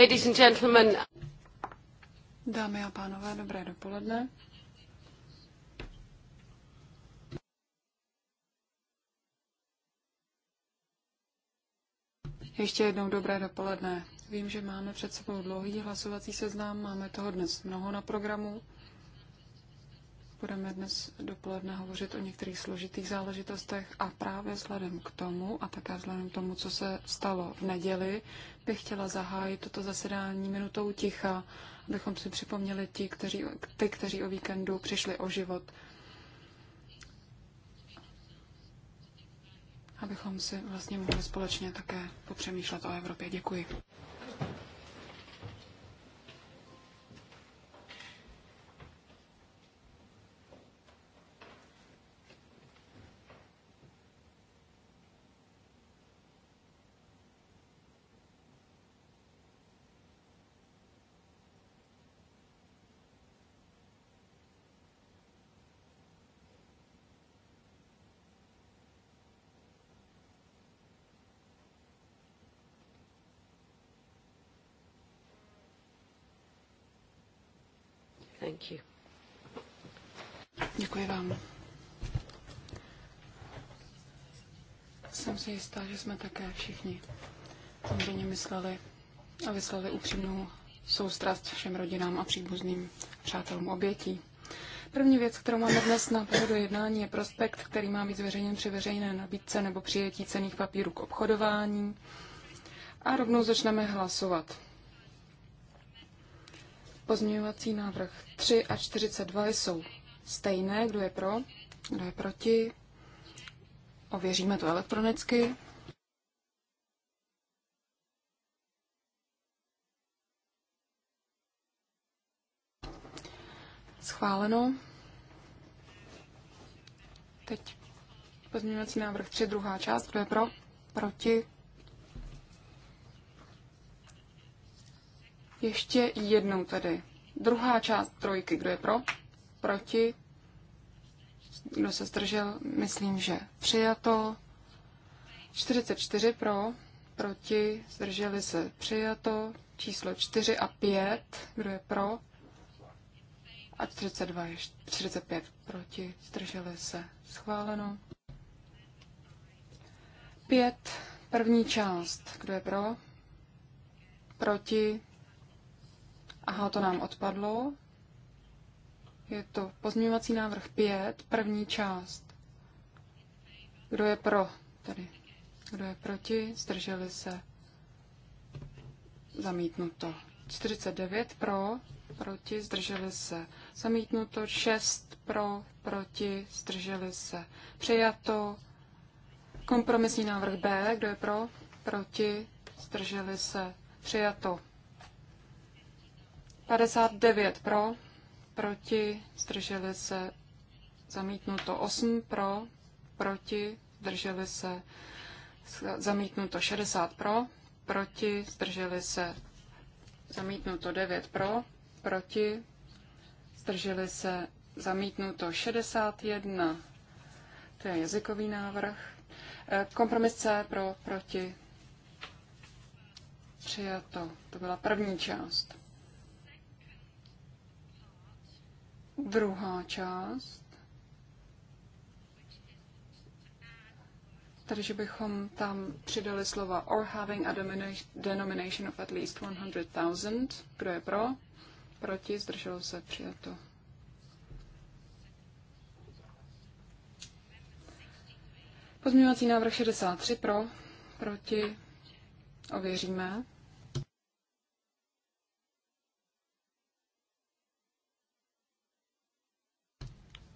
Ladies and gentlemen. Dámy a pánové, dobré dopoledne. Ještě jednou dobré dopoledne. Vím, že máme před sebou dlouhý hlasovací seznam, máme toho dnes mnoho na programu budeme dnes dopoledne hovořit o některých složitých záležitostech a právě vzhledem k tomu a také vzhledem k tomu, co se stalo v neděli, bych chtěla zahájit toto zasedání minutou ticha, abychom si připomněli ti, kteří, ty, kteří o víkendu přišli o život. Abychom si vlastně mohli společně také popřemýšlet o Evropě. Děkuji. Thank Děkuji vám. Jsem si jistá, že jsme také všichni samozřejmě mysleli a vyslali upřímnou soustrast všem rodinám a příbuzným přátelům obětí. První věc, kterou máme dnes na pohodu jednání, je prospekt, který má být zveřejněn při veřejné nabídce nebo přijetí cených papírů k obchodování. A rovnou začneme hlasovat. Pozměňovací návrh 3 a 42 jsou stejné. Kdo je pro? Kdo je proti? Ověříme to elektronicky. Schváleno. Teď pozměňovací návrh 3, druhá část. Kdo je pro? Proti? Ještě jednou tedy. Druhá část trojky, kdo je pro, proti, kdo se zdržel, myslím, že přijato. 44 pro, proti, zdrželi se přijato. Číslo 4 a 5, kdo je pro, a 32 je 45 proti, zdrželi se schváleno. 5, první část, kdo je pro, proti, Aha, to nám odpadlo. Je to pozměňovací návrh 5, první část. Kdo je pro? Tady. Kdo je proti? Zdrželi se. Zamítnuto. 49 pro, proti, zdrželi se. Zamítnuto 6 pro, proti, zdrželi se. Přijato. Kompromisní návrh B, kdo je pro, proti, zdrželi se. Přijato. 59 pro, proti, zdrželi se, zamítnuto 8 pro, proti, zdrželi se, zamítnuto 60 pro, proti, zdrželi se, zamítnuto 9 pro, proti, zdrželi se, zamítnuto 61, to je jazykový návrh, e, kompromis C pro, proti, přijato, to byla první část. Druhá část. že bychom tam přidali slova or having a denomination of at least 100,000. Kdo je pro? Proti? Zdrželo se přijato. Pozměňovací návrh 63 pro, proti, ověříme.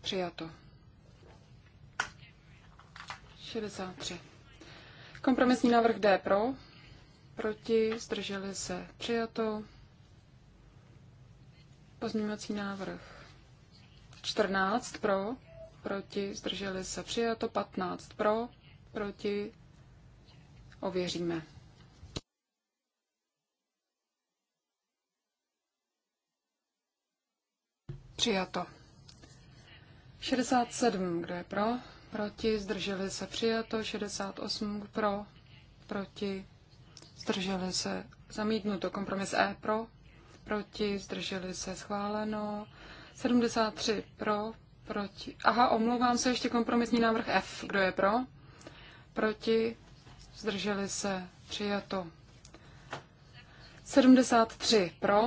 Přijato. 63. Kompromisní návrh D pro. Proti. Zdrželi se. Přijato. Pozměňovací návrh 14 pro. Proti. Zdrželi se. Přijato. 15 pro. Proti. Ověříme. Přijato. 67, kdo je pro, proti, zdrželi se přijato, 68 pro, proti, zdrželi se zamítnuto, kompromis E pro, proti, zdrželi se schváleno, 73 pro, proti, aha, omlouvám se, ještě kompromisní návrh F, kdo je pro, proti, zdrželi se přijato, 73 pro,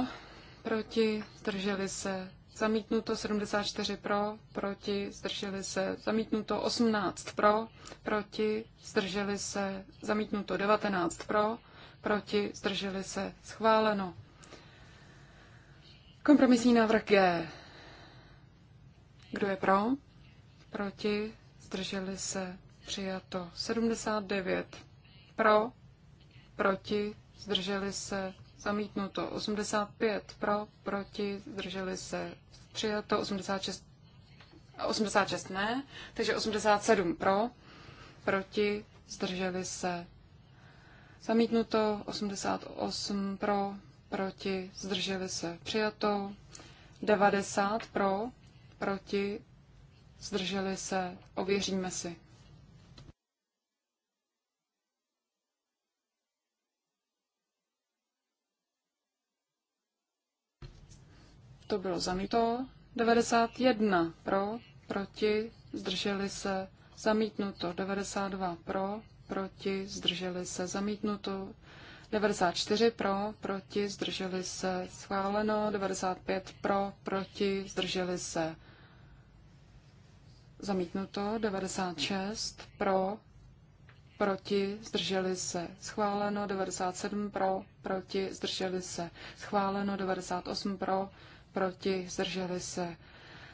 proti, zdrželi se zamítnuto 74 pro, proti, zdrželi se, zamítnuto 18 pro, proti, zdrželi se, zamítnuto 19 pro, proti, zdrželi se, schváleno. Kompromisní návrh G. Kdo je pro? Proti, zdrželi se, přijato 79 pro, proti, zdrželi se, Zamítnuto 85 pro, proti, zdrželi se 3, to 86, 86 ne, takže 87 pro, proti, zdrželi se zamítnuto 88 pro, proti, zdrželi se přijato 90 pro, proti, zdrželi se, ověříme si. to bylo zamítnuto. 91 pro, proti, zdrželi se, zamítnuto. 92 pro, proti, zdrželi se, zamítnuto. 94 pro, proti, zdrželi se, schváleno. 95 pro, proti, zdrželi se, zamítnuto. 96 pro, proti, zdrželi se, schváleno. 97 pro, proti, zdrželi se, schváleno. 98 pro, proti, zdrželi se.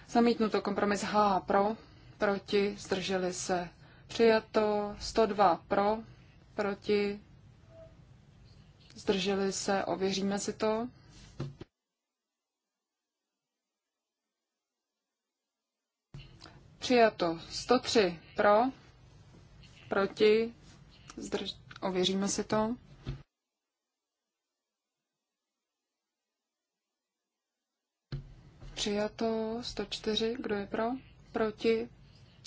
Zamítnuto kompromis H pro, proti, zdrželi se. Přijato 102 pro, proti, zdrželi se, ověříme si to. Přijato 103 pro, proti, zdrž... ověříme si to. přijato. 104, kdo je pro? Proti?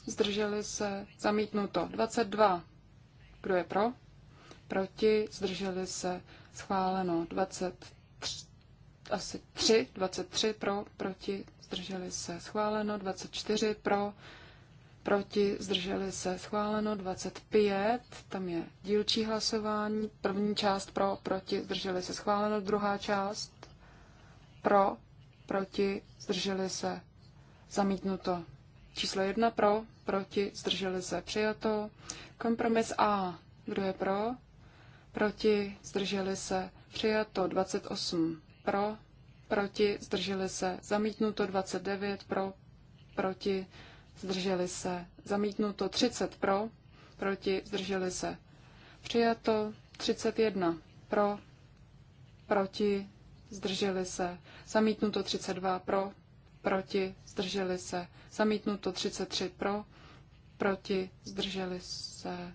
Zdrželi se? Zamítnuto. 22, kdo je pro? Proti? Zdrželi se? Schváleno. 23, asi 3, 23 pro, proti? Zdrželi se? Schváleno. 24 pro, proti? Zdrželi se? Schváleno. 25, tam je dílčí hlasování. První část pro, proti? Zdrželi se? Schváleno. Druhá část pro, proti, zdrželi se, zamítnuto. Číslo jedna pro, proti, zdrželi se, přijato. Kompromis A, kdo je pro, proti, zdrželi se, přijato 28 pro, proti, zdrželi se, zamítnuto 29 pro, proti, zdrželi se, zamítnuto 30 pro, proti, zdrželi se, přijato 31 pro, proti, zdrželi se, zamítnuto 32 pro, proti, zdrželi se, zamítnuto 33 pro, proti, zdrželi se,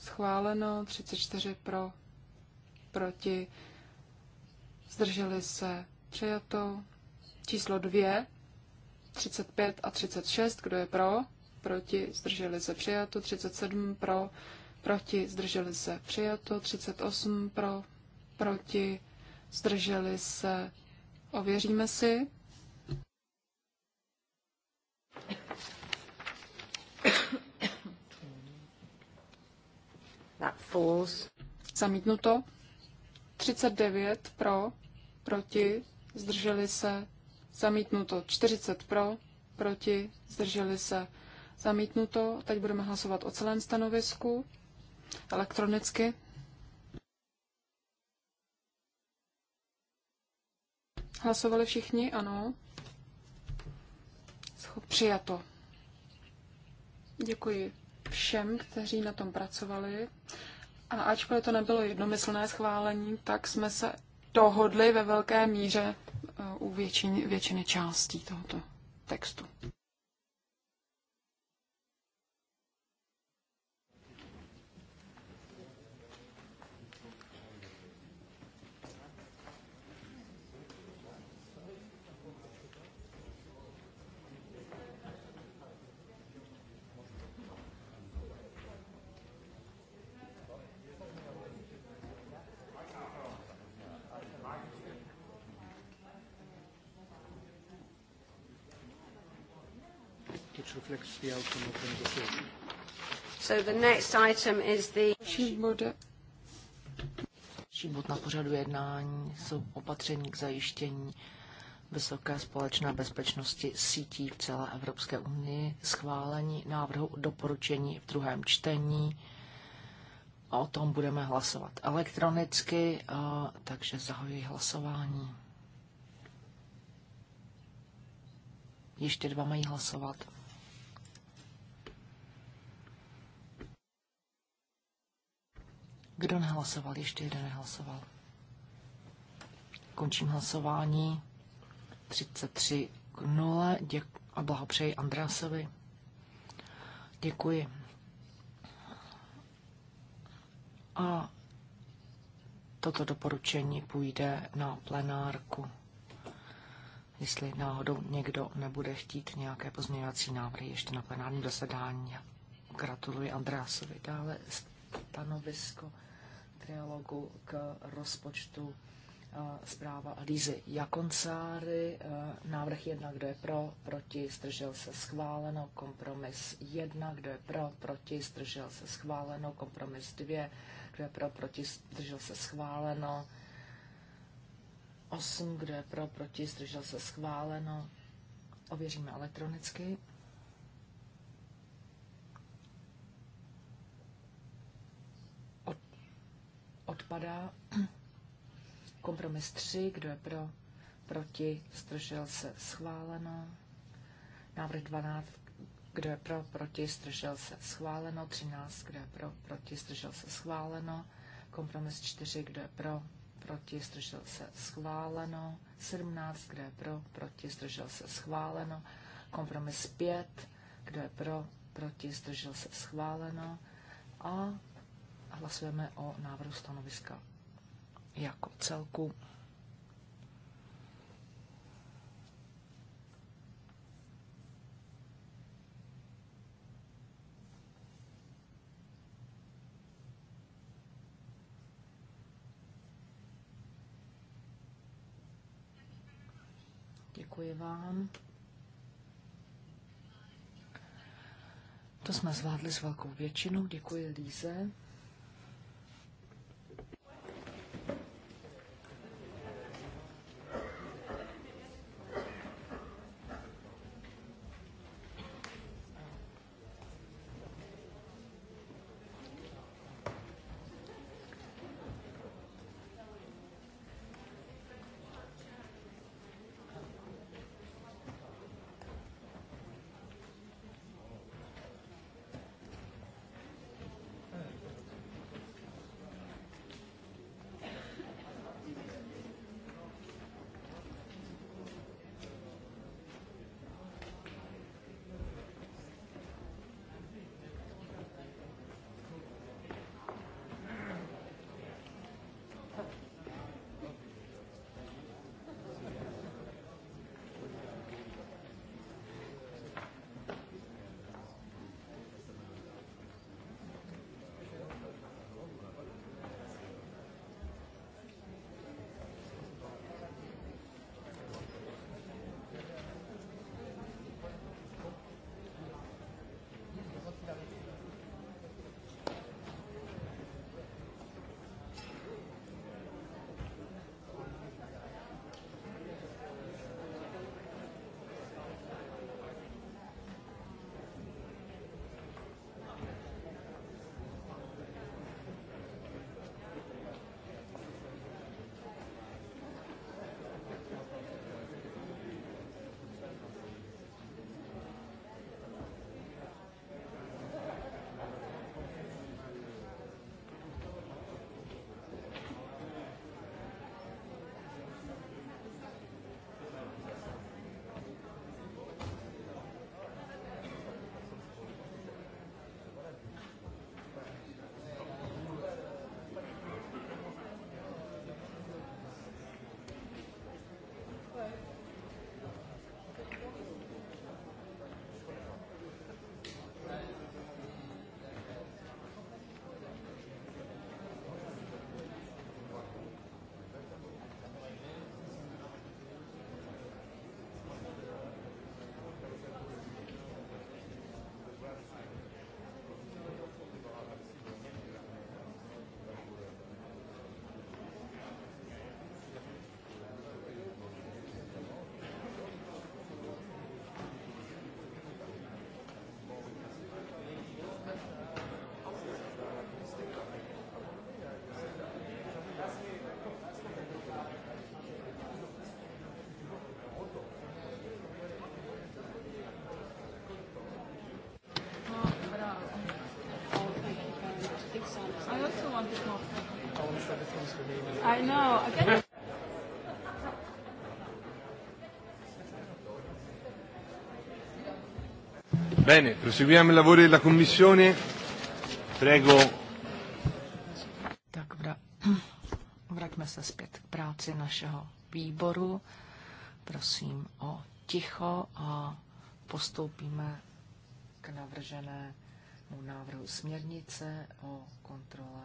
schváleno 34 pro, proti, zdrželi se, přijato, číslo 2, 35 a 36, kdo je pro, proti, zdrželi se, přijato, 37 pro, proti, zdrželi se, přijato, 38 pro, proti, zdrželi se, ověříme si. That falls. Zamítnuto. 39 pro, proti, zdrželi se, zamítnuto. 40 pro, proti, zdrželi se, zamítnuto. Teď budeme hlasovat o celém stanovisku elektronicky. Hlasovali všichni? Ano. Přijato. Děkuji všem, kteří na tom pracovali. A ačkoliv to nebylo jednomyslné schválení, tak jsme se dohodli ve velké míře eh, u většiny, většiny částí tohoto textu. So the next item is the... Další bod na pořadu jednání jsou opatření k zajištění vysoké společné bezpečnosti sítí v celé Evropské unii, schválení návrhu doporučení v druhém čtení. O tom budeme hlasovat elektronicky, takže zahajuji hlasování. Ještě dva mají hlasovat. Kdo nehlasoval? Ještě jeden nehlasoval. Končím hlasování. 33 k 0 Děk- a blahopřeji Andrásovi. Děkuji. A toto doporučení půjde na plenárku. Jestli náhodou někdo nebude chtít nějaké pozměňovací návrhy ještě na plenární zasedání. Gratuluji Andrásovi. Dále stanovisko trialogu k rozpočtu eh, zpráva Lízy Jakoncáry. Eh, návrh jedna, kdo je pro, proti, zdržel se schváleno. Kompromis jedna, kdo je pro, proti, zdržel se schváleno. Kompromis dvě kdo je pro, proti, zdržel se schváleno. osm kdo je pro, proti, zdržel se schváleno. Ověříme elektronicky. odpadá. Kompromis 3, kdo je pro, proti, zdržel se, schváleno. Návrh 12, kdo je pro, proti, zdržel se, schváleno. 13, kdo je pro, proti, zdržel se, schváleno. Kompromis 4, kdo je pro, proti, zdržel se, schváleno. 17, kdo je pro, proti, zdržel se, schváleno. Kompromis 5, kdo je pro, proti, zdržel se, schváleno. A hlasujeme o návrhu stanoviska jako celku. Děkuji vám. To jsme zvládli s velkou většinou. Děkuji Líze. I know. Bene, proseguiamo i lavori della Commissione. Prego. vraťme se zpět k práci našeho výboru. Prosím o ticho a postoupíme k navrženému návrhu směrnice o kontrole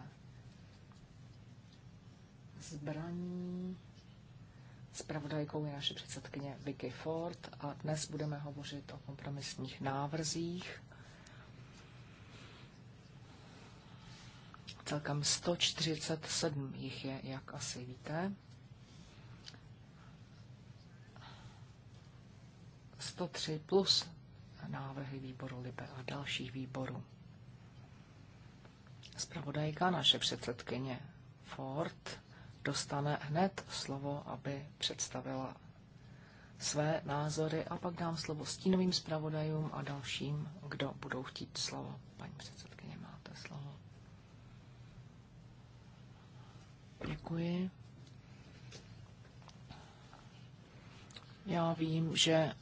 zbraní. Spravodajkou je naše předsedkyně Vicky Ford a dnes budeme hovořit o kompromisních návrzích. Celkem 147 jich je, jak asi víte. 103 plus návrhy výboru Libe a dalších výborů. Spravodajka, naše předsedkyně Ford, dostane hned slovo, aby představila své názory a pak dám slovo stínovým zpravodajům a dalším, kdo budou chtít slovo. Paní předsedkyně, máte slovo. Děkuji. Já vím, že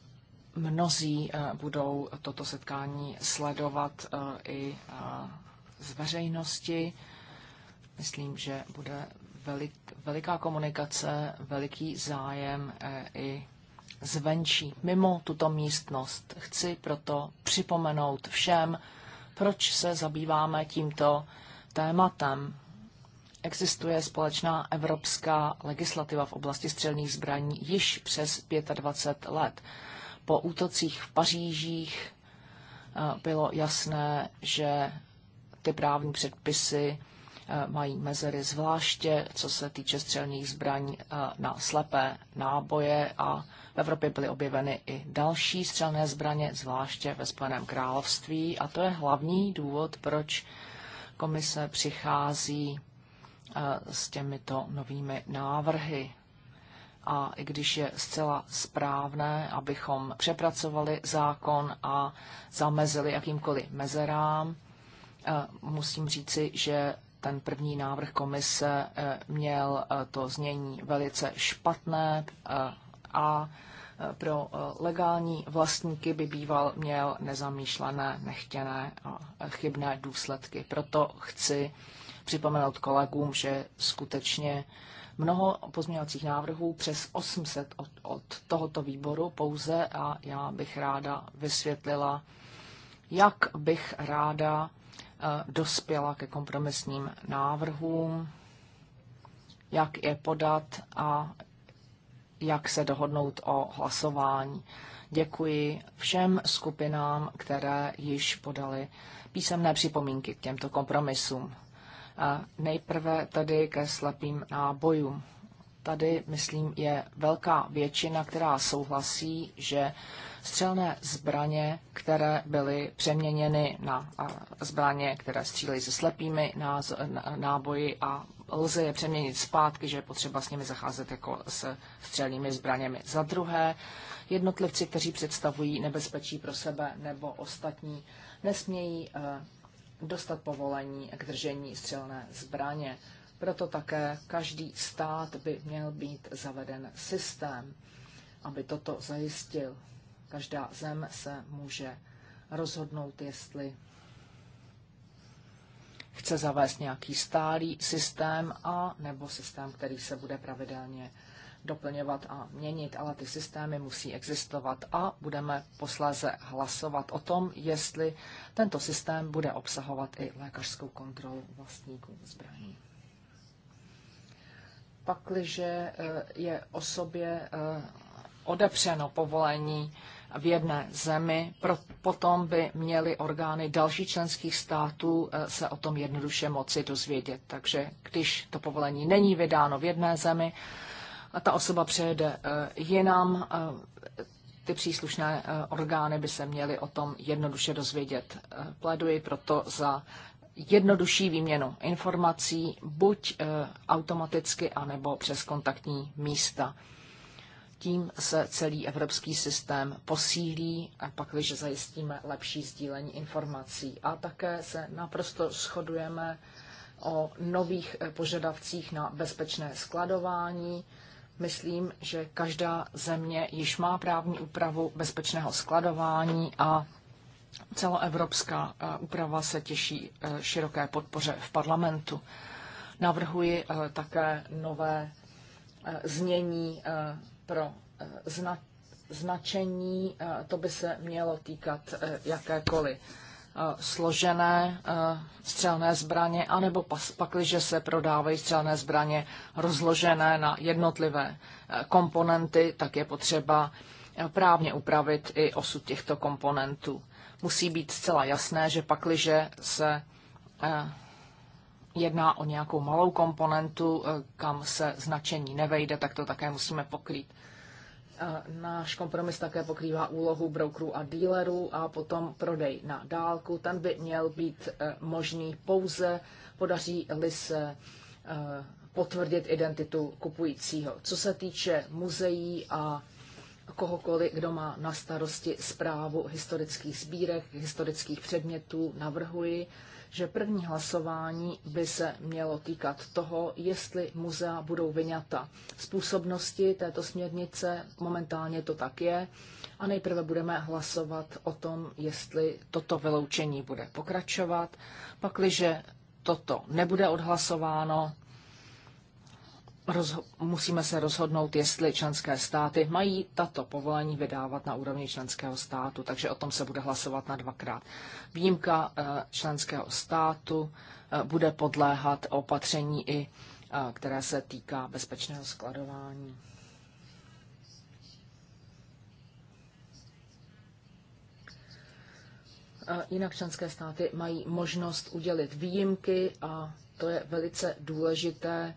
mnozí eh, budou toto setkání sledovat eh, i eh, z veřejnosti. Myslím, že bude velik, veliká komunikace, veliký zájem eh, i zvenčí, mimo tuto místnost. Chci proto připomenout všem, proč se zabýváme tímto tématem. Existuje společná evropská legislativa v oblasti střelných zbraní již přes 25 let. Po útocích v Pařížích eh, bylo jasné, že ty právní předpisy Eh, mají mezery, zvláště co se týče střelných zbraní eh, na slepé náboje a v Evropě byly objeveny i další střelné zbraně, zvláště ve Spojeném království. A to je hlavní důvod, proč komise přichází eh, s těmito novými návrhy. A i když je zcela správné, abychom přepracovali zákon a zamezili jakýmkoliv mezerám, musím říci, že ten první návrh komise eh, měl eh, to znění velice špatné eh, a pro legální vlastníky by býval měl nezamýšlené, nechtěné a chybné důsledky. Proto chci připomenout kolegům, že skutečně mnoho pozměňovacích návrhů, přes 800 od, od tohoto výboru pouze a já bych ráda vysvětlila, jak bych ráda dospěla ke kompromisním návrhům, jak je podat a jak se dohodnout o hlasování. Děkuji všem skupinám, které již podali písemné připomínky k těmto kompromisům. Nejprve tedy ke slepým nábojům. Tady, myslím, je velká většina, která souhlasí, že střelné zbraně, které byly přeměněny na zbraně, které střílejí se slepými náboji a lze je přeměnit zpátky, že je potřeba s nimi zacházet jako s střelnými zbraněmi. Za druhé, jednotlivci, kteří představují nebezpečí pro sebe nebo ostatní, nesmějí e, dostat povolení k držení střelné zbraně. Proto také každý stát by měl být zaveden systém, aby toto zajistil. Každá zem se může rozhodnout, jestli chce zavést nějaký stálý systém a nebo systém, který se bude pravidelně doplňovat a měnit, ale ty systémy musí existovat a budeme posléze hlasovat o tom, jestli tento systém bude obsahovat i lékařskou kontrolu vlastníků zbraní. Pakliže eh, je osobě eh, odepřeno povolení v jedné zemi, potom by měly orgány dalších členských států eh, se o tom jednoduše moci dozvědět. Takže když to povolení není vydáno v jedné zemi a ta osoba přejede eh, jinam, eh, ty příslušné orgány by se měly o tom jednoduše dozvědět. Pléduji proto za jednodušší výměnu informací, buď automaticky, anebo přes kontaktní místa. Tím se celý evropský systém posílí a pak, když zajistíme lepší sdílení informací. A také se naprosto shodujeme o nových eh, požadavcích na bezpečné skladování. Myslím, že každá země již má právní úpravu bezpečného skladování a celoevropská eh, úprava se těší eh, široké podpoře v parlamentu. Navrhuji také nové znění pro eh, zna, značení, eh, to by se mělo týkat eh, jakékoliv složené střelné zbraně, anebo pas, pakliže se prodávají střelné zbraně rozložené na jednotlivé komponenty, tak je potřeba právně upravit i osud těchto komponentů. Musí být zcela jasné, že pakliže se jedná o nějakou malou komponentu, kam se značení nevejde, tak to také musíme pokrýt. Náš kompromis také pokrývá úlohu brokerů a dílerů a potom prodej na dálku. Ten by měl být eh, možný pouze, podaří-li se eh, potvrdit identitu kupujícího. Co se týče muzeí a kohokoliv, kdo má na starosti zprávu historických sbírek, historických předmětů, navrhuji, že první hlasování by se mělo týkat toho, jestli muzea budou vyňata. působnosti této směrnice momentálně to tak je a nejprve budeme hlasovat o tom, jestli toto vyloučení bude pokračovat. Pakliže toto nebude odhlasováno, rozho- musíme se rozhodnout, jestli členské státy mají tato povolení vydávat na úrovni členského státu, takže o tom se bude hlasovat na dvakrát. Výjimka eh, členského státu eh, bude podléhat opatření i eh, které se týká bezpečného skladování. Jinak členské státy mají možnost udělit výjimky a to je velice důležité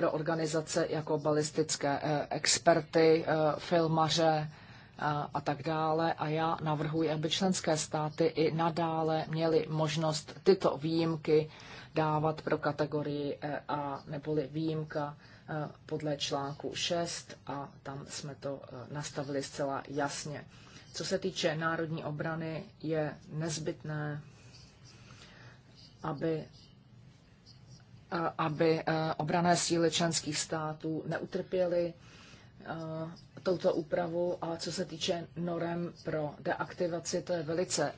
pro organizace jako balistické eh, experty, eh, filmaře eh, a tak dále. A já navrhuji, aby členské státy i nadále měly možnost tyto výjimky dávat pro kategorii A neboli výjimka podle článku 6 a tam jsme to nastavili zcela jasně. Co se týče národní obrany, je nezbytné, aby Eh, aby eh, obrané síly členských států neutrpěly eh, touto úpravu. A co se týče norem pro deaktivaci, to je velice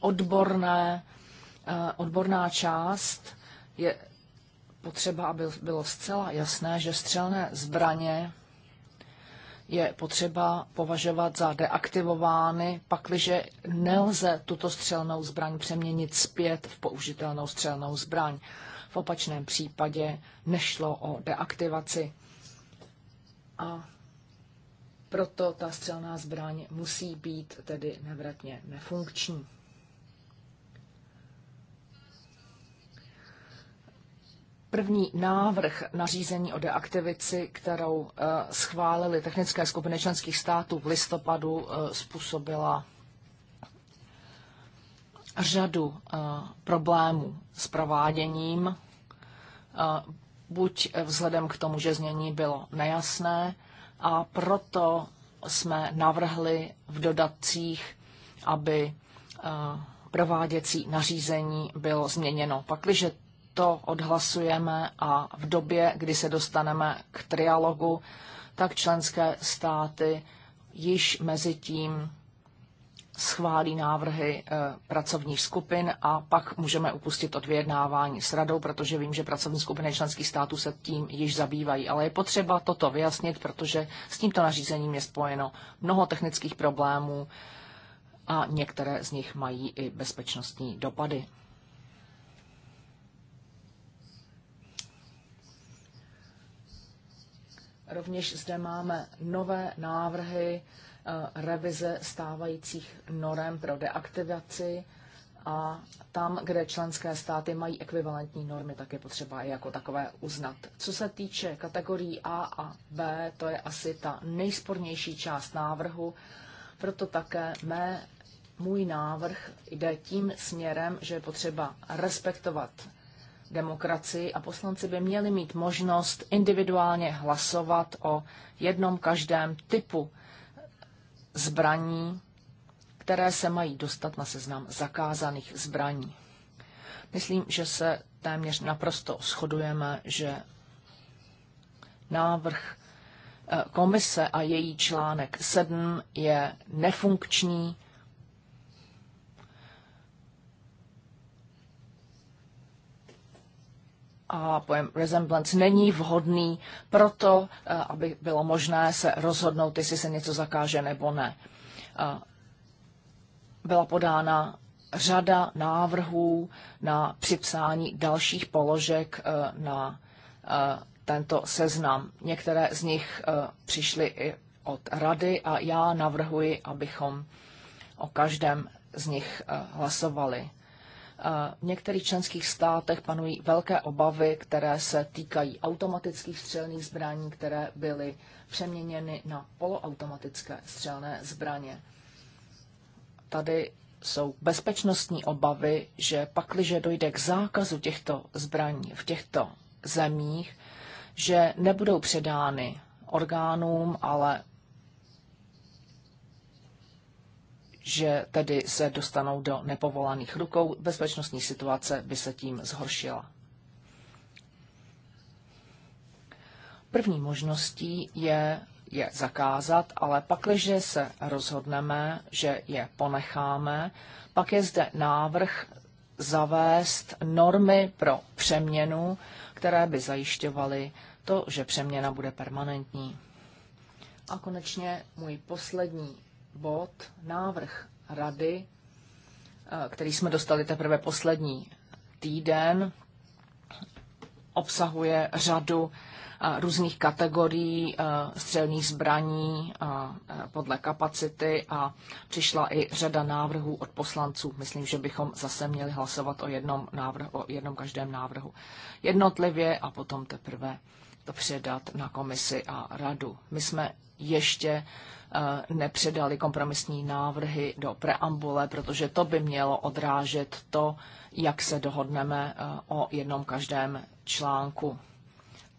odborné, odborná část. Je potřeba, aby bylo zcela jasné, že střelné zbraně je potřeba považovat za deaktivovány, pakliže nelze tuto střelnou zbraň přeměnit zpět v použitelnou střelnou zbraň. V opačném případě nešlo o deaktivaci. A proto ta střelná zbraň musí být tedy nevratně nefunkční. První návrh nařízení o deaktivici, kterou eh, schválili technické skupiny členských států v listopadu, eh, způsobila řadu eh, problémů s prováděním, eh, buď vzhledem k tomu, že znění bylo nejasné, a proto jsme navrhli v dodatcích, aby eh, prováděcí nařízení bylo změněno. Pakliže to odhlasujeme a v době, kdy se dostaneme k trialogu, tak členské státy již mezi tím schválí návrhy eh, pracovních skupin a pak můžeme upustit od vyjednávání s radou, protože vím, že pracovní skupiny členských států se tím již zabývají. Ale je potřeba toto vyjasnit, protože s tímto nařízením je spojeno mnoho technických problémů a některé z nich mají i bezpečnostní dopady. Rovněž zde máme nové návrhy Eh, revize stávajících norem pro deaktivaci a tam, kde členské státy mají ekvivalentní normy, tak je potřeba je jako takové uznat. Co se týče kategorií A a B, to je asi ta nejspornější část návrhu, proto také mé, můj návrh jde tím směrem, že je potřeba respektovat demokracii a poslanci by měli mít možnost individuálně hlasovat o jednom každém typu zbraní, které se mají dostat na seznam zakázaných zbraní. Myslím, že se téměř naprosto shodujeme, že návrh eh, komise a její článek 7 je nefunkční, a pojem resemblance není vhodný proto, eh, aby bylo možné se rozhodnout, jestli se něco zakáže nebo ne. Eh, byla podána řada návrhů na připsání dalších položek eh, na tento seznam. Některé z nich přišly i od rady a já navrhuji, abychom o každém z nich hlasovali. V některých členských státech panují velké obavy, které se týkají automatických střelných zbraní, které byly přeměněny na poloautomatické střelné zbraně. Tady jsou bezpečnostní obavy, že pakliže dojde k zákazu těchto zbraní v těchto zemích, že nebudou předány orgánům, ale že tedy se dostanou do nepovolaných rukou. Bezpečnostní situace by se tím zhoršila. První možností je je zakázat, ale pakliže se rozhodneme, že je ponecháme, pak je zde návrh zavést normy pro přeměnu, které by zajišťovaly to, že přeměna bude permanentní. A konečně můj poslední bod, návrh rady, eh, který jsme dostali teprve poslední týden, obsahuje řadu eh, různých kategorií eh, střelných zbraní podle kapacity a přišla i řada návrhů od poslanců. Myslím, že bychom zase měli hlasovat o jednom, návrhu, o jednom každém návrhu jednotlivě a potom teprve předat na komisi a radu. My jsme ještě eh, nepředali kompromisní návrhy do preambule, protože to by mělo odrážet to, jak se dohodneme eh, o jednom každém článku.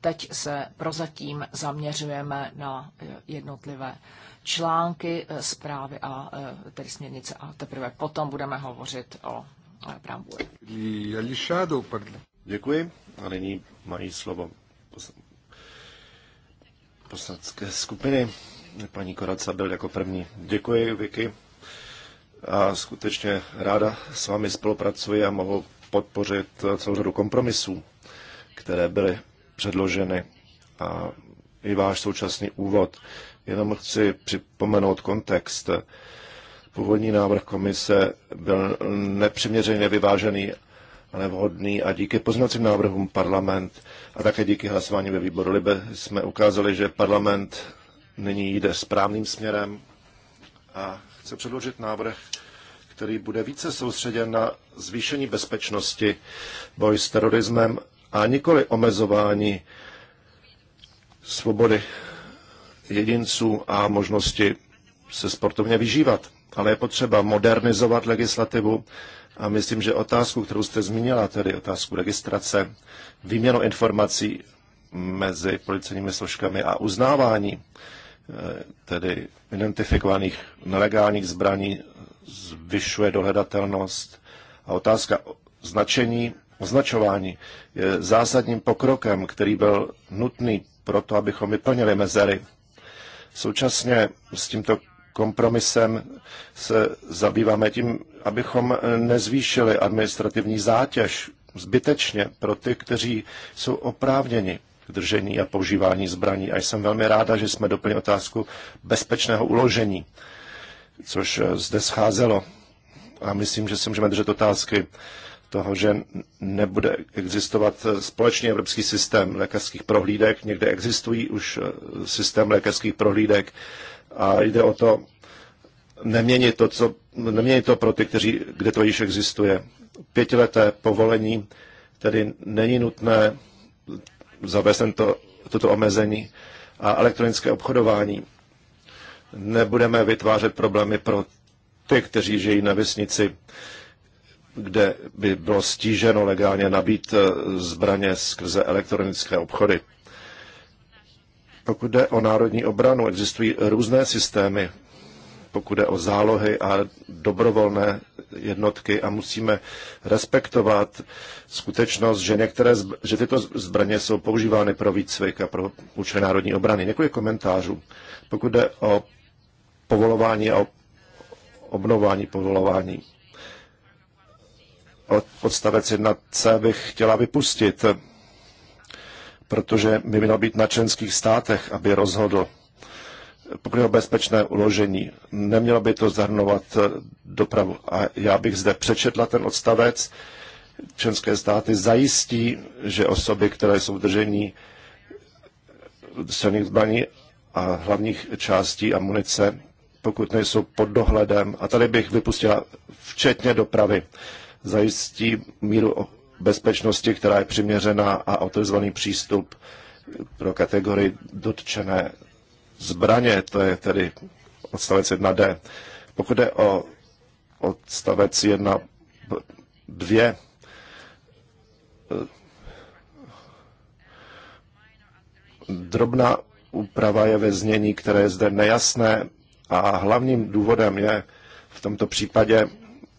Teď se prozatím zaměřujeme na eh, jednotlivé články zprávy a tedy směrnice a teprve potom budeme hovořit o preambule. Děkuji a nyní mají slovo poslanecké skupiny. Paní Koraca byl jako první. Děkuji, Vicky. A skutečně ráda s vámi spolupracuji a mohu podpořit celou řadu kompromisů, které byly předloženy a i váš současný úvod. Jenom chci připomenout kontext. Původní návrh komise byl nepřiměřeně vyvážený nevhodný a díky poznacím návrhům parlament a také díky hlasování ve výboru Libe jsme ukázali, že parlament nyní jde správným směrem a chce předložit návrh, který bude více soustředěn na zvýšení bezpečnosti, boj s terorismem a nikoli omezování svobody jedinců a možnosti se sportovně vyžívat. Ale je potřeba modernizovat legislativu a myslím, že otázku, kterou jste zmínila, tedy otázku registrace, výměnu informací mezi policejními složkami a uznávání eh, tedy identifikovaných nelegálních zbraní zvyšuje dohledatelnost a otázka značení, označování je zásadním pokrokem, který byl nutný pro to, abychom vyplnili mezery. Současně s tímto kompromisem se zabýváme tím, abychom nezvýšili administrativní zátěž zbytečně pro ty, kteří jsou oprávněni k držení a používání zbraní. A jsem velmi ráda, že jsme doplnili otázku bezpečného uložení, což eh, zde scházelo. A myslím, že se můžeme držet otázky toho, že nebude existovat eh, společný evropský systém lékařských prohlídek. Někde existují už eh, systém lékařských prohlídek a jde o to neměnit to, co, neměnit to pro ty, kteří, kde to již existuje. Pětileté povolení, tedy není nutné zavést tento, toto omezení a elektronické obchodování. Nebudeme vytvářet problémy pro ty, kteří žijí na vesnici, kde by bylo stíženo legálně nabít eh, zbraně skrze elektronické obchody. Pokud jde o národní obranu, existují různé systémy, pokud jde o zálohy a dobrovolné jednotky a musíme respektovat skutečnost, že, některé, že tyto zbraně jsou používány pro výcvik a pro účely národní obrany. Několik komentářů. Pokud jde o povolování a o obnovování povolování. Odstavec 1c bych chtěla vypustit protože by mělo být na členských státech, aby rozhodl pokud o bezpečné uložení. Nemělo by to zahrnovat eh, dopravu. A já bych zde přečetla ten odstavec. Členské státy zajistí, že osoby, které jsou v držení eh, silných zbraní a hlavních částí a munice, pokud nejsou pod dohledem, a tady bych vypustila včetně dopravy, zajistí míru bezpečnosti, která je přiměřená a autorizovaný přístup pro kategorii dotčené zbraně, to je tedy odstavec 1D. Pokud jde o odstavec 1, 2, drobná úprava je ve znění, které je zde nejasné a hlavním důvodem je v tomto případě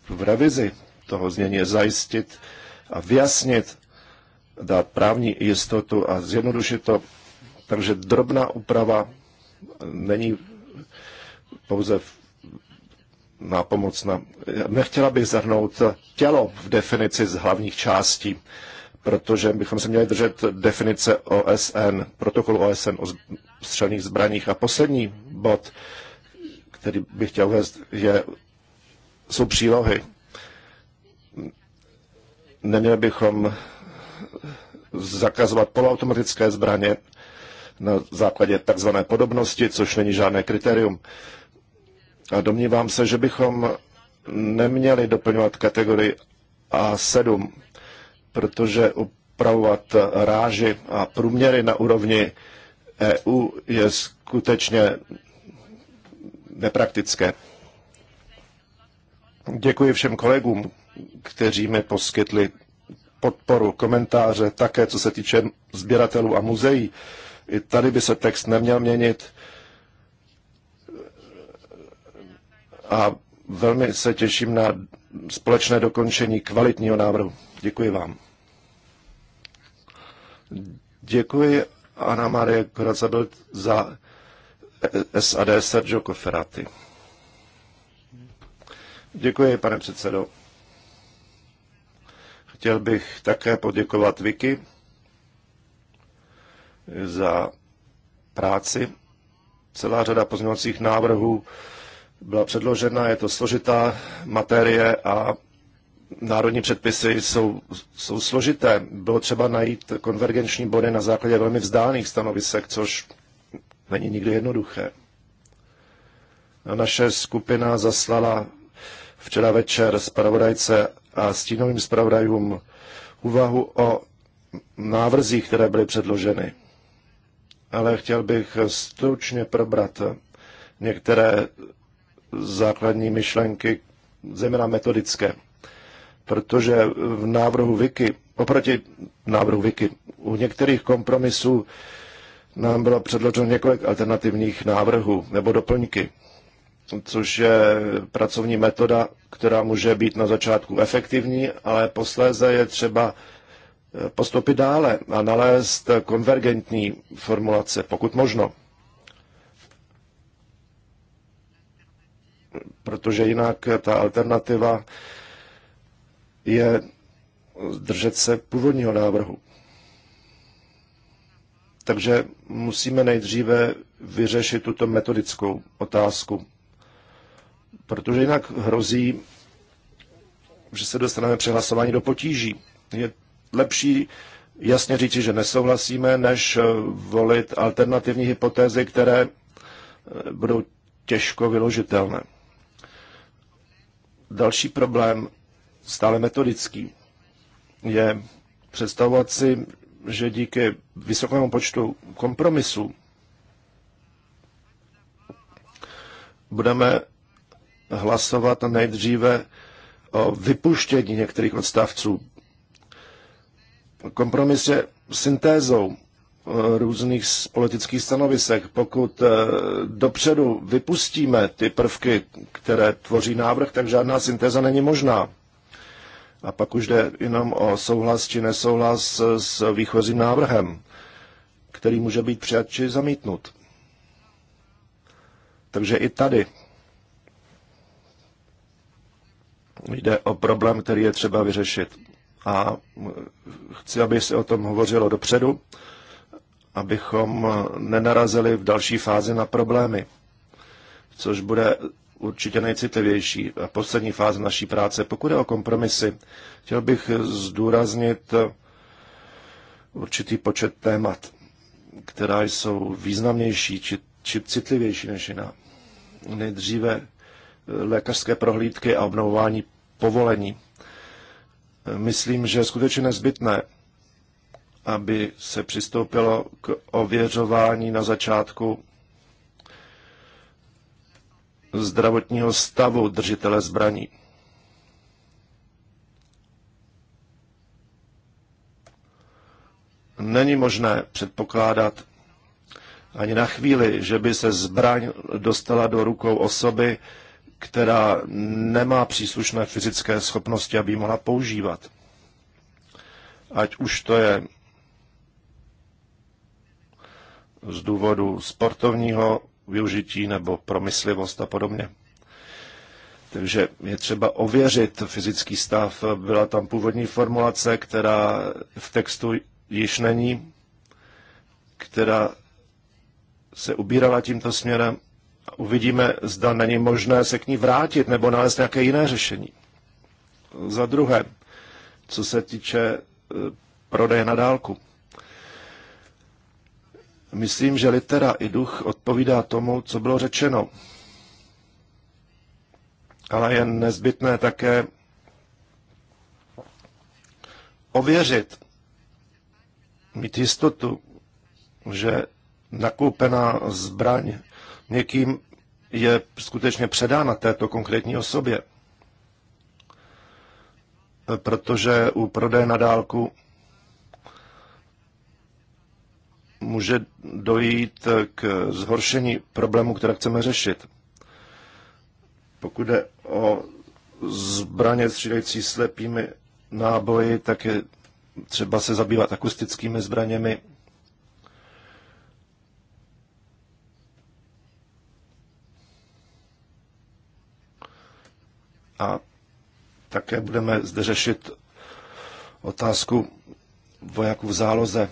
v revizi toho znění zajistit, a vyjasnit, dát právní jistotu a zjednodušit to. Takže drobná úprava není pouze na pomoc. Nechtěla bych zahrnout tělo v definici z hlavních částí, protože bychom se měli držet definice OSN, protokolu OSN o střelných zbraních. A poslední bod, který bych chtěl uvést, je, jsou přílohy Neměli bychom zakazovat poloautomatické zbraně na základě takzvané podobnosti, což není žádné kritérium. A domnívám se, že bychom neměli doplňovat kategorii A7, protože upravovat ráži a průměry na úrovni EU je skutečně nepraktické. Děkuji všem kolegům, kteří mi poskytli podporu, komentáře, také co se týče sběratelů a muzeí. I tady by se text neměl měnit. A velmi se těším na společné dokončení kvalitního návrhu. Děkuji vám. Děkuji Anna Marie Korazabel za SAD Sergio Koferati. Děkuji, pane předsedo. Chtěl bych také poděkovat Vicky za práci. Celá řada pozměňovacích návrhů byla předložena, je to složitá materie a národní předpisy jsou, jsou složité. Bylo třeba najít konvergenční body na základě velmi vzdálených stanovisek, což není nikdy jednoduché. naše skupina zaslala včera večer zpravodajce a stínovým zpravodajům úvahu o návrzích, které byly předloženy. Ale chtěl bych stručně probrat některé základní myšlenky, zejména metodické. Protože v návrhu Wiki, oproti návrhu Wiki, u některých kompromisů nám bylo předloženo několik alternativních návrhů nebo doplňky což je pracovní metoda, která může být na začátku efektivní, ale posléze je třeba eh, postupit dále a nalézt konvergentní formulace, pokud možno. Protože jinak ta alternativa je držet se původního návrhu. Takže musíme nejdříve vyřešit tuto metodickou otázku protože jinak hrozí, že se dostaneme při hlasování do potíží. Je lepší jasně říci, že nesouhlasíme, než eh, volit alternativní hypotézy, které eh, budou těžko vyložitelné. Další problém, stále metodický, je představovat si, že díky vysokému počtu kompromisů budeme hlasovat nejdříve o vypuštění některých odstavců. Kompromis je syntézou eh, různých politických stanovisek. Pokud eh, dopředu vypustíme ty prvky, které tvoří návrh, tak žádná syntéza není možná. A pak už jde jenom o souhlas či nesouhlas eh, s výchozím návrhem, který může být přijat či zamítnut. Takže i tady Jde o problém, který je třeba vyřešit. A e, chci, aby se o tom hovořilo dopředu, abychom e, nenarazili v další fázi na problémy, což bude určitě nejcitlivější a poslední fáze naší práce. Pokud je o kompromisy, chtěl bych zdůraznit e, určitý počet témat, která jsou významnější či, či citlivější než jiná. Nejdříve lékařské prohlídky a obnovování povolení. Myslím, že je skutečně nezbytné, aby se přistoupilo k ověřování na začátku zdravotního stavu držitele zbraní. Není možné předpokládat ani na chvíli, že by se zbraň dostala do rukou osoby, která nemá příslušné fyzické schopnosti, aby ji mohla používat. Ať už to je z důvodu sportovního využití nebo promyslivost a podobně. Takže je třeba ověřit fyzický stav. Byla tam původní formulace, která v textu již není, která se ubírala tímto směrem uvidíme, zda není možné se k ní vrátit nebo nalézt nějaké jiné řešení. Za druhé, co se týče e, prodeje na dálku. Myslím, že litera i duch odpovídá tomu, co bylo řečeno. Ale je nezbytné také ověřit, mít jistotu, že nakoupená zbraň někým je skutečně předána této konkrétní osobě. Protože u prodeje na dálku může dojít k zhoršení problému, které chceme řešit. Pokud jde o zbraně střílející slepými náboji, tak je třeba se zabývat akustickými zbraněmi, A také budeme zde řešit otázku vojáků v záloze.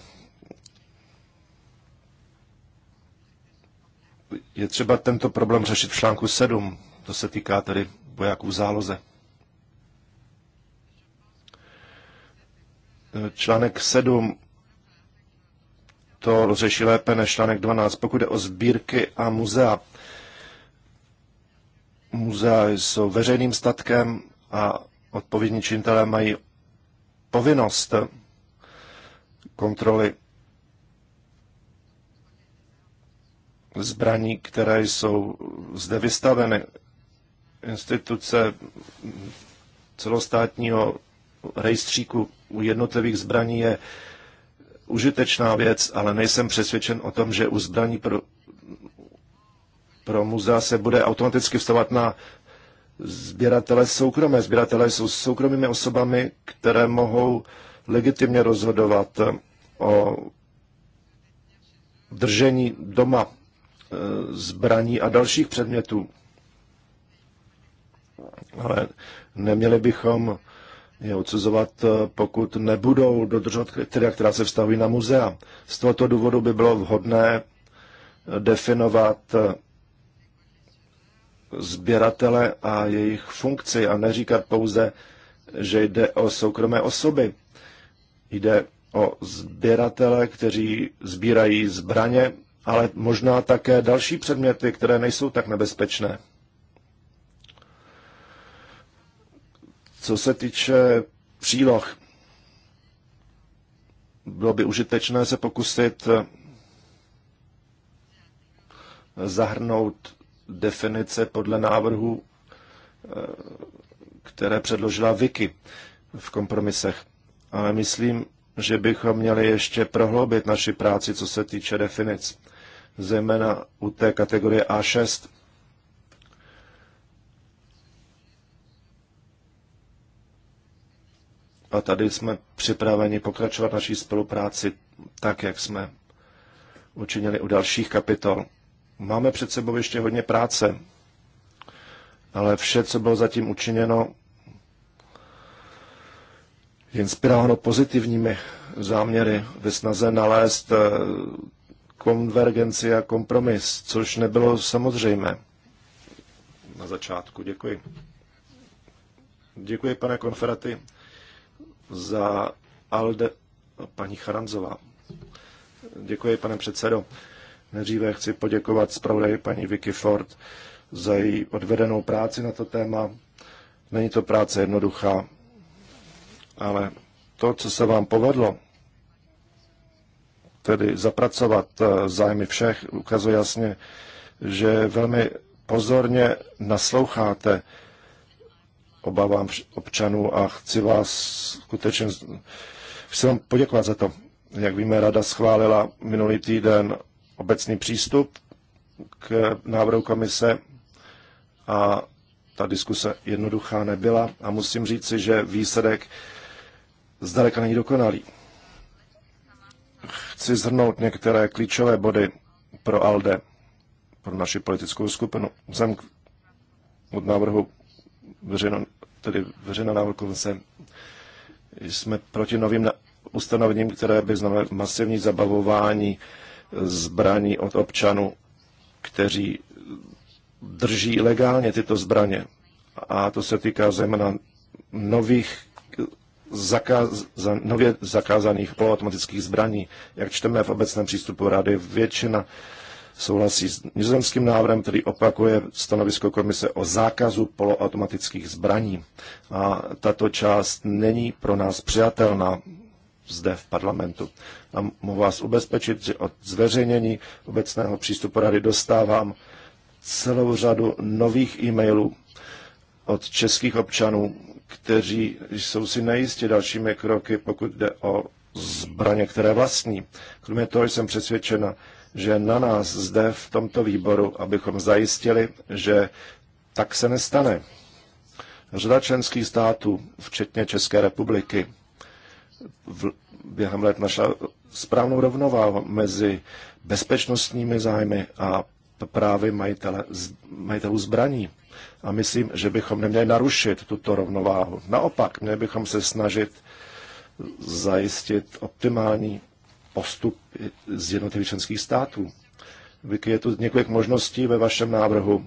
Je třeba tento problém řešit v článku 7, to se týká tedy vojáků v záloze. Článek 7 to řeší lépe než článek 12. Pokud jde o sbírky a muzea, Muzea jsou veřejným statkem a odpovědní činitelé mají povinnost kontroly zbraní, které jsou zde vystaveny. Instituce celostátního rejstříku u jednotlivých zbraní je užitečná věc, ale nejsem přesvědčen o tom, že u zbraní pro pro muzea se bude automaticky vstávat na sběratele soukromé. Sběratele jsou soukromými osobami, které mohou legitimně rozhodovat eh, o držení doma eh, zbraní a dalších předmětů. Ale neměli bychom je odsuzovat, eh, pokud nebudou dodržovat kritéria, která se vztahují na muzea. Z tohoto důvodu by bylo vhodné definovat sběratele a jejich funkci a neříkat pouze, že jde o soukromé osoby. Jde o sběratele, kteří sbírají zbraně, ale možná také další předměty, které nejsou tak nebezpečné. Co se týče příloh, bylo by užitečné se pokusit zahrnout definice podle návrhu, eh, které předložila Vicky v kompromisech. Ale myslím, že bychom měli ještě prohloubit naši práci, co se týče definic, zejména u té kategorie A6. A tady jsme připraveni pokračovat naší spolupráci tak, jak jsme učinili u dalších kapitol. Máme před sebou ještě hodně práce, ale vše, co bylo zatím učiněno, je inspirováno pozitivními záměry ve snaze nalézt eh, konvergenci a kompromis, což nebylo samozřejmé na začátku. Děkuji. Děkuji, pane Konferaty, za Alde, paní Charanzová. Děkuji, pane předsedo. Nejdříve chci poděkovat zpravodaji paní Vicky Ford za její odvedenou práci na to téma. Není to práce jednoduchá, ale to, co se vám povedlo, tedy zapracovat eh, zájmy všech, ukazuje jasně, že velmi pozorně nasloucháte obavám občanů a chci vás skutečně, chci vám poděkovat za to. Jak víme, rada schválila minulý týden obecný přístup k návrhu komise a ta diskuse jednoduchá nebyla a musím říci, že výsledek zdaleka není dokonalý. Chci zhrnout některé klíčové body pro ALDE, pro naši politickou skupinu. Jsem od návrhu veřejno, tedy veřejná návrhu komise, jsme proti novým ustanovením, které by znamenalo masivní zabavování zbraní od občanů, kteří drží legálně tyto zbraně. A to se týká zejména nových zakaz, za, nově zakázaných poloautomatických zbraní. Jak čteme v obecném přístupu rady, většina souhlasí s nizozemským návrhem, který opakuje stanovisko komise o zákazu poloautomatických zbraní. A tato část není pro nás přijatelná zde v parlamentu. A mohu vás ubezpečit, že od zveřejnění obecného přístupu rady dostávám celou řadu nových e-mailů od českých občanů, kteří jsou si nejistě dalšími kroky, pokud jde o zbraně, které vlastní. Kromě toho jsem přesvědčena, že na nás zde v tomto výboru, abychom zajistili, že tak se nestane. Řada členských států, včetně České republiky, v, během let našla správnou rovnováhu mezi bezpečnostními zájmy a právy majitele, majitelů zbraní. A myslím, že bychom neměli narušit tuto rovnováhu. Naopak, měli bychom se snažit zajistit optimální postup z jednotlivých členských států. je tu několik možností ve vašem návrhu,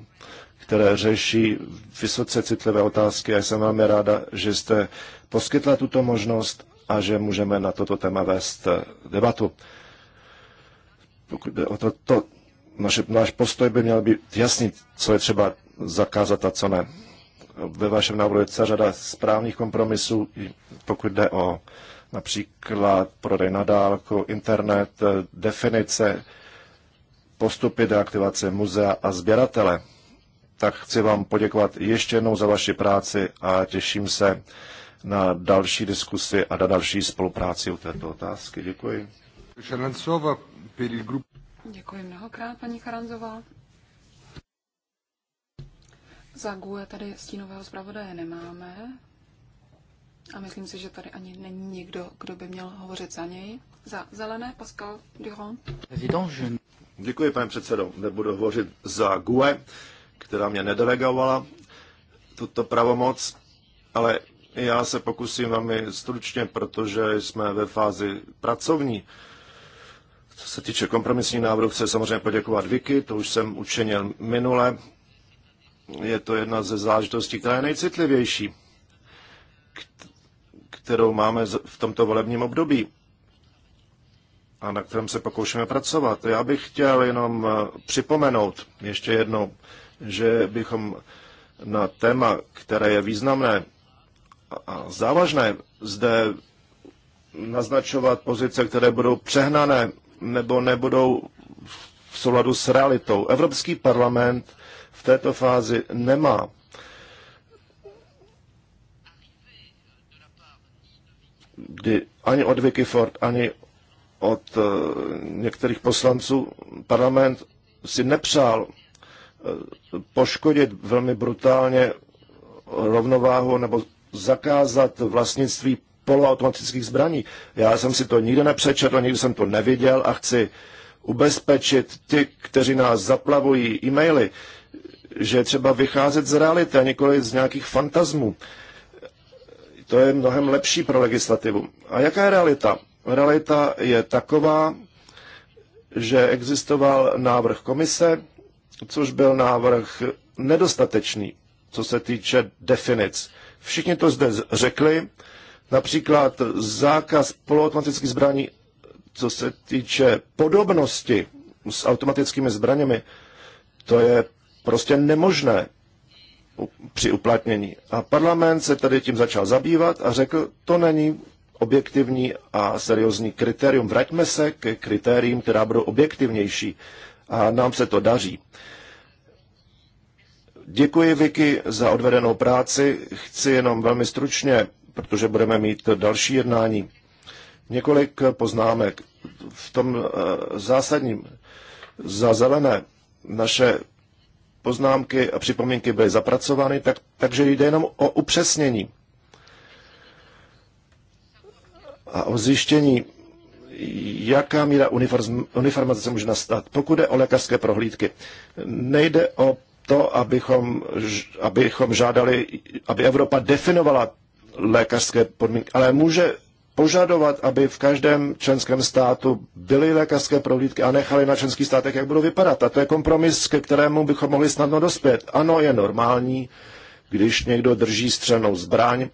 které řeší vysoce citlivé otázky a jsem velmi ráda, že jste poskytla tuto možnost a že můžeme na toto téma vést eh, debatu. Pokud jde o to, to naše, náš postoj by měl být jasný, co je třeba zakázat a co ne. Ve vašem návrhu je celá řada správných kompromisů, pokud jde o například prodej na dálku, internet, eh, definice, postupy deaktivace muzea a sběratele. Tak chci vám poděkovat ještě jednou za vaši práci a těším se na další diskusi a na další spolupráci u této otázky. Děkuji. Děkuji mnohokrát, paní Charanzová. Za GUE tady stínového zpravodaje nemáme. A myslím si, že tady ani není nikdo, kdo by měl hovořit za něj. Za zelené Pascal Durand. Děkuji, pane předsedo. Nebudu hovořit za GUE, která mě nedelegovala tuto pravomoc, ale já se pokusím velmi stručně, protože jsme ve fázi pracovní. Co se týče kompromisní návrhu, chci samozřejmě poděkovat Vicky, to už jsem učinil minule. Je to jedna ze záležitostí, která je nejcitlivější, kterou máme v tomto volebním období a na kterém se pokoušíme pracovat. Já bych chtěl jenom eh, připomenout ještě jednou, že bychom na téma, které je významné a závažné zde naznačovat pozice, které budou přehnané nebo nebudou v souladu s realitou. Evropský parlament v této fázi nemá kdy ani od Vicky Ford, ani od eh, některých poslanců parlament si nepřál eh, poškodit velmi brutálně rovnováhu nebo zakázat vlastnictví poloautomatických zbraní. Já jsem si to nikdy nepřečetl, nikdy jsem to neviděl a chci ubezpečit ty, kteří nás zaplavují e-maily, že je třeba vycházet z reality a nikoli z nějakých fantazmů. To je mnohem lepší pro legislativu. A jaká je realita? Realita je taková, že existoval návrh komise, což byl návrh nedostatečný, co se týče definic. Všichni to zde řekli, například zákaz poloautomatických zbraní, co se týče podobnosti s automatickými zbraněmi, to je prostě nemožné při uplatnění. A parlament se tady tím začal zabývat a řekl, to není objektivní a seriózní kritérium. Vraťme se k kritériím, která budou objektivnější. A nám se to daří. Děkuji, Vicky, za odvedenou práci. Chci jenom velmi stručně, protože budeme mít další jednání, několik poznámek. V tom eh, zásadním za zelené naše poznámky a připomínky byly zapracovány, tak, takže jde jenom o upřesnění a o zjištění, jaká míra uniformizace může nastat. Pokud jde o lékařské prohlídky, nejde o to, abychom, abychom žádali, aby Evropa definovala lékařské podmínky, ale může požadovat, aby v každém členském státu byly lékařské prohlídky a nechali na členských státech, jak budou vypadat. A to je kompromis, ke kterému bychom mohli snadno dospět. Ano, je normální, když někdo drží střelnou zbraň,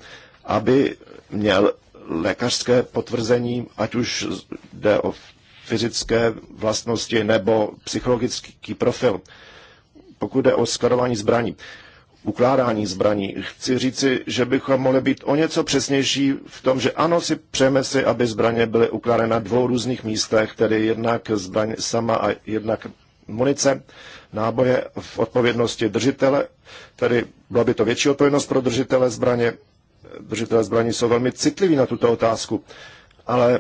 aby měl lékařské potvrzení, ať už jde o fyzické vlastnosti nebo psychologický profil. Pokud jde o skladování zbraní, ukládání zbraní, chci říci, že bychom mohli být o něco přesnější v tom, že ano, si přejeme si, aby zbraně byly ukládány na dvou různých místech, tedy jednak zbraň sama a jednak munice, náboje v odpovědnosti držitele, tedy byla by to větší odpovědnost pro držitele zbraně. Držitele zbraní jsou velmi citliví na tuto otázku, ale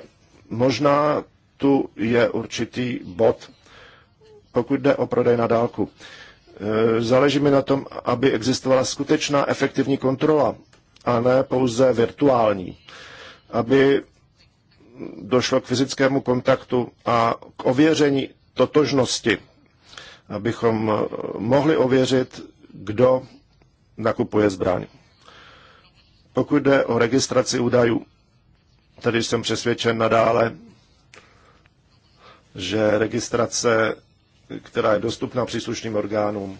možná tu je určitý bod, pokud jde o prodej na dálku. Eh, záleží mi na tom, aby existovala skutečná efektivní kontrola a ne pouze virtuální. Aby došlo k fyzickému kontaktu a k ověření totožnosti, abychom eh, mohli ověřit, kdo nakupuje zbraň. Pokud jde o registraci údajů, tady jsem přesvědčen nadále, že registrace která je dostupná příslušným orgánům,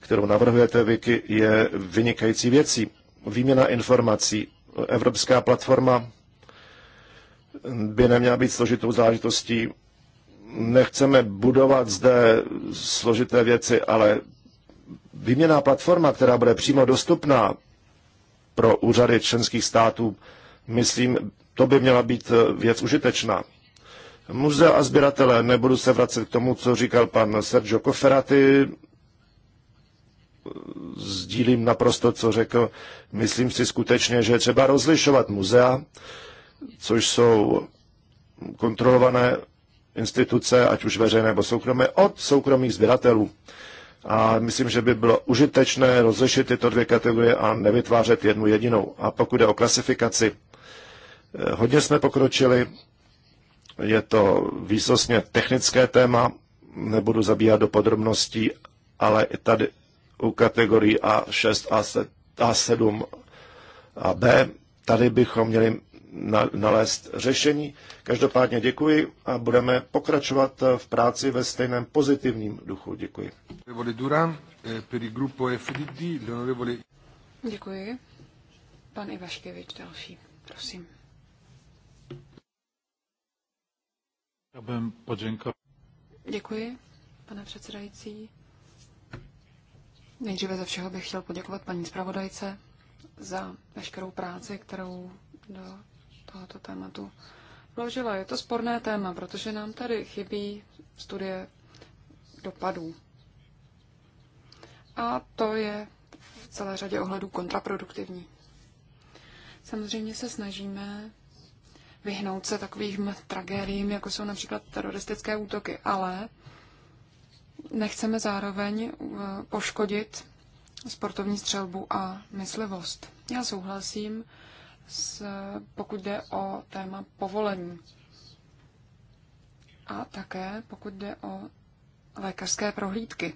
kterou navrhujete, Vicky, je vynikající věcí. Výměna informací. Evropská platforma by neměla být složitou záležitostí. Nechceme budovat zde složité věci, ale výměná platforma, která bude přímo dostupná pro úřady členských států, myslím, to by měla být věc užitečná. Muzea a sběratele, nebudu se vracet k tomu, co říkal pan Sergio Koferaty, sdílím naprosto, co řekl. Myslím si skutečně, že je třeba rozlišovat muzea, což jsou kontrolované instituce, ať už veřejné nebo soukromé, od soukromých sběratelů. A myslím, že by bylo užitečné rozlišit tyto dvě kategorie a nevytvářet jednu jedinou. A pokud je o klasifikaci, eh, hodně jsme pokročili, je to výsostně technické téma, nebudu zabíhat do podrobností, ale i tady u kategorii A6, A7 a B, tady bychom měli nalézt řešení. Každopádně děkuji a budeme pokračovat v práci ve stejném pozitivním duchu. Děkuji. Eh, děkuji. Pan Ivaškevič další, prosím. Děkuji, pane předsedající. Nejdříve ze všeho bych chtěl poděkovat paní zpravodajce za veškerou práci, kterou do tohoto tématu vložila. Je to sporné téma, protože nám tady chybí studie dopadů. A to je v celé řadě ohledů kontraproduktivní. Samozřejmě se snažíme vyhnout se takovým tragédiím, jako jsou například teroristické útoky, ale nechceme zároveň eh, poškodit sportovní střelbu a myslivost. Já souhlasím, s, pokud jde o téma povolení. A také pokud jde o lékařské prohlídky.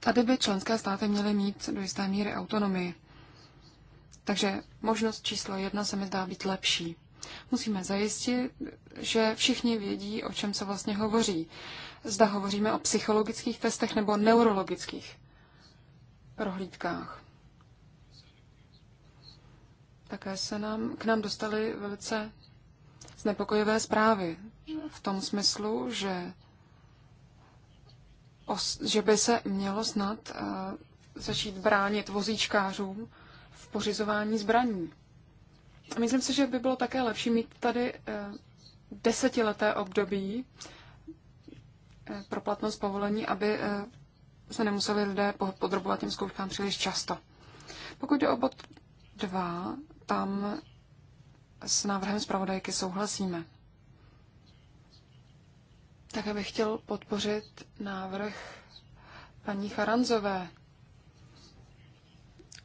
Tady by členské státy měly mít do jisté míry autonomii. Takže možnost číslo jedna se mi zdá být lepší. Musíme zajistit, že všichni vědí, o čem se vlastně hovoří. Zda hovoříme o psychologických testech nebo neurologických prohlídkách. Také se nám, k nám dostaly velice znepokojivé zprávy v tom smyslu, že, os, že by se mělo snad uh, začít bránit vozíčkářům, pořizování zbraní. Myslím si, že by bylo také lepší mít tady eh, desetileté období eh, pro platnost povolení, aby eh, se nemuseli lidé podrobovat těm zkouškám příliš často. Pokud jde o bod 2, tam s návrhem zpravodajky souhlasíme. Tak bych chtěl podpořit návrh paní Charanzové,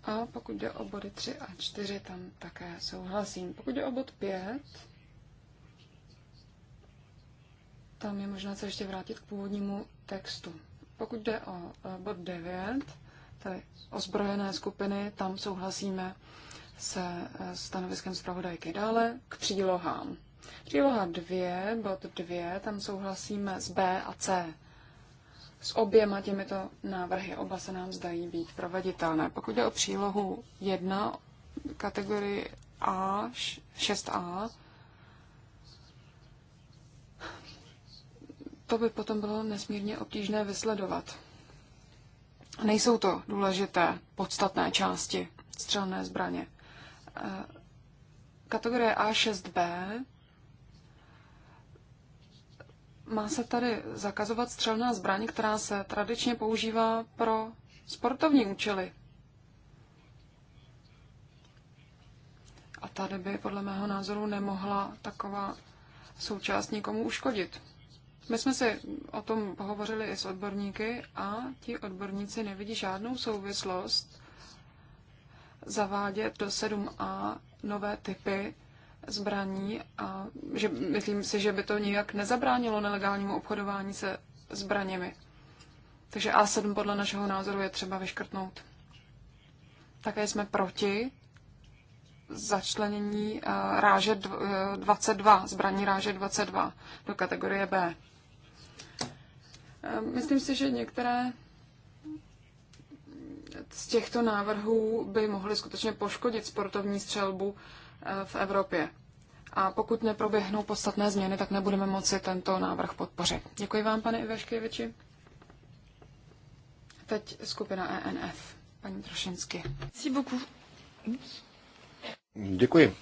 a pokud jde o body 3 a 4, tam také souhlasím. Pokud jde o bod 5, tam je možné se ještě vrátit k původnímu textu. Pokud jde o e, bod 9, tedy ozbrojené skupiny, tam souhlasíme se e, stanoviskem zpravodajky. Dále k přílohám. Příloha 2, bod 2, tam souhlasíme s B a C. S oběma těmito návrhy oba se nám zdají být proveditelné. Pokud jde o přílohu 1, kategorii A, 6A, to by potom bylo nesmírně obtížné vysledovat. Nejsou to důležité, podstatné části střelné zbraně. Eh, kategorie A6B má se tady zakazovat střelná zbraň, která se tradičně používá pro sportovní účely. A tady by podle mého názoru nemohla taková součást nikomu uškodit. My jsme si o tom pohovořili i s odborníky a ti odborníci nevidí žádnou souvislost zavádět do 7a nové typy zbraní a že, myslím si, že by to nijak nezabránilo nelegálnímu obchodování se zbraněmi. Takže A7 podle našeho názoru je třeba vyškrtnout. Také jsme proti začlenění eh, ráže 22, eh, zbraní ráže 22 do kategorie B. Eh, myslím si, že některé z těchto návrhů by mohly skutečně poškodit sportovní střelbu Eh, v Evropě. A pokud neproběhnou podstatné změny, tak nebudeme moci tento návrh podpořit. Děkuji vám, pane Iveškeviči. Teď skupina ENF. Paní Trošinsky. Děkuji.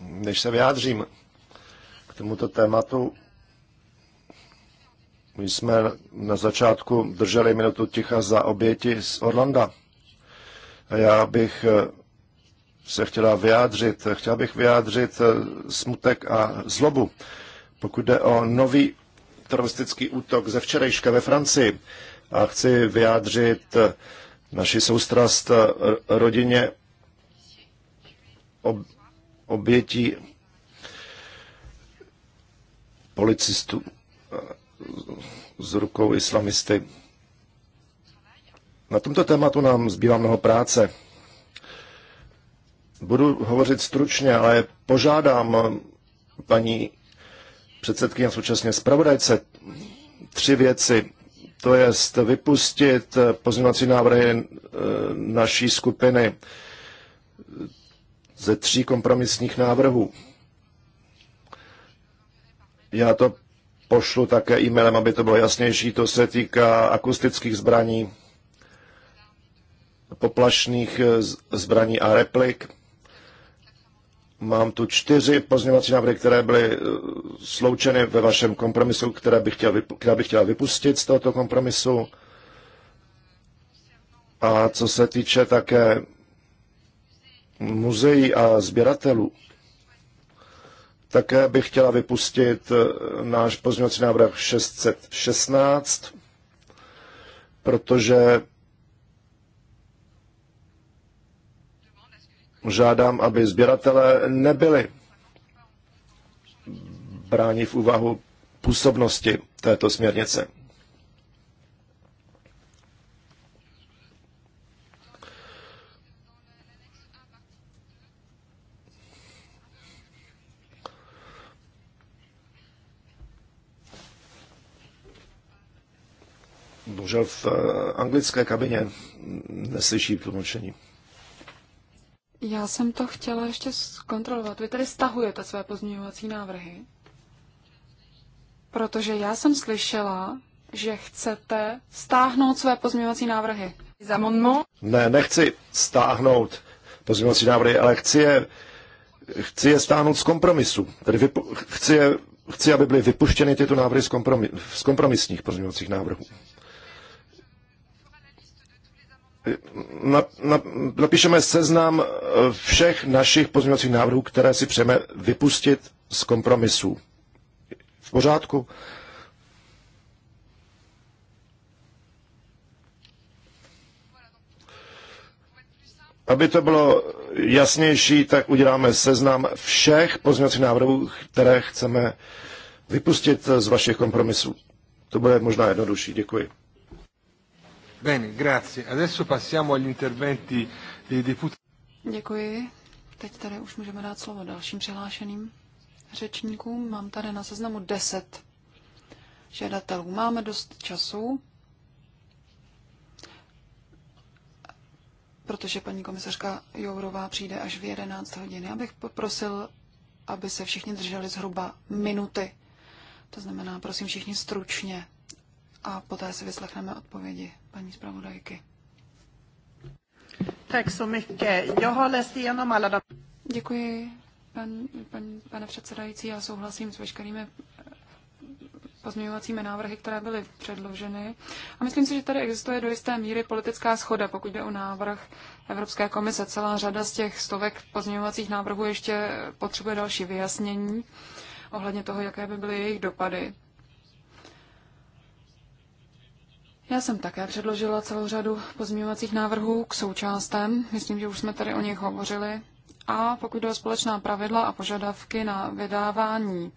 Než se vyjádřím k tomuto tématu, my jsme na začátku drželi minutu ticha za oběti z Orlanda. Já bych eh, se chtěla vyjádřit, eh, chtěl bych vyjádřit eh, smutek a zlobu, pokud jde o nový teroristický útok ze včerejška ve Francii. A chci vyjádřit naši soustrast rodině ob, obětí policistů s rukou islamisty. Na tomto tématu nám zbývá mnoho práce. Budu hovořit stručně, ale požádám paní předsedkyně a současně zpravodajce tři věci. To je vypustit pozměňovací návrhy eh, naší skupiny ze tří kompromisních návrhů. Já to pošlu také e-mailem, aby to bylo jasnější. To se týká akustických zbraní, poplašných eh, zbraní a replik. Mám tu čtyři pozměňovací návrhy, které byly eh, sloučeny ve vašem kompromisu, které bych chtěl, které bych chtěla vypustit z tohoto kompromisu. A co se týče také muzeí a sběratelů, také bych chtěla vypustit eh, náš pozměňovací návrh 616, protože žádám, aby sběratele nebyli bráni v úvahu působnosti této směrnice. Bohužel v eh, anglické kabině neslyší tlumočení. Já jsem to chtěla ještě zkontrolovat. Vy tady stahujete své pozměňovací návrhy? Protože já jsem slyšela, že chcete stáhnout své pozměňovací návrhy. Zamonmo? Ne, nechci stáhnout pozměňovací návrhy, ale chci je, chci je stáhnout z kompromisu. Tedy vypu- chci, je, chci, aby byly vypuštěny tyto návrhy z, kompromis- z kompromisních pozměňovacích návrhů na, na, napíšeme seznam eh, všech našich pozměňovacích návrhů, které si přejeme vypustit z kompromisů. V pořádku? Aby to bylo jasnější, tak uděláme seznam všech pozměňovacích návrhů, které chceme vypustit z vašich kompromisů. To bude možná jednodušší. Děkuji. Bene, grazie. Adesso passiamo agli interventi dei deputati. Děkuji. Teď tady už můžeme dát slovo dalším přihlášeným řečníkům. Mám tady na seznamu 10 žadatelů. Máme dost času, protože paní komisařka Jourová přijde až v 11 hodin. Já bych poprosil, aby se všichni drželi zhruba minuty. To znamená, prosím, všichni stručně a poté si vyslechneme odpovědi paní zpravodajky. Tak so mycket. Jag har alla Děkuji, pan, pan, pane předsedající. Já souhlasím s veškerými eh, pozměňovacími návrhy, které byly předloženy. A myslím si, že tady existuje do jisté míry politická schoda, pokud jde o návrh Evropské komise. Celá řada z těch stovek pozměňovacích návrhů ještě potřebuje další vyjasnění ohledně toho, jaké by byly jejich dopady. Já jsem také předložila celou řadu pozměňovacích návrhů k součástem. Myslím, že už jsme tady o nich hovořili. A pokud jde o společná pravidla a požadavky na vydávání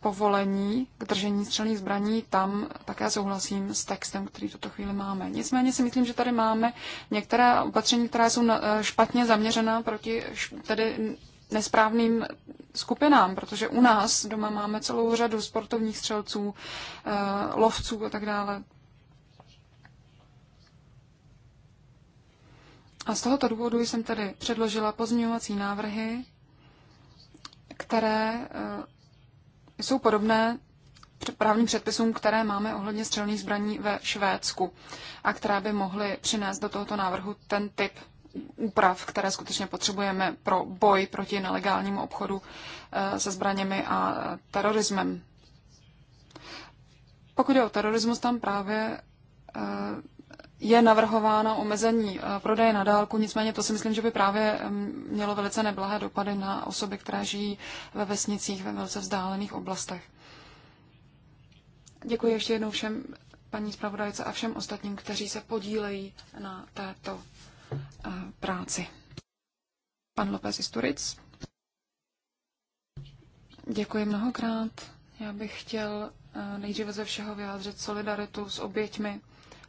povolení k držení střelných zbraní, tam také souhlasím s textem, který tuto chvíli máme. Nicméně si myslím, že tady máme některé opatření, která jsou špatně zaměřená proti tedy nesprávným skupinám, protože u nás doma máme celou řadu sportovních střelců, eh, lovců a tak dále. A z tohoto důvodu jsem tedy předložila pozměňovací návrhy, které eh, jsou podobné právním předpisům, které máme ohledně střelných zbraní ve Švédsku a které by mohly přinést do tohoto návrhu ten typ úprav, které skutečně potřebujeme pro boj proti nelegálnímu obchodu eh, se zbraněmi a eh, terorismem. Pokud je o terorismus, tam právě eh, je navrhováno omezení prodeje na dálku, nicméně to si myslím, že by právě mělo velice neblahé dopady na osoby, které žijí ve vesnicích, ve velice vzdálených oblastech. Děkuji ještě jednou všem paní zpravodajce a všem ostatním, kteří se podílejí na této práci. Pan López Isturic. Děkuji mnohokrát. Já bych chtěl eh, nejdříve ze všeho vyjádřit solidaritu s oběťmi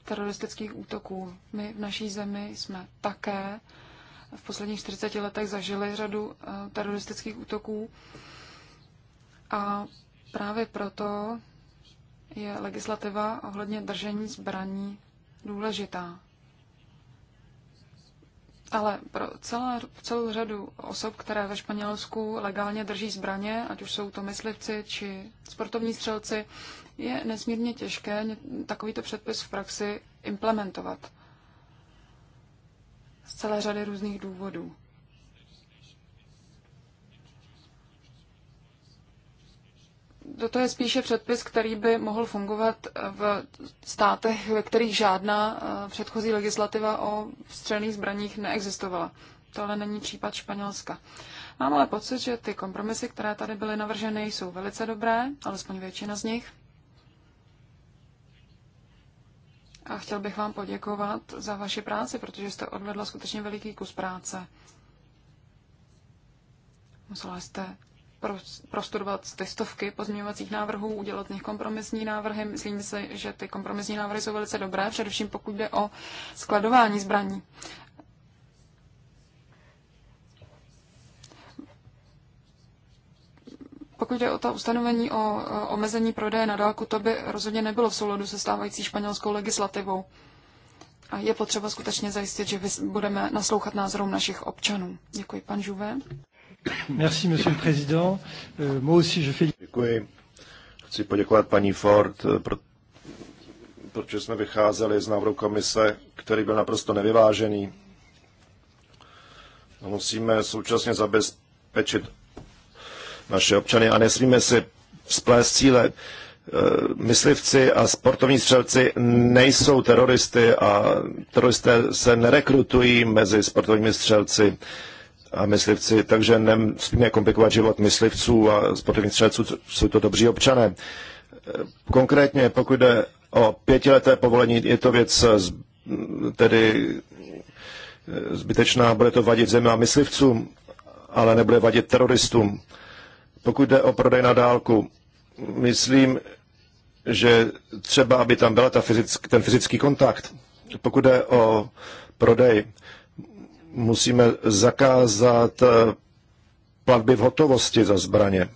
teroristických útoků. My v naší zemi jsme také v posledních 40 letech zažili řadu eh, teroristických útoků a právě proto je legislativa ohledně držení zbraní důležitá ale pro celé, celou řadu osob, které ve Španělsku legálně drží zbraně, ať už jsou to myslivci či sportovní střelci, je nesmírně těžké takovýto předpis v praxi implementovat. Z celé řady různých důvodů. toto je spíše předpis, který by mohl fungovat v státech, ve kterých žádná eh, předchozí legislativa o střelných zbraních neexistovala. To ale není případ Španělska. Mám ale pocit, že ty kompromisy, které tady byly navrženy, jsou velice dobré, alespoň většina z nich. A chtěl bych vám poděkovat za vaši práci, protože jste odvedla skutečně veliký kus práce. Musela jste prostudovat ty stovky pozměňovacích návrhů, udělat z nich kompromisní návrhy. Myslím si, že ty kompromisní návrhy jsou velice dobré, především pokud jde o skladování zbraní. Pokud jde o ta ustanovení o omezení prodeje na dálku, to by rozhodně nebylo v souladu se stávající španělskou legislativou. A je potřeba skutečně zajistit, že budeme naslouchat názorům našich občanů. Děkuji, pan žuve. Merci, monsieur le président. Euh, moi aussi, je fais... Děkuji. Chci poděkovat paní Ford, eh, protože jsme vycházeli z návrhu komise, který byl naprosto nevyvážený. Musíme současně zabezpečit naše občany a nesmíme si splést cíle. Eh, myslivci a sportovní střelci nejsou teroristy a teroristé se nerekrutují mezi sportovními střelci a myslivci, takže nesmíme komplikovat život myslivců a sportovních střelců, jsou to dobří občané. Konkrétně, pokud jde o pětileté povolení, je to věc eh, tedy eh, zbytečná, bude to vadit a myslivcům, ale nebude vadit teroristům. Pokud jde o prodej na dálku, myslím, že třeba, aby tam byl ta fyzick, ten fyzický kontakt. Pokud jde o prodej, musíme zakázat eh, platby v hotovosti za zbraně.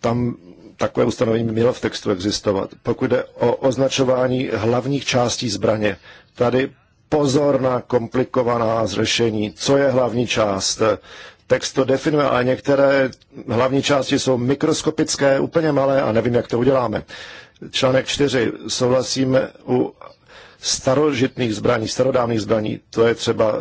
Tam takové ustanovení mělo v textu existovat. Pokud jde o označování hlavních částí zbraně, tady pozor na komplikovaná zřešení, co je hlavní část. Text to definuje, ale některé hlavní části jsou mikroskopické, úplně malé a nevím, jak to uděláme. Článek 4. Souhlasíme u starožitných zbraní, starodávných zbraní. To je třeba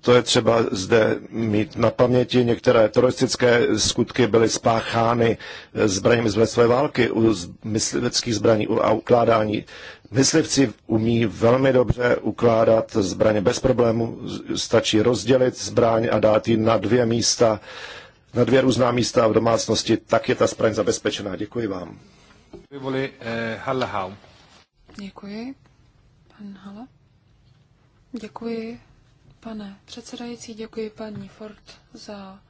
to je třeba zde mít na paměti. Některé teroristické skutky byly spáchány zbraněmi z své války, u mysliveckých zbraní a ukládání. Myslivci umí velmi dobře ukládat zbraně bez problému. Stačí rozdělit zbraň a dát ji na dvě místa, na dvě různá místa v domácnosti. Tak je ta zbraň zabezpečená. Děkuji vám. Vy voli, eh, Děkuji. Pan Hala. Děkuji, pane předsedající, děkuji paní Ford za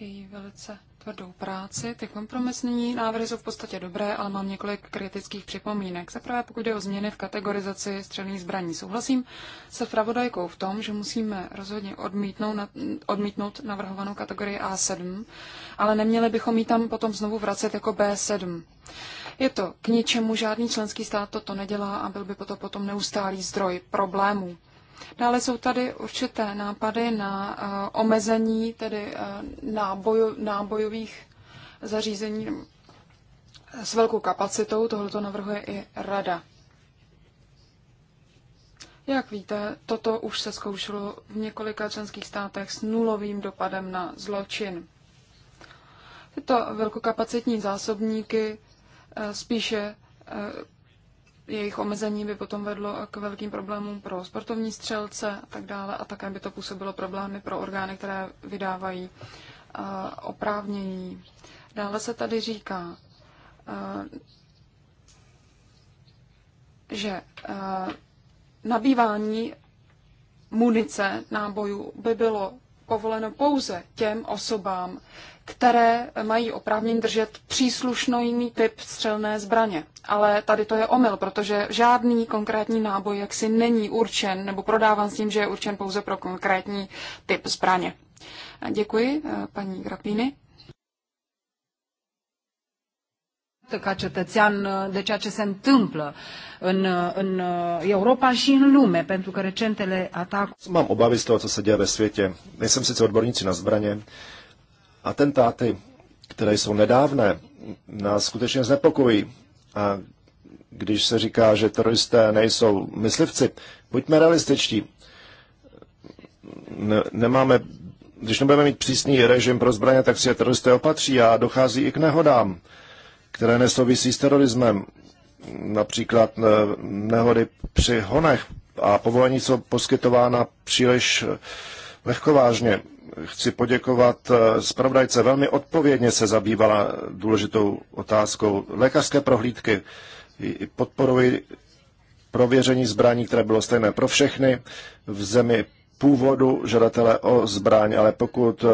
její velice tvrdou práci. Ty kompromisní návrhy jsou v podstatě dobré, ale mám několik kritických připomínek. Zaprvé pokud jde o změny v kategorizaci střelných zbraní, souhlasím se pravodajkou v tom, že musíme rozhodně odmítnout, na, odmítnout navrhovanou kategorii A7, ale neměli bychom ji tam potom znovu vracet jako B7. Je to k ničemu, žádný členský stát toto nedělá a byl by to potom neustálý zdroj problémů. Dále jsou tady určité nápady na uh, omezení tedy uh, eh, náboju, nábojových zařízení eh, s velkou kapacitou. Tohle to navrhuje i rada. Jak víte, toto už se zkoušelo v několika členských státech s nulovým dopadem na zločin. Tyto velkokapacitní zásobníky Spíše eh, jejich omezení by potom vedlo k velkým problémům pro sportovní střelce a tak dále a také by to působilo problémy pro orgány, které vydávají eh, oprávnění. Dále se tady říká, eh, že nabývání munice nábojů by bylo povoleno pouze těm osobám, které mají oprávnění držet příslušný typ střelné zbraně. Ale tady to je omyl, protože žádný konkrétní náboj jaksi není určen nebo prodáván s tím, že je určen pouze pro konkrétní typ zbraně. Děkuji, eh, paní Grapíny. ca cetățean eh, de ceea ce se întâmplă în, eh, în Europa și în lume, pentru că recentele atacuri... Mám obavy z toho, co se děje ve světě. Nejsem sice odborníci na zbraně, atentáty, které jsou nedávné, nás skutečně znepokojí. A když se říká, že teroristé nejsou myslivci, buďme realističtí. Ne, nemáme, když nebudeme mít přísný režim pro zbraně, tak si je teroristé opatří a dochází i k nehodám, které nesouvisí s terorismem. Například eh, nehody při honech a povolení jsou poskytována příliš lehkovážně chci poděkovat eh, zpravodajce. Velmi odpovědně se zabývala důležitou otázkou lékařské prohlídky. Podporuji prověření zbraní, které bylo stejné pro všechny v zemi původu žadatele o zbraň, ale pokud eh,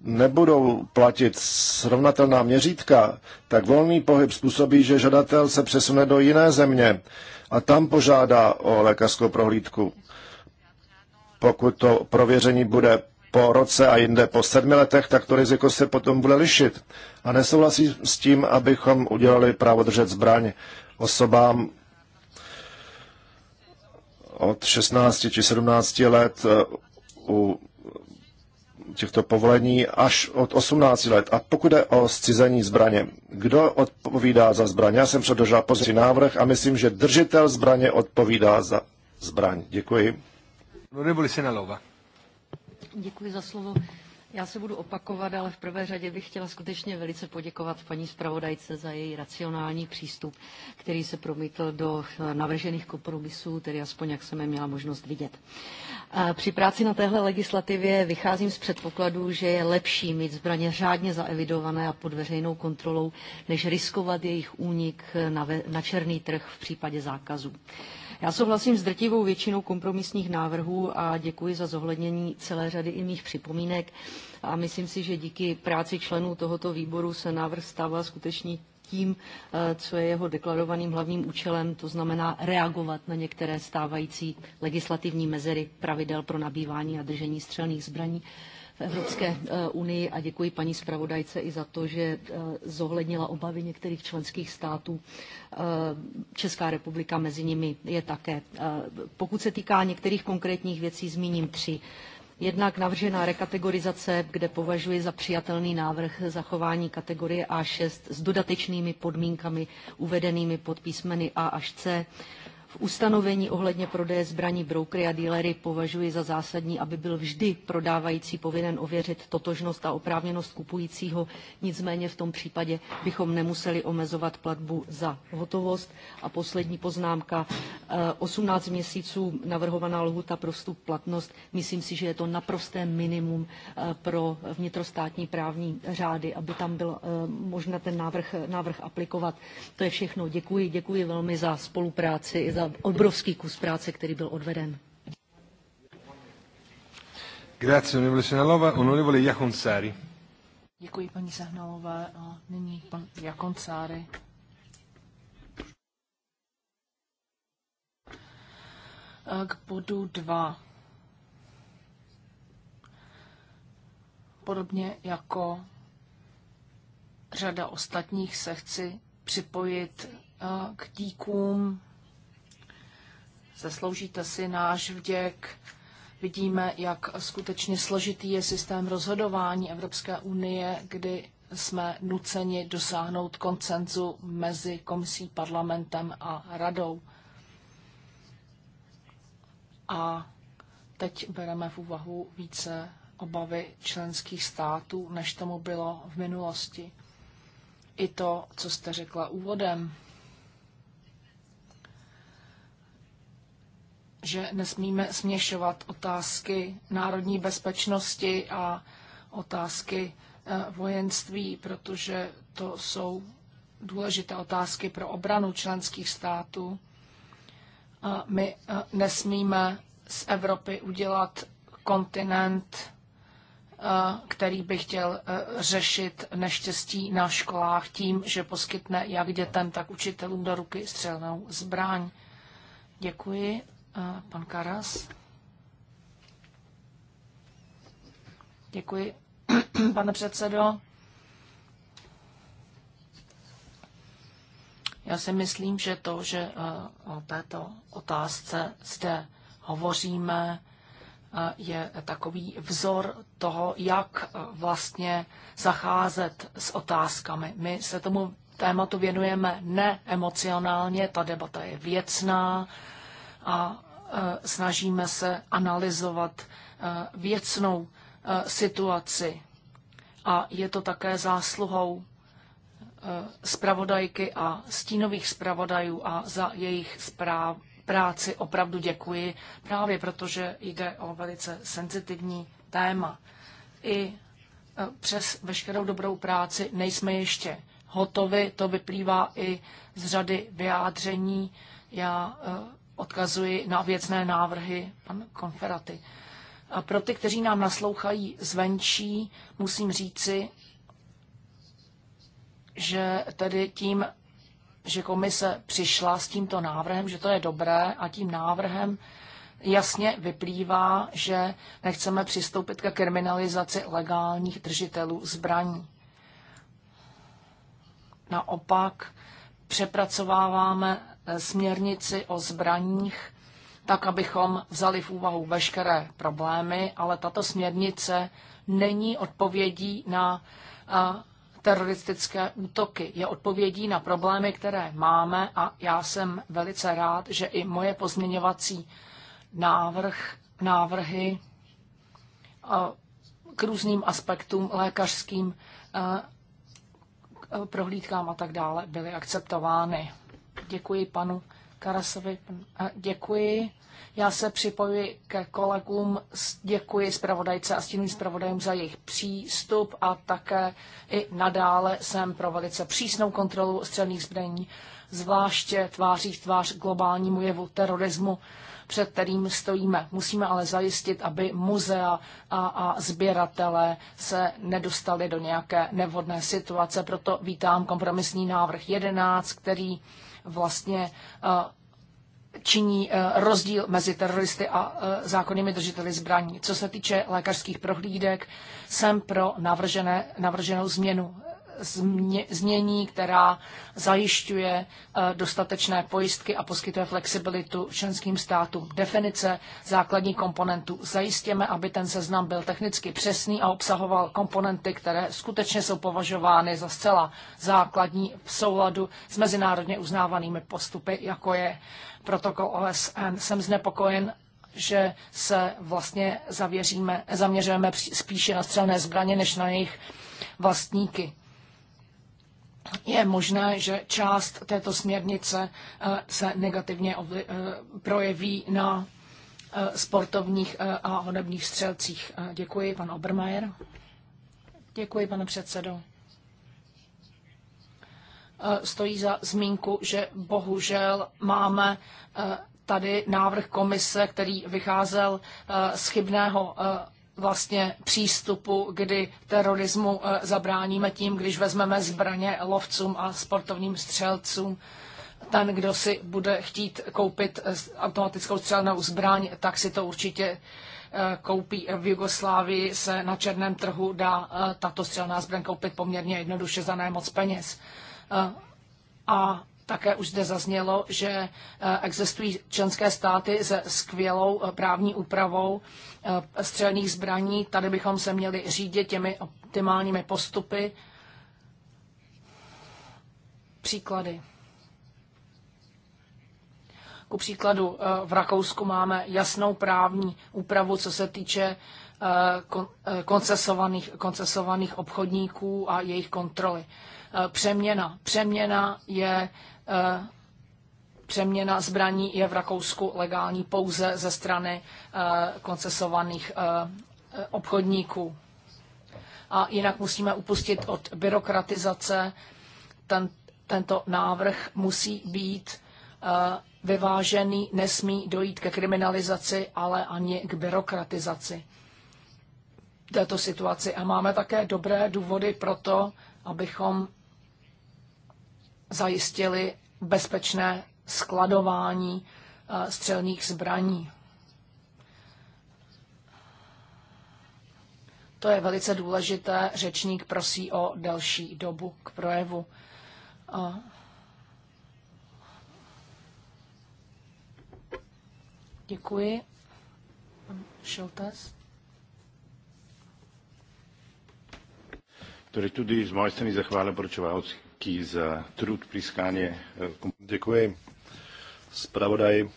nebudou platit srovnatelná měřítka, tak volný pohyb způsobí, že žadatel se přesune do jiné země a tam požádá o lékařskou prohlídku. Pokud to prověření bude po roce a jinde po sedmi letech, tak to riziko se potom bude lišit. A nesouhlasí s tím, abychom udělali právo držet zbraň osobám od 16 či 17 let eh, u těchto povolení až od 18 let. A pokud je o zcizení zbraně, kdo odpovídá za zbraně? Já jsem předložil pozici návrh a myslím, že držitel zbraně odpovídá za zbraň. Děkuji. Honorable Sinalova. Děkuji za slovo. Já se budu opakovat, ale v prvé řadě bych chtěla skutečně velice poděkovat paní zpravodajce za její racionální přístup, který se promítl do navržených kompromisů, tedy aspoň jak jsem je měla možnost vidět. Při práci na téhle legislativě vycházím z předpokladu, že je lepší mít zbraně řádně zaevidované a pod veřejnou kontrolou, než riskovat jejich únik na, ve, na černý trh v případě zákazu. Já souhlasím s drtivou většinou kompromisních návrhů a děkuji za zohlednění celé řady i mých připomínek. A myslím si, že díky práci členů tohoto výboru se návrh stává skutečně tím, eh, co je jeho deklarovaným hlavním účelem, to znamená reagovat na některé stávající legislativní mezery pravidel pro nabývání a držení střelných zbraní v Evropské eh, unii a děkuji paní zpravodajce i za to, že eh, zohlednila obavy některých členských států. Česká republika mezi nimi je také. Pokud se týká některých konkrétních věcí, zmíním tři. Jednak navržená rekategorizace, kde považuji za přijatelný návrh zachování kategorie A6 s dodatečnými podmínkami uvedenými pod písmeny A až C v ustanovení ohledně prodeje zbraní broukry a dílery považuji za zásadní, aby byl vždy prodávající povinen ověřit totožnost a oprávněnost kupujícího. Nicméně v tom případě bychom nemuseli omezovat platbu za hotovost. A poslední poznámka. 18 eh, měsíců navrhovaná lhuta pro vstup platnost. Myslím si, že je to naprosté minimum eh, pro vnitrostátní právní řády, aby tam byl eh, možné ten návrh, návrh aplikovat. To je všechno. Děkuji, děkuji velmi za spolupráci i za obrovský kus práce, který byl odveden. Děkuji, paní Sehnalové. A nyní pan Jakoncáry. K bodu 2. Podobně jako řada ostatních se chci připojit k díkům Zasloužíte si náš vděk. Vidíme, jak skutečně složitý je systém rozhodování Evropské unie, kdy jsme nuceni dosáhnout koncenzu mezi komisí, parlamentem a radou. A teď bereme v úvahu více obavy členských států, než tomu bylo v minulosti. I to, co jste řekla úvodem, že nesmíme směšovat otázky národní bezpečnosti a otázky eh, vojenství, protože to jsou důležité otázky pro obranu členských států. A my eh, nesmíme z Evropy udělat kontinent, eh, který by chtěl řešit neštěstí na školách tím, že poskytne jak dětem, tak učitelům do ruky střelnou zbraň. Děkuji. Pan Karas. Děkuji, pane předsedo. Já si myslím, že to, že eh, o této otázce zde hovoříme, eh, je takový vzor toho, jak eh, vlastně zacházet s otázkami. My se tomu tématu věnujeme neemocionálně, ta debata je věcná a Eh, snažíme se analyzovat eh, věcnou eh, situaci. A je to také zásluhou zpravodajky a stínových zpravodajů a za jejich zpráv, práci opravdu děkuji, právě protože jde o velice senzitivní téma. I přes veškerou dobrou práci nejsme ještě hotovi, to vyplývá i z řady vyjádření. Já odkazuji na věcné návrhy pan Konferaty. A pro ty, kteří nám naslouchají zvenčí, musím říci, že tedy tím, že komise přišla s tímto návrhem, že to je dobré a tím návrhem jasně vyplývá, že nechceme přistoupit ke kriminalizaci legálních držitelů zbraní. Naopak přepracováváme směrnici o zbraních, tak abychom vzali v úvahu veškeré problémy, ale tato směrnice není odpovědí na teroristické útoky. Je odpovědí na problémy, které máme a já jsem velice rád, že i moje pozměňovací návrh, návrhy k různým aspektům lékařským prohlídkám a tak dále byly akceptovány. Děkuji panu Karasovi. Děkuji. Já se připojuji ke kolegům, děkuji zpravodajce a stínovým zpravodajům za jejich přístup a také i nadále jsem pro velice přísnou kontrolu střelných zbraní, zvláště tváří v tvář globálnímu jevu terorismu před kterým stojíme. Musíme ale zajistit, aby muzea a, a sběratele se nedostali do nějaké nevhodné situace. Proto vítám kompromisní návrh 11, který vlastně eh, činí eh, rozdíl mezi teroristy a eh, zákonnými držiteli zbraní. Co se týče lékařských prohlídek, jsem pro navržené, navrženou změnu změní, která zajišťuje eh, dostatečné pojistky a poskytuje flexibilitu členským státům. Definice základní komponentů. Zajistěme, aby ten seznam byl technicky přesný a obsahoval komponenty, které skutečně jsou považovány za zcela základní v souladu s mezinárodně uznávanými postupy, jako je protokol OSN. Jsem znepokojen že se vlastně zaměřujeme spíše na střelné zbraně, než na jejich vlastníky je možné, že část této směrnice eh, se negativně eh, projeví na eh, sportovních a hudebních střelcích. Děkuji, pan Obermeier. Děkuji, pane předsedo. Stojí za zmínku, že bohužel máme tady návrh komise, který vycházel z chybného vlastně přístupu, kdy terorismu eh, zabráníme tím, když vezmeme zbraně lovcům a sportovním střelcům. Ten, kdo si bude chtít koupit eh, automatickou střelnou zbraň, tak si to určitě eh, koupí v Jugoslávii, se na černém trhu dá tato střelná zbraň koupit poměrně jednoduše za nemoc peněz. A také už zde zaznělo, že eh, existují členské státy se skvělou eh, právní úpravou eh, střelných zbraní. Tady bychom se měli řídit těmi optimálními postupy. Příklady. Ku příkladu v Rakousku máme jasnou právní úpravu, co se týče koncesovaných, koncesovaných obchodníků a jejich kontroly. Přeměna. Přeměna je Eh, přeměna zbraní je v Rakousku legální pouze ze strany eh, koncesovaných eh, obchodníků. A jinak musíme upustit od byrokratizace. Ten, tento návrh musí být vyvážený, nesmí dojít ke kriminalizaci, ale ani k byrokratizaci této situaci. A máme také dobré důvody pro to, abychom zajistili bezpečné skladování eh, střelných zbraní. To je velice důležité. Řečník prosí o delší dobu k projevu. Děkuji. Šiltes. Tady tudy z moje strany zahvala poročevalci děkuji za trud plískáně. Eh, děkuji spravodaj,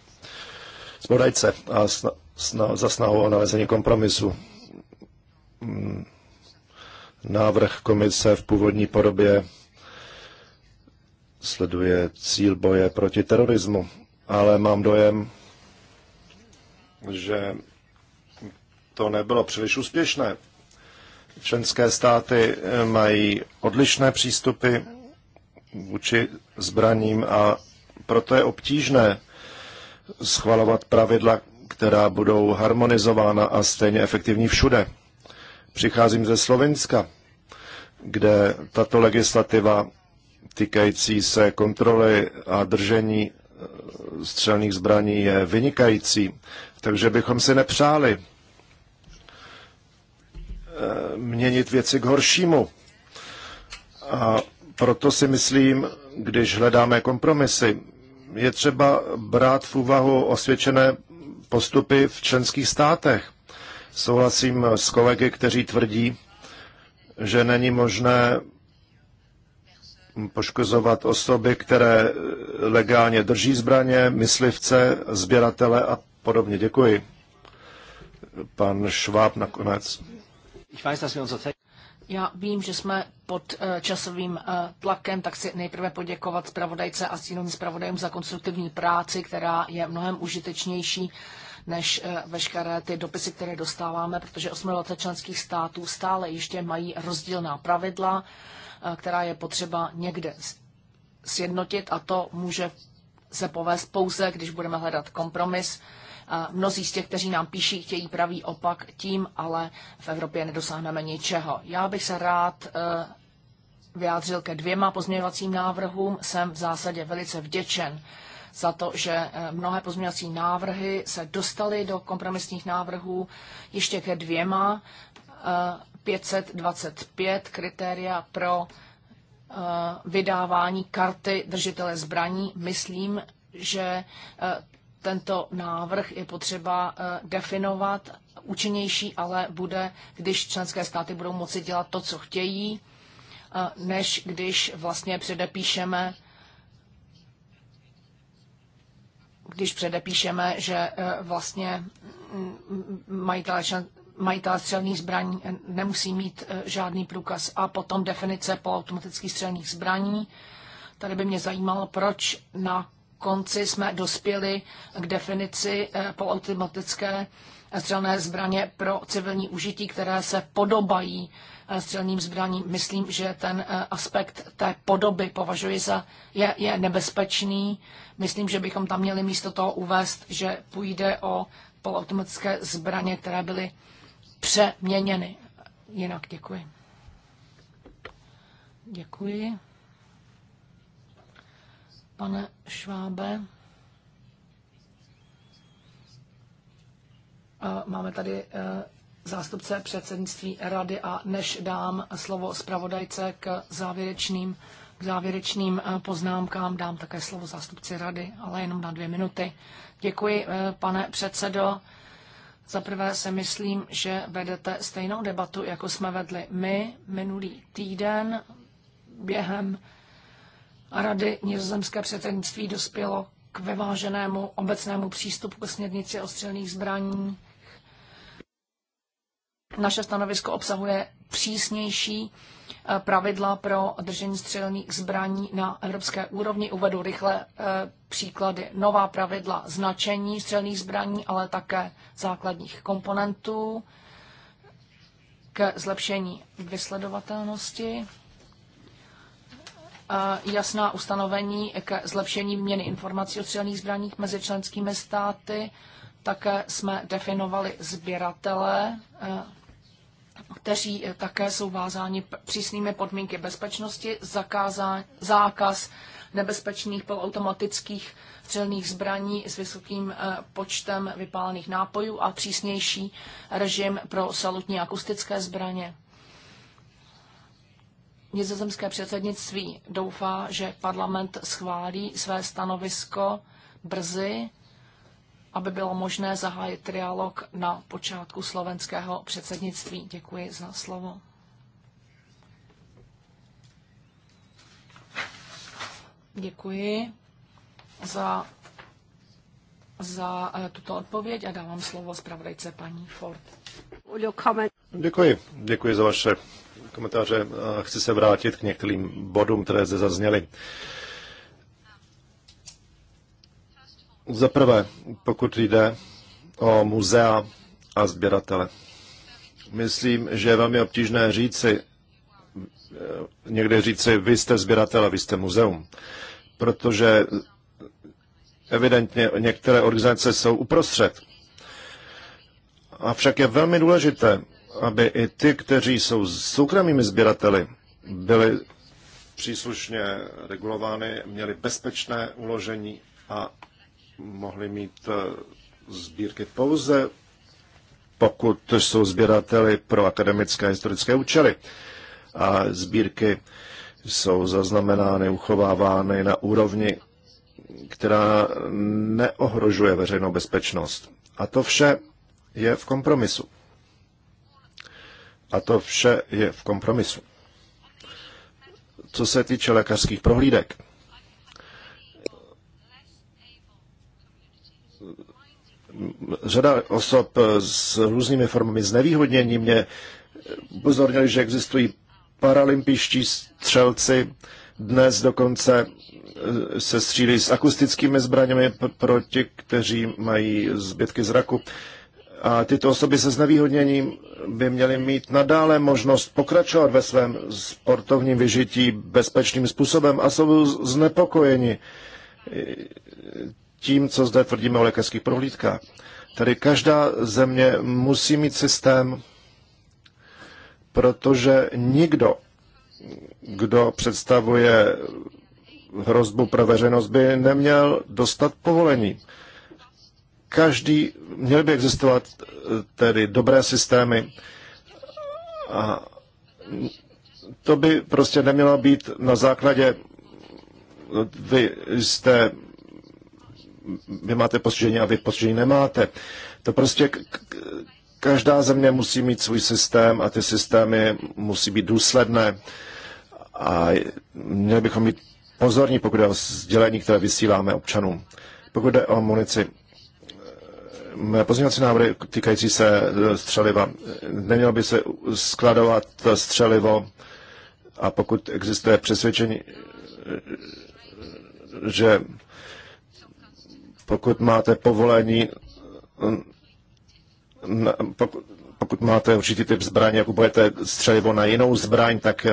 zpravodajce a sna, sna, za snahu o nalezení kompromisu. Hmm. Návrh komise v původní podobě sleduje cíl boje proti terorismu, ale mám dojem, že to nebylo příliš úspěšné. Členské státy eh, mají odlišné přístupy vůči zbraním a proto je obtížné schvalovat pravidla, která budou harmonizována a stejně efektivní všude. Přicházím ze Slovenska, kde tato legislativa týkající se kontroly a držení eh, střelných zbraní je vynikající, takže bychom si nepřáli eh, měnit věci k horšímu. A proto si myslím, když hledáme kompromisy, je třeba brát v úvahu osvědčené postupy v členských státech. Souhlasím s kolegy, kteří tvrdí, že není možné poškozovat osoby, které legálně drží zbraně, myslivce, sběratele a podobně. Děkuji. Pan Šváb nakonec. Já vím, že jsme pod eh, časovým eh, tlakem, tak si nejprve poděkovat zpravodajce a stínovým zpravodajům za konstruktivní práci, která je mnohem užitečnější než eh, veškeré ty dopisy, které dostáváme, protože 28 členských států stále ještě mají rozdílná pravidla, která je potřeba někde sjednotit a to může se povést pouze, když budeme hledat kompromis Mnozí z těch, kteří nám píší, chtějí pravý opak, tím ale v Evropě nedosáhneme ničeho. Já bych se rád eh, vyjádřil ke dvěma pozměňovacím návrhům. Jsem v zásadě velice vděčen za to, že eh, mnohé pozměňovací návrhy se dostaly do kompromisních návrhů ještě ke dvěma. 525 eh, kritéria pro vydávání karty držitele zbraní. Myslím, že tento návrh je potřeba eh, definovat účinnější, ale bude, když členské státy budou moci dělat to, co chtějí, eh, než když vlastně předepíšeme když předepíšeme, že eh, vlastně mm, majitelé, střelných zbraní nemusí mít žádný průkaz a potom definice po automatických střelných zbraní. Tady by mě zajímalo, proč na konci jsme dospěli k definici eh, polautomatické eh, střelné zbraně pro civilní užití, které se podobají eh, střelným zbraním. Myslím, že ten aspekt té podoby považuji za je, je nebezpečný. Myslím, že bychom tam měli místo toho uvést, že půjde o polautomatické zbraně, které byly přeměněny. Jinak děkuji. Děkuji pane Švábe. Máme tady eh, zástupce předsednictví rady a než dám slovo zpravodajce k závěrečným, k závěrečným eh, poznámkám, dám také slovo zástupci rady, ale jenom na dvě minuty. Děkuji, eh, pane předsedo. Za prvé se myslím, že vedete stejnou debatu, jako jsme vedli my minulý týden během Rady nizozemské předsednictví dospělo k vyváženému obecnému přístupu k směrnici o střelných zbraní. Naše stanovisko obsahuje přísnější eh, pravidla pro držení střelných zbraní na evropské úrovni. Uvedu rychle eh, příklady. Nová pravidla značení střelných zbraní, ale také základních komponentů k zlepšení vysledovatelnosti jasná ustanovení k zlepšení měny informací o střelných zbraních mezi členskými státy. Také jsme definovali sběratele, eh, kteří také jsou vázáni přísnými podmínky bezpečnosti, zakázá, zákaz nebezpečných polautomatických střelných zbraní s vysokým eh, počtem vypálených nápojů a přísnější režim pro salutní akustické zbraně. Nizozemské předsednictví doufá, že parlament schválí své stanovisko brzy, aby bylo možné zahájit trialog na počátku slovenského předsednictví. Děkuji za slovo. Děkuji za, za eh, tuto odpověď a dávám slovo zpravodajce paní Ford. Děkuji. Děkuji za vaše komentáře a chci se vrátit k některým bodům, které zde zazněly. Za prvé, pokud jde o muzea a sběratele. Myslím, že je velmi obtížné říci, eh, někde říci, vy jste sběratel a vy jste muzeum, protože evidentně některé organizace jsou uprostřed. Avšak je velmi důležité, aby i ty, kteří jsou soukromými sběrateli, byly příslušně regulovány, měli bezpečné uložení a mohli mít eh, sbírky pouze, pokud jsou sběrateli pro akademické a historické účely. A sbírky jsou zaznamenány, uchovávány na úrovni, která neohrožuje veřejnou bezpečnost. A to vše je v kompromisu. A to vše je v kompromisu. Co se týče lékařských prohlídek, řada osob s různými formami znevýhodnění mě upozornili, že existují paralympiští střelci, dnes dokonce eh, se střílí s akustickými zbraněmi proti, kteří mají zbytky zraku. A tyto osoby se znevýhodněním by měly mít nadále možnost pokračovat ve svém sportovním vyžití bezpečným způsobem a jsou znepokojeni tím, co zde tvrdíme o lékařských prohlídkách. Tedy každá země musí mít systém, protože nikdo, kdo představuje hrozbu pro veřejnost, by neměl dostat povolení každý, měly by existovat eh, tedy dobré systémy a to by prostě nemělo být na základě, vy jste, vy máte postižení a vy postižení nemáte. To prostě každá země musí mít svůj systém a ty systémy musí být důsledné a měli bychom být pozorní, pokud je o sdělení, které vysíláme občanům. Pokud jde o munici, mé pozměňovací návrhy týkající se e, střeliva. Nemělo by se skladovat střelivo a pokud existuje přesvědčení, e, že pokud máte povolení, e, pokud máte určitý typ zbraně, jak budete střelivo na jinou zbraň, tak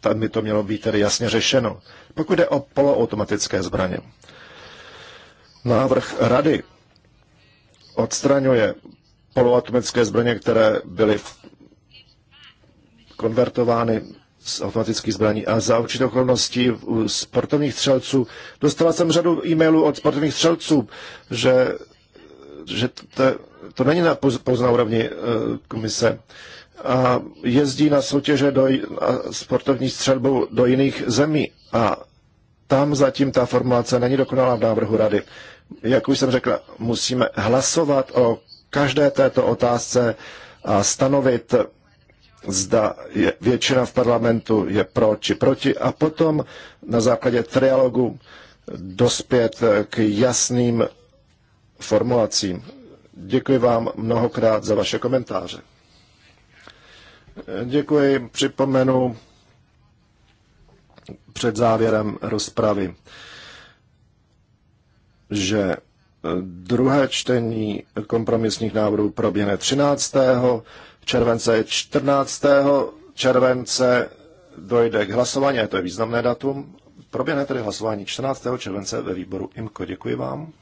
tam by to mělo být tedy jasně řešeno. Pokud jde o poloautomatické zbraně, návrh rady odstraňuje poloatomické zbraně, které byly konvertovány z automatických zbraní. A za určitou okolností u sportovních střelců dostala jsem řadu e-mailů od sportovních střelců, že, že to, to není na, pouze na úrovni e, komise. A jezdí na soutěže do na sportovní střelbu do jiných zemí a tam zatím ta formulace není dokonalá v návrhu rady jak už jsem řekl, musíme hlasovat o každé této otázce a stanovit, zda je většina v parlamentu je pro či proti a potom na základě trialogu dospět k jasným formulacím. Děkuji vám mnohokrát za vaše komentáře. Děkuji, připomenu před závěrem rozpravy že eh, druhé čtení kompromisních návrhů proběhne 13. července, 14. července dojde k hlasování, a to je významné datum. Proběhne tedy hlasování 14. července ve výboru IMKO. Děkuji vám.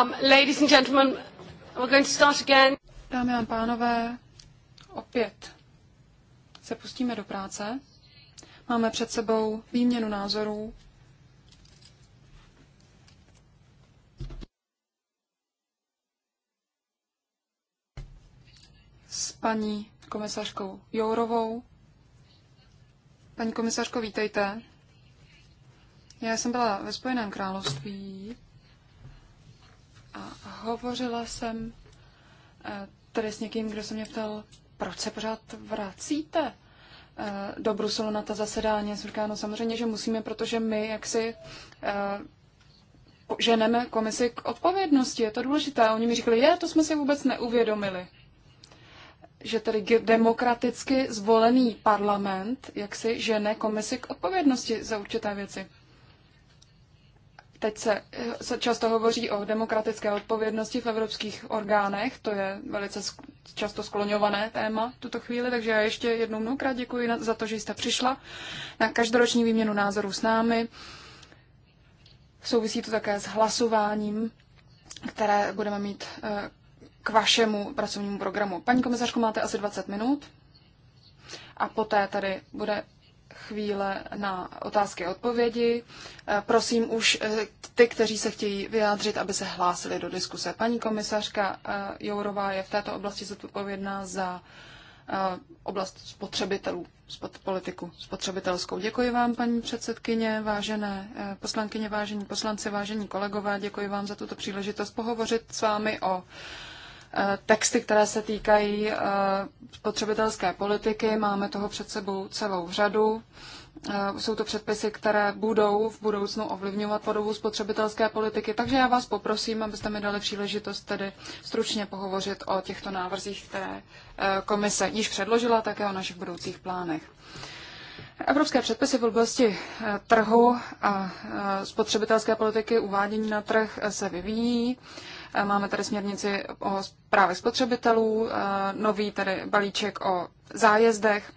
Um, ladies and gentlemen, we're going to start again. Dámy a pánové, opět se pustíme do práce. Máme před sebou výměnu názorů s paní komisařkou Jourovou. Paní komisařko, vítejte. Já jsem byla ve Spojeném království a hovořila jsem eh, tady s někým, kdo se mě ptal, proč se pořád vracíte eh, do Bruselu na ta zasedání. jsem říkala, no samozřejmě, že musíme, protože my jaksi eh, ženeme komisi k odpovědnosti, je to důležité. A oni mi říkali, je, to jsme si vůbec neuvědomili. Že tedy demokraticky zvolený parlament jak si žene komisi k odpovědnosti za určité věci. Teď se, se často hovoří o demokratické odpovědnosti v evropských orgánech, to je velice často skloňované téma v tuto chvíli, takže já ještě jednou mnohokrát děkuji za to, že jste přišla na každoroční výměnu názorů s námi. Souvisí to také s hlasováním, které budeme mít eh, k vašemu pracovnímu programu. Paní komisařko, máte asi 20 minut a poté tady bude chvíle na otázky a odpovědi. Eh, prosím už eh, ty, kteří se chtějí vyjádřit, aby se hlásili do diskuse. Paní komisařka eh, Jourová je v této oblasti zodpovědná za oblast spotřebitelů, spod politiku spotřebitelskou. Děkuji vám, paní předsedkyně, vážené poslankyně, vážení poslanci, vážení kolegové, děkuji vám za tuto příležitost pohovořit s vámi o Eh, texty, které se týkají eh, spotřebitelské politiky. Máme toho před sebou celou řadu. Eh, jsou to předpisy, které budou v budoucnu ovlivňovat podobu spotřebitelské politiky, takže já vás poprosím, abyste mi dali příležitost tedy stručně pohovořit o těchto návrzích, které komise již předložila, také o našich budoucích plánech. Evropské předpisy v oblasti trhu a spotřebitelské politiky uvádění na trh se vyvíjí. Máme tady směrnici o právě spotřebitelů, nový tady balíček o zájezdech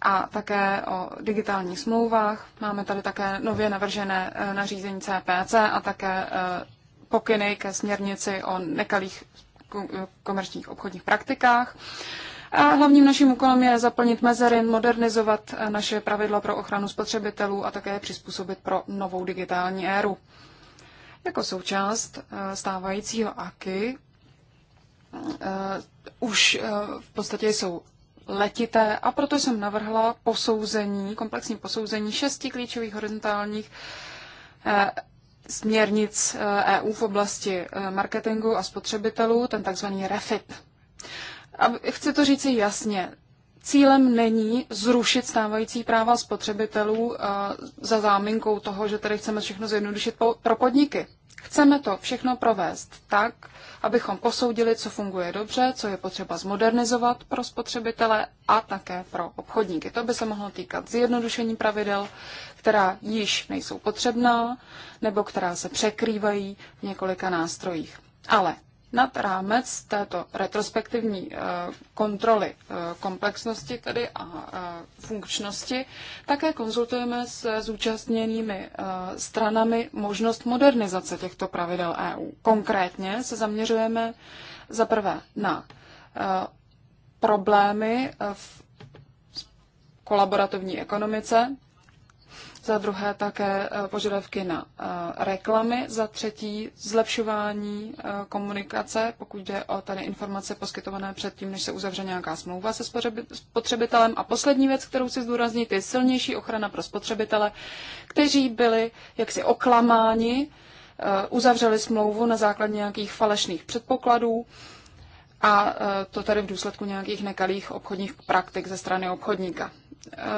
a také o digitálních smlouvách. Máme tady také nově navržené e, nařízení CPC a také e, pokyny ke směrnici o nekalých e, komerčních obchodních praktikách. A hlavním naším úkolem je zaplnit mezery, modernizovat naše pravidla pro ochranu spotřebitelů a také přizpůsobit pro novou digitální éru. Jako součást eh, stávajícího AKY eh, už eh, v podstatě jsou letité a proto jsem navrhla posouzení, komplexní posouzení šesti klíčových horizontálních směrnic EU e v oblasti marketingu a spotřebitelů, ten takzvaný REFIT. A chci to říci jasně, Cílem není zrušit stávající práva spotřebitelů eh, za záminkou toho, že tady chceme všechno zjednodušit pro podniky. Chceme to všechno provést tak, abychom posoudili, co funguje dobře, co je potřeba zmodernizovat pro spotřebitele a také pro obchodníky. To by se mohlo týkat zjednodušení pravidel, která již nejsou potřebná nebo která se překrývají v několika nástrojích. Ale nad rámec této retrospektivní eh, kontroly eh, komplexnosti tedy a eh, funkčnosti také konzultujeme s zúčastněnými stranami možnost modernizace těchto pravidel EU. Konkrétně se zaměřujeme za prvé na problémy v kolaborativní ekonomice, za druhé také eh, požadavky na eh, reklamy, za třetí zlepšování eh, komunikace, pokud jde o tady informace poskytované předtím, než se uzavře nějaká smlouva se spotřebitelem. A poslední věc, kterou si zdůraznit, je silnější ochrana pro spotřebitele, kteří byli jaksi oklamáni, uzavřeli smlouvu na základě nějakých falešných předpokladů a to tady v důsledku nějakých nekalých obchodních praktik ze strany obchodníka.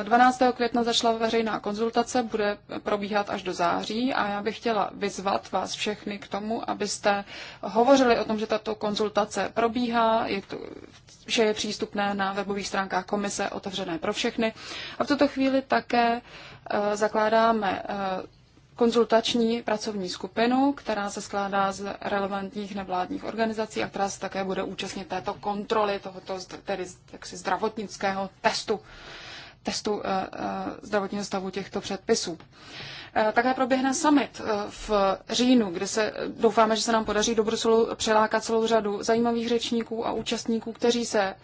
12. května začala veřejná konzultace, bude probíhat až do září a já bych chtěla vyzvat vás všechny k tomu, abyste hovořili o tom, že tato konzultace probíhá, je to, že je přístupné na webových stránkách komise otevřené pro všechny. A v tuto chvíli také eh, zakládáme eh, konzultační pracovní skupinu, která se skládá z relevantních nevládních organizací a která se také bude účastnit této kontroly, tohoto tedy zdravotnického testu testu eh, eh, zdravotního stavu těchto předpisů. Eh, také proběhne summit v říjnu, kde se doufáme, že se nám podaří do Bruselu přilákat celou řadu zajímavých řečníků a účastníků, kteří se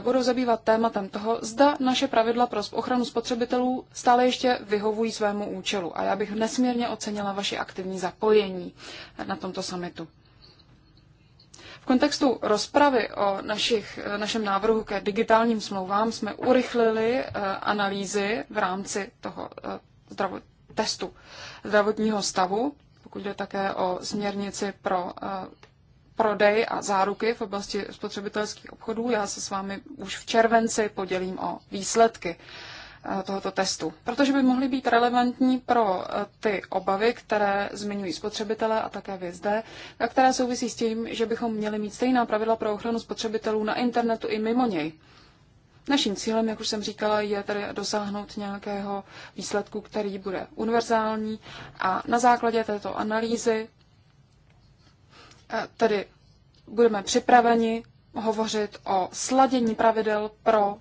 budou zabývat tématem toho, zda naše pravidla pro ochranu spotřebitelů stále ještě vyhovují svému účelu. A já bych nesmírně ocenila vaši aktivní zapojení na tomto summitu. V kontextu rozpravy o našich, našem návrhu ke digitálním smlouvám jsme urychlili eh, analýzy v rámci toho eh, zdravot, testu zdravotního stavu, pokud jde také o směrnici pro eh, prodej a záruky v oblasti spotřebitelských obchodů. Já se s vámi už v červenci podělím o výsledky. Eh, tohoto testu, protože by mohly být relevantní pro eh, ty obavy, které zmiňují spotřebitelé a také vy zde, a které souvisí s tím, že bychom měli mít stejná pravidla pro ochranu spotřebitelů na internetu i mimo něj. Naším cílem, jak už jsem říkala, je tedy dosáhnout nějakého výsledku, který bude univerzální a na základě této analýzy eh, tedy budeme připraveni hovořit o sladění pravidel pro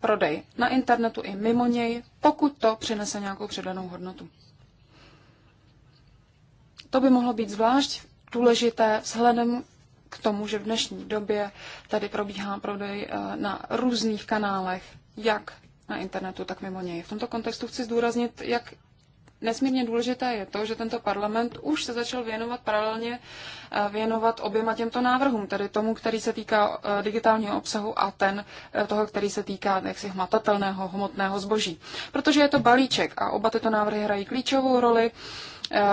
prodej na internetu i mimo něj, pokud to přinese nějakou přidanou hodnotu. To by mohlo být zvlášť důležité vzhledem k tomu, že v dnešní době tady probíhá prodej eh, na různých kanálech, jak na internetu, tak mimo něj. V tomto kontextu chci zdůraznit, jak nesmírně důležité je to, že tento parlament už se začal věnovat paralelně eh, věnovat oběma těmto návrhům, tedy tomu, který se týká eh, digitálního obsahu a ten eh, toho, který se týká jaksi hmatatelného, hmotného zboží. Protože je to balíček a oba tyto návrhy hrají klíčovou roli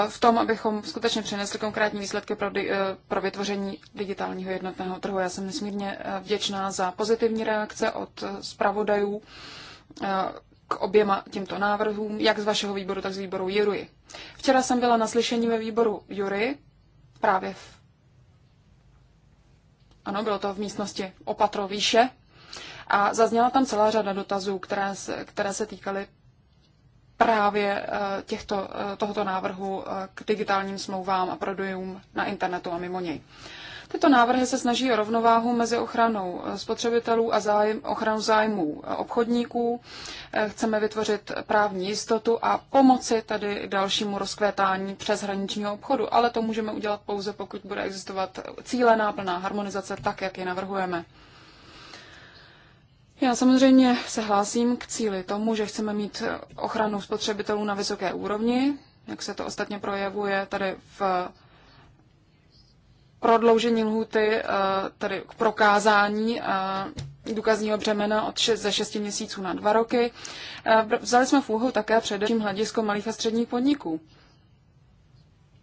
v tom, abychom skutečně přinesli konkrétní výsledky pro, di- pro vytvoření digitálního jednotného trhu. Já jsem nesmírně vděčná za pozitivní reakce od zpravodajů k oběma těmto návrhům, jak z vašeho výboru, tak z výboru Jury. Včera jsem byla na slyšení ve výboru Jury, právě v... Ano, bylo to v místnosti opatro výše. A zazněla tam celá řada dotazů, které se, které se týkaly právě eh, těchto, eh, tohoto návrhu eh, k digitálním smlouvám a prodejům na internetu a mimo něj. Tyto návrhy se snaží o rovnováhu mezi ochranou eh, spotřebitelů a zájem, ochranou zájmů eh, obchodníků. Eh, chceme vytvořit právní jistotu a pomoci tady dalšímu rozkvétání přeshraničního obchodu, ale to můžeme udělat pouze, pokud bude existovat cílená plná harmonizace, tak jak ji navrhujeme. Já samozřejmě se hlásím k cíli tomu, že chceme mít ochranu spotřebitelů na vysoké úrovni, jak se to ostatně projevuje tady v prodloužení lhuty eh, tedy k prokázání eh, důkazního břemena od šest, ze 6 měsíců na dva roky. Eh, vzali jsme v úhou také především hledisko malých a středních podniků.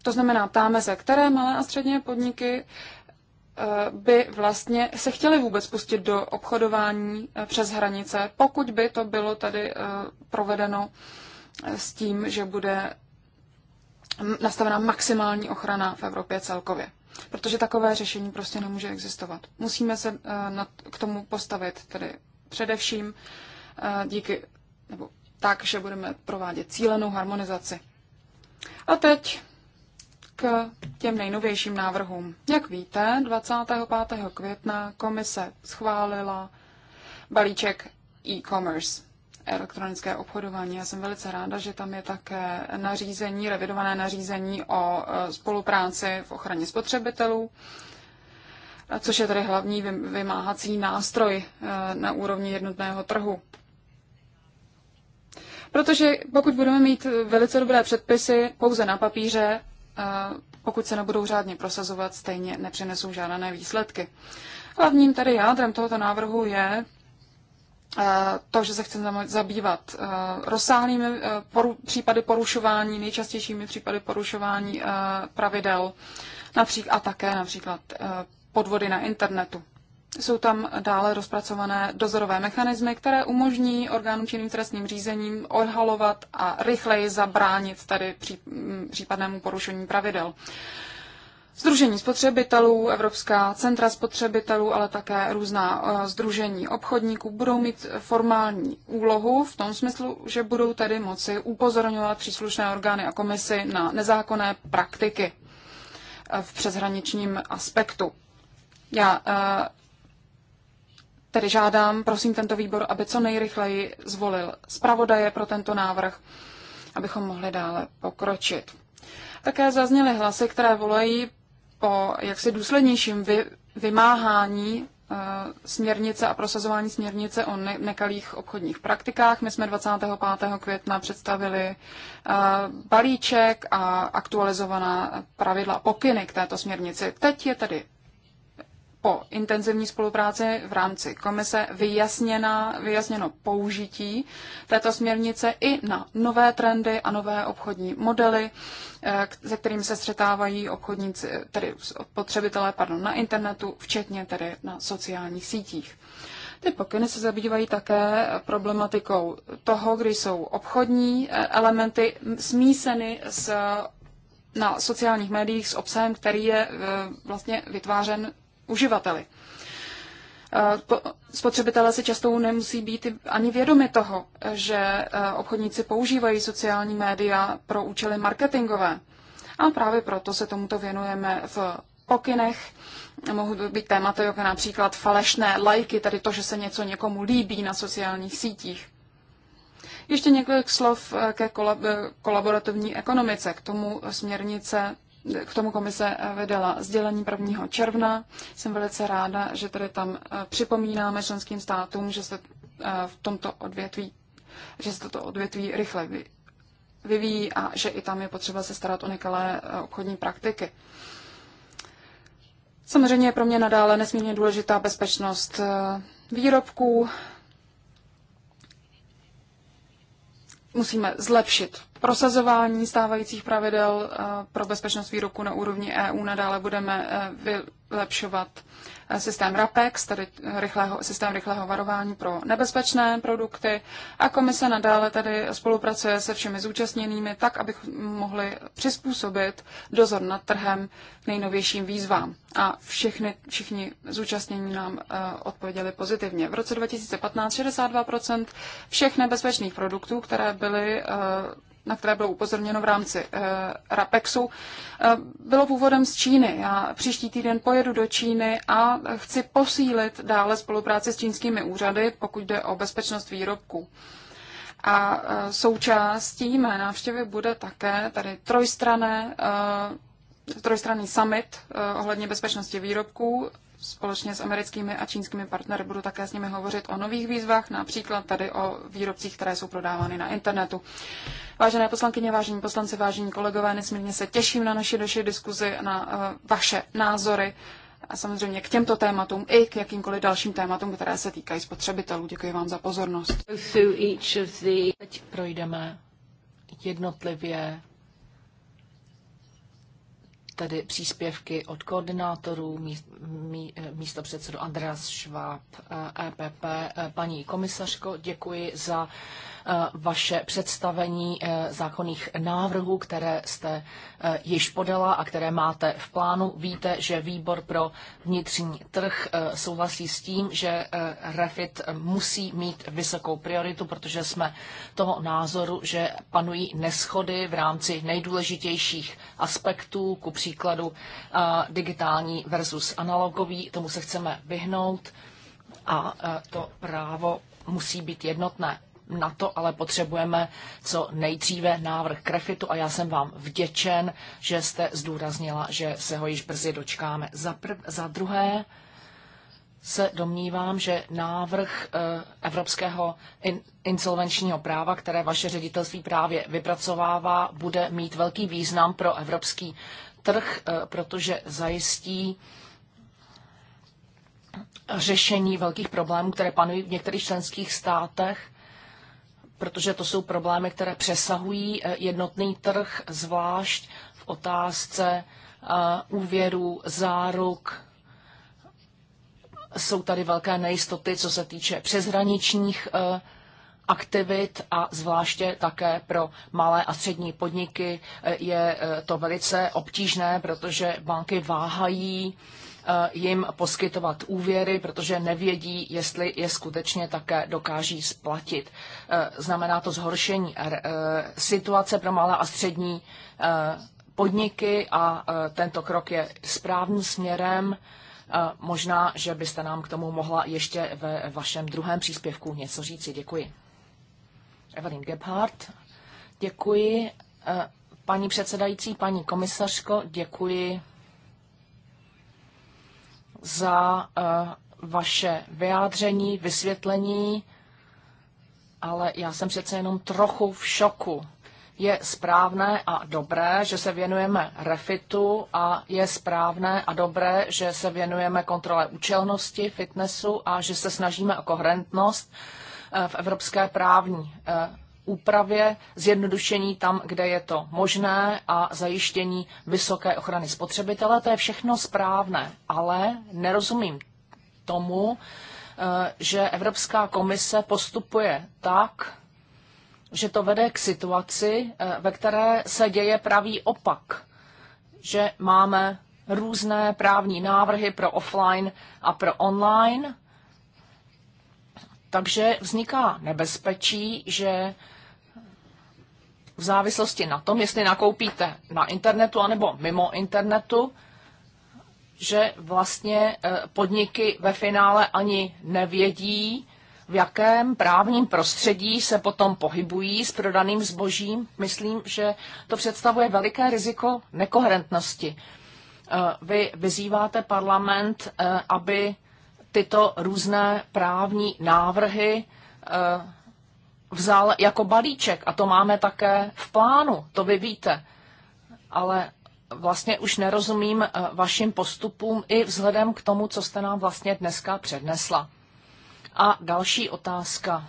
To znamená, ptáme se, které malé a střední podniky by vlastně se chtěli vůbec pustit do obchodování přes hranice, pokud by to bylo tady provedeno s tím, že bude nastavena maximální ochrana v Evropě celkově protože takové řešení prostě nemůže existovat. Musíme se eh, k tomu postavit tedy především eh, díky, nebo tak, že budeme provádět cílenou harmonizaci. A teď k těm nejnovějším návrhům. Jak víte, 25. května komise schválila balíček e-commerce elektronické obchodování. Já jsem velice ráda, že tam je také nařízení, revidované nařízení o e, spolupráci v ochraně spotřebitelů, což je tedy hlavní vymáhací nástroj e, na úrovni jednotného trhu. Protože pokud budeme mít velice dobré předpisy pouze na papíře, e, pokud se nebudou řádně prosazovat, stejně nepřinesou žádné výsledky. Hlavním tady jádrem tohoto návrhu je Eh, to, že se chce zabývat eh, rozsáhlými eh, poru, případy porušování, nejčastějšími případy porušování pravidel například, a také například podvody na internetu. Jsou tam dále rozpracované dozorové mechanismy, které umožní orgánům činným trestním řízením odhalovat a rychleji zabránit tady pří, případnému porušení pravidel. Združení spotřebitelů, Evropská centra spotřebitelů, ale také různá eh, združení obchodníků budou mít formální úlohu v tom smyslu, že budou tedy moci upozorňovat příslušné orgány a komisy na nezákonné praktiky eh, v přeshraničním aspektu. Já eh, tedy žádám, prosím tento výbor, aby co nejrychleji zvolil zpravodaje pro tento návrh, abychom mohli dále pokročit. Také zazněly hlasy, které volají o jaksi důslednějším vy, vymáhání eh, směrnice a prosazování směrnice o nekalých obchodních praktikách. My jsme 25. května představili eh, balíček a aktualizovaná pravidla pokyny k této směrnici. Teď je tedy po intenzivní spolupráci v rámci komise vyjasněna, vyjasněno použití této směrnice i na nové trendy a nové obchodní modely, eh, se kterými se střetávají obchodníci, tedy potřebitelé pardon, na internetu, včetně tedy na sociálních sítích. Ty pokyny se zabývají také problematikou toho, kdy jsou obchodní eh, elementy smíseny s na sociálních médiích s obsahem, který je eh, vlastně vytvářen uživateli. Eh, spotřebitelé si často nemusí být ani vědomi toho, že eh, obchodníci používají sociální média pro účely marketingové. A právě proto se tomuto věnujeme v pokynech. Mohou to být témata jako například falešné lajky, tedy to, že se něco někomu líbí na sociálních sítích. Ještě několik slov eh, ke kolaborativní ekonomice. K tomu směrnice k tomu komise vydala sdělení 1. června. Jsem velice ráda, že tady tam eh, připomínáme členským státům, že se eh, v tomto odvětví, že se toto odvětví rychle vyvíjí a že i tam je potřeba se starat o nekalé eh, obchodní praktiky. Samozřejmě je pro mě nadále nesmírně důležitá bezpečnost výrobků. Musíme zlepšit prosazování stávajících pravidel eh, pro bezpečnost výroku na úrovni EU nadále budeme eh, vylepšovat eh, systém RAPEX, tedy rychlého, systém rychlého varování pro nebezpečné produkty. A komise nadále tedy spolupracuje se všemi zúčastněnými tak, aby mohli přizpůsobit dozor nad trhem k nejnovějším výzvám. A všichni všichni zúčastnění nám odpověděli pozitivně. V roce 2015 62% všech nebezpečných produktů, které byly na které bylo upozorněno v rámci uh, RAPEXu, uh, bylo původem z Číny. Já příští týden pojedu do Číny a chci posílit dále spolupráci s čínskými úřady, pokud jde o bezpečnost výrobků. A uh, součástí mé návštěvy bude také tady trojstrané Uh, trojstranný summit ohledně bezpečnosti výrobků společně s americkými a čínskými partnery. Budu také s nimi hovořit o nových výzvách, například tady o výrobcích, které jsou prodávány na internetu. Vážené poslankyně, vážení poslanci, vážení kolegové, nesmírně se těším na naši další diskuzi, na eh, vaše názory a samozřejmě k těmto tématům i k jakýmkoliv dalším tématům, které se týkají spotřebitelů. Děkuji vám za pozornost. Teď projdeme jednotlivě tedy příspěvky od koordinátorů, eh, místo předsedu Andreas Schwab, EPP. Eh, e eh, paní komisařko, děkuji za Eh, vaše představení eh, zákonných návrhů, které jste eh, již podala a které máte v plánu. Víte, že výbor pro vnitřní trh souhlasí s tím, že REFIT musí mít vysokou prioritu, protože jsme toho názoru, že panují neschody v rámci nejdůležitějších aspektů, ku příkladu digitální versus analogový. Tomu se chceme vyhnout a to právo musí být jednotné na to ale potřebujeme co nejdříve návrh k refitu a já jsem vám vděčen, že jste zdůraznila, že se ho již brzy dočkáme. Za, prv, za druhé se domnívám, že návrh eh, Evropského insolvenčního práva, které vaše ředitelství právě vypracovává, bude mít velký význam pro evropský trh, eh, protože zajistí řešení velkých problémů, které panují v některých členských státech protože to jsou problémy, které přesahují eh, jednotný trh, zvlášť v otázce eh, úvěru, záruk. Jsou tady velké nejistoty, co se týče přeshraničních eh, aktivit a zvláště také pro malé a střední podniky je to velice obtížné, protože banky váhají Eh, jim poskytovat úvěry, protože nevědí, jestli je skutečně také dokáží splatit. Eh, znamená to zhoršení eh, situace pro malé a střední podniky a tento krok je správným směrem. Možná, že byste nám k tomu mohla ještě ve vašem druhém příspěvku něco říci. Děkuji. Evelyn Gebhardt. Děkuji. Paní předsedající, paní komisařko, děkuji za eh, vaše vyjádření, vysvětlení, ale já jsem přece jenom trochu v šoku. Je správné a dobré, že se věnujeme refitu a je správné a dobré, že se věnujeme kontrole účelnosti, fitnessu a že se snažíme o koherentnost eh, v evropské právní eh, úpravě, zjednodušení tam, kde je to možné a zajištění vysoké ochrany spotřebitele. To je všechno správné, ale nerozumím tomu, eh, že Evropská komise postupuje tak, že to vede k situaci, eh, ve které se děje pravý opak, že máme různé právní návrhy pro offline a pro online, takže vzniká nebezpečí, že v závislosti na tom, jestli nakoupíte na internetu anebo mimo internetu, že vlastně e, podniky ve finále ani nevědí, v jakém právním prostředí se potom pohybují s prodaným zbožím. Myslím, že to představuje veliké riziko nekoherentnosti. E, vy vyzýváte parlament, e, aby tyto různé právní návrhy vzal jako balíček a to máme také v plánu, to vy víte. Ale vlastně už nerozumím eh, vašim postupům i vzhledem k tomu, co jste nám vlastně dneska přednesla. A další otázka.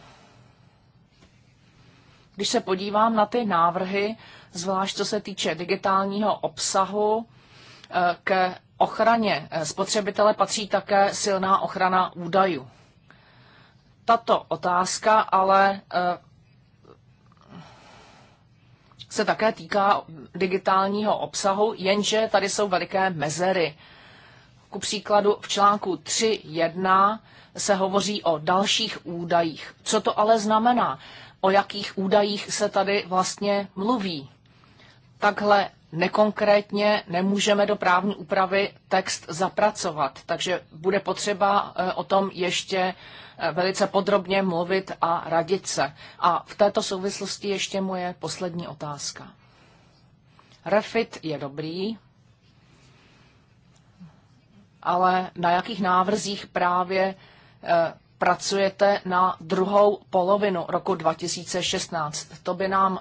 Když se podívám na ty návrhy, zvlášť co se týče digitálního obsahu, eh, ke ochraně eh, spotřebitele patří také silná ochrana údajů tato otázka ale eh, se také týká digitálního obsahu, jenže tady jsou veliké mezery. Ku příkladu v článku 3.1 se hovoří o dalších údajích. Co to ale znamená? O jakých údajích se tady vlastně mluví? Takhle nekonkrétně nemůžeme do právní úpravy text zapracovat, takže bude potřeba eh, o tom ještě velice podrobně mluvit a radit se. A v této souvislosti ještě moje poslední otázka. Refit je dobrý, ale na jakých návrzích právě eh, pracujete na druhou polovinu roku 2016? To by, nám,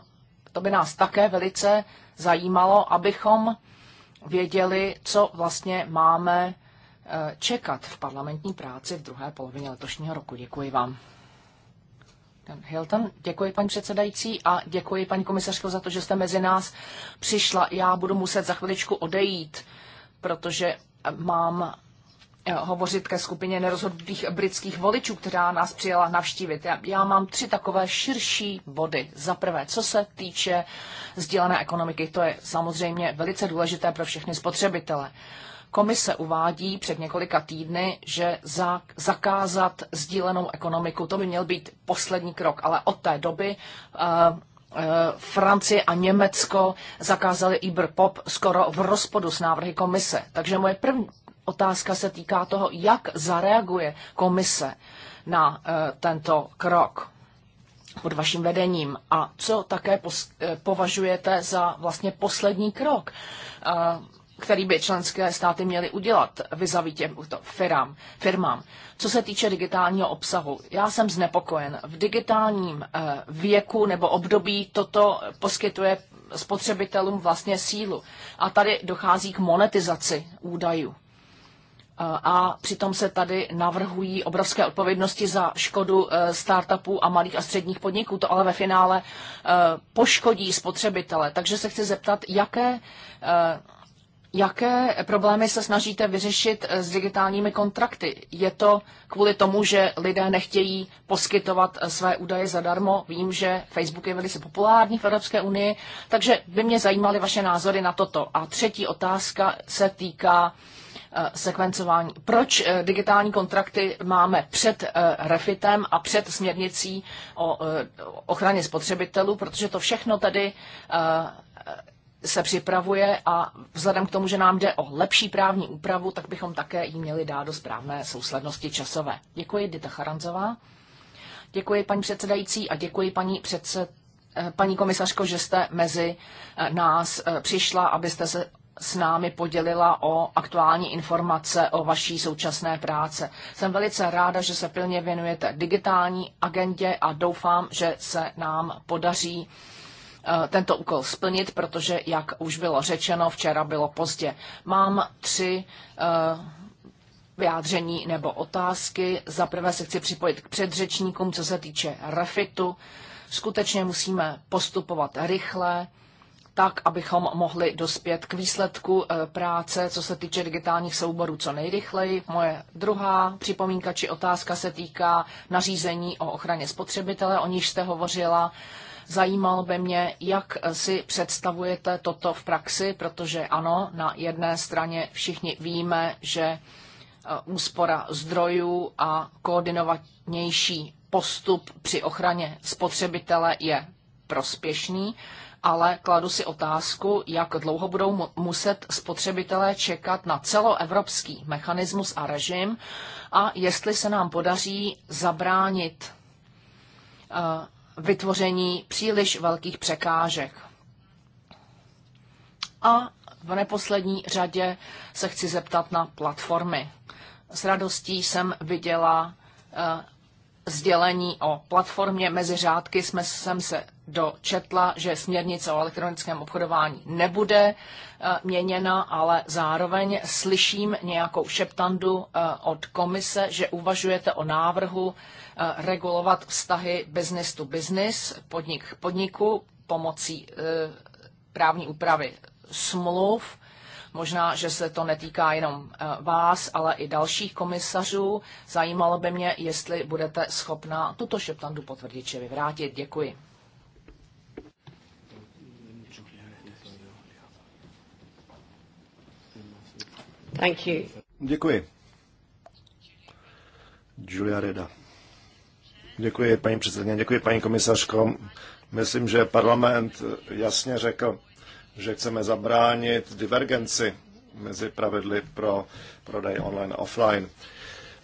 to by nás také velice zajímalo, abychom věděli, co vlastně máme Eh, čekat v parlamentní práci v druhé polovině letošního roku. Děkuji vám. Hilton, děkuji paní předsedající a děkuji paní komisařko za to, že jste mezi nás přišla. Já budu muset za chviličku odejít, protože eh, mám eh, hovořit ke skupině nerozhodných britských voličů, která nás přijela navštívit. Já, já mám tři takové širší body. Za prvé, co se týče sdílené ekonomiky, to je samozřejmě velice důležité pro všechny spotřebitele. Komise uvádí před několika týdny, že zakázat sdílenou ekonomiku, to by měl být poslední krok, ale od té doby uh, Francie a Německo zakázali Ibr Pop skoro v rozpodu s návrhy komise. Takže moje první otázka se týká toho, jak zareaguje komise na eh, tento krok pod vaším vedením a co také považujete za vlastně poslední krok který by členské státy měly udělat vizavi těm firám, firmám. Co se týče digitálního obsahu, já jsem znepokojen. V digitálním eh, věku nebo období toto poskytuje spotřebitelům vlastně sílu. A tady dochází k monetizaci údajů. Eh, a přitom se tady navrhují obrovské odpovědnosti za škodu eh, startupů a malých a středních podniků. To ale ve finále poškodí spotřebitele. Takže se chci zeptat, jaké Jaké problémy se snažíte vyřešit eh, s digitálními kontrakty? Je to kvůli tomu, že lidé nechtějí poskytovat eh, své údaje zadarmo? Vím, že Facebook je velice populární v Evropské unii, takže by mě zajímaly vaše názory na toto. A třetí otázka se týká eh, sekvencování. Proč digitální kontrakty máme před refitem a před směrnicí o ochraně spotřebitelů? Protože to všechno tady se připravuje a vzhledem k tomu, že nám jde o lepší právní úpravu, tak bychom také jí měli dát do správné souslednosti časové. Děkuji, Dita Charanzová. Děkuji, paní předsedající, a děkuji, paní předsed, eh, paní komisařko, že jste mezi eh, nás eh, přišla, abyste se s námi podělila o aktuální informace o vaší současné práce. Jsem velice ráda, že se pilně věnujete digitální agendě a doufám, že se nám podaří Eh, tento úkol splnit, protože, jak už bylo řečeno, včera bylo pozdě. Mám tři eh, vyjádření nebo otázky. Za prvé se chci připojit k předřečníkům, co se týče refitu. Skutečně musíme postupovat rychle, tak, abychom mohli dospět k výsledku eh, práce, co se týče digitálních souborů co nejrychleji. Moje druhá připomínka či otázka se týká nařízení o ochraně spotřebitele, o níž jste hovořila. Zajímal by mě, jak si představujete toto v praxi, protože ano, na jedné straně všichni víme, že e, úspora zdrojů a koordinovanější postup při ochraně spotřebitele je prospěšný, ale kladu si otázku, jak dlouho budou muset spotřebitelé čekat na celoevropský mechanismus a režim a jestli se nám podaří zabránit e, vytvoření příliš velkých překážek. A v neposlední řadě se chci zeptat na platformy. S radostí jsem viděla eh, sdělení o platformě. Mezi řádky jsme, jsem se dočetla, že směrnice o elektronickém obchodování nebude e, měněna, ale zároveň slyším nějakou šeptandu e, od komise, že uvažujete o návrhu e, regulovat vztahy business to business, podnik podniku, pomocí právní úpravy smluv. Možná, že se to netýká jenom vás, ale i dalších komisařů. Zajímalo by mě, jestli budete schopna tuto šeptandu potvrdit či vyvrátit. Děkuji. Thank you. Děkuji. Julia Reda. Děkuji, paní předsedně, děkuji, paní komisařko. Myslím, že parlament jasně řekl, že chceme zabránit divergenci mezi pravidly pro prodej online a offline.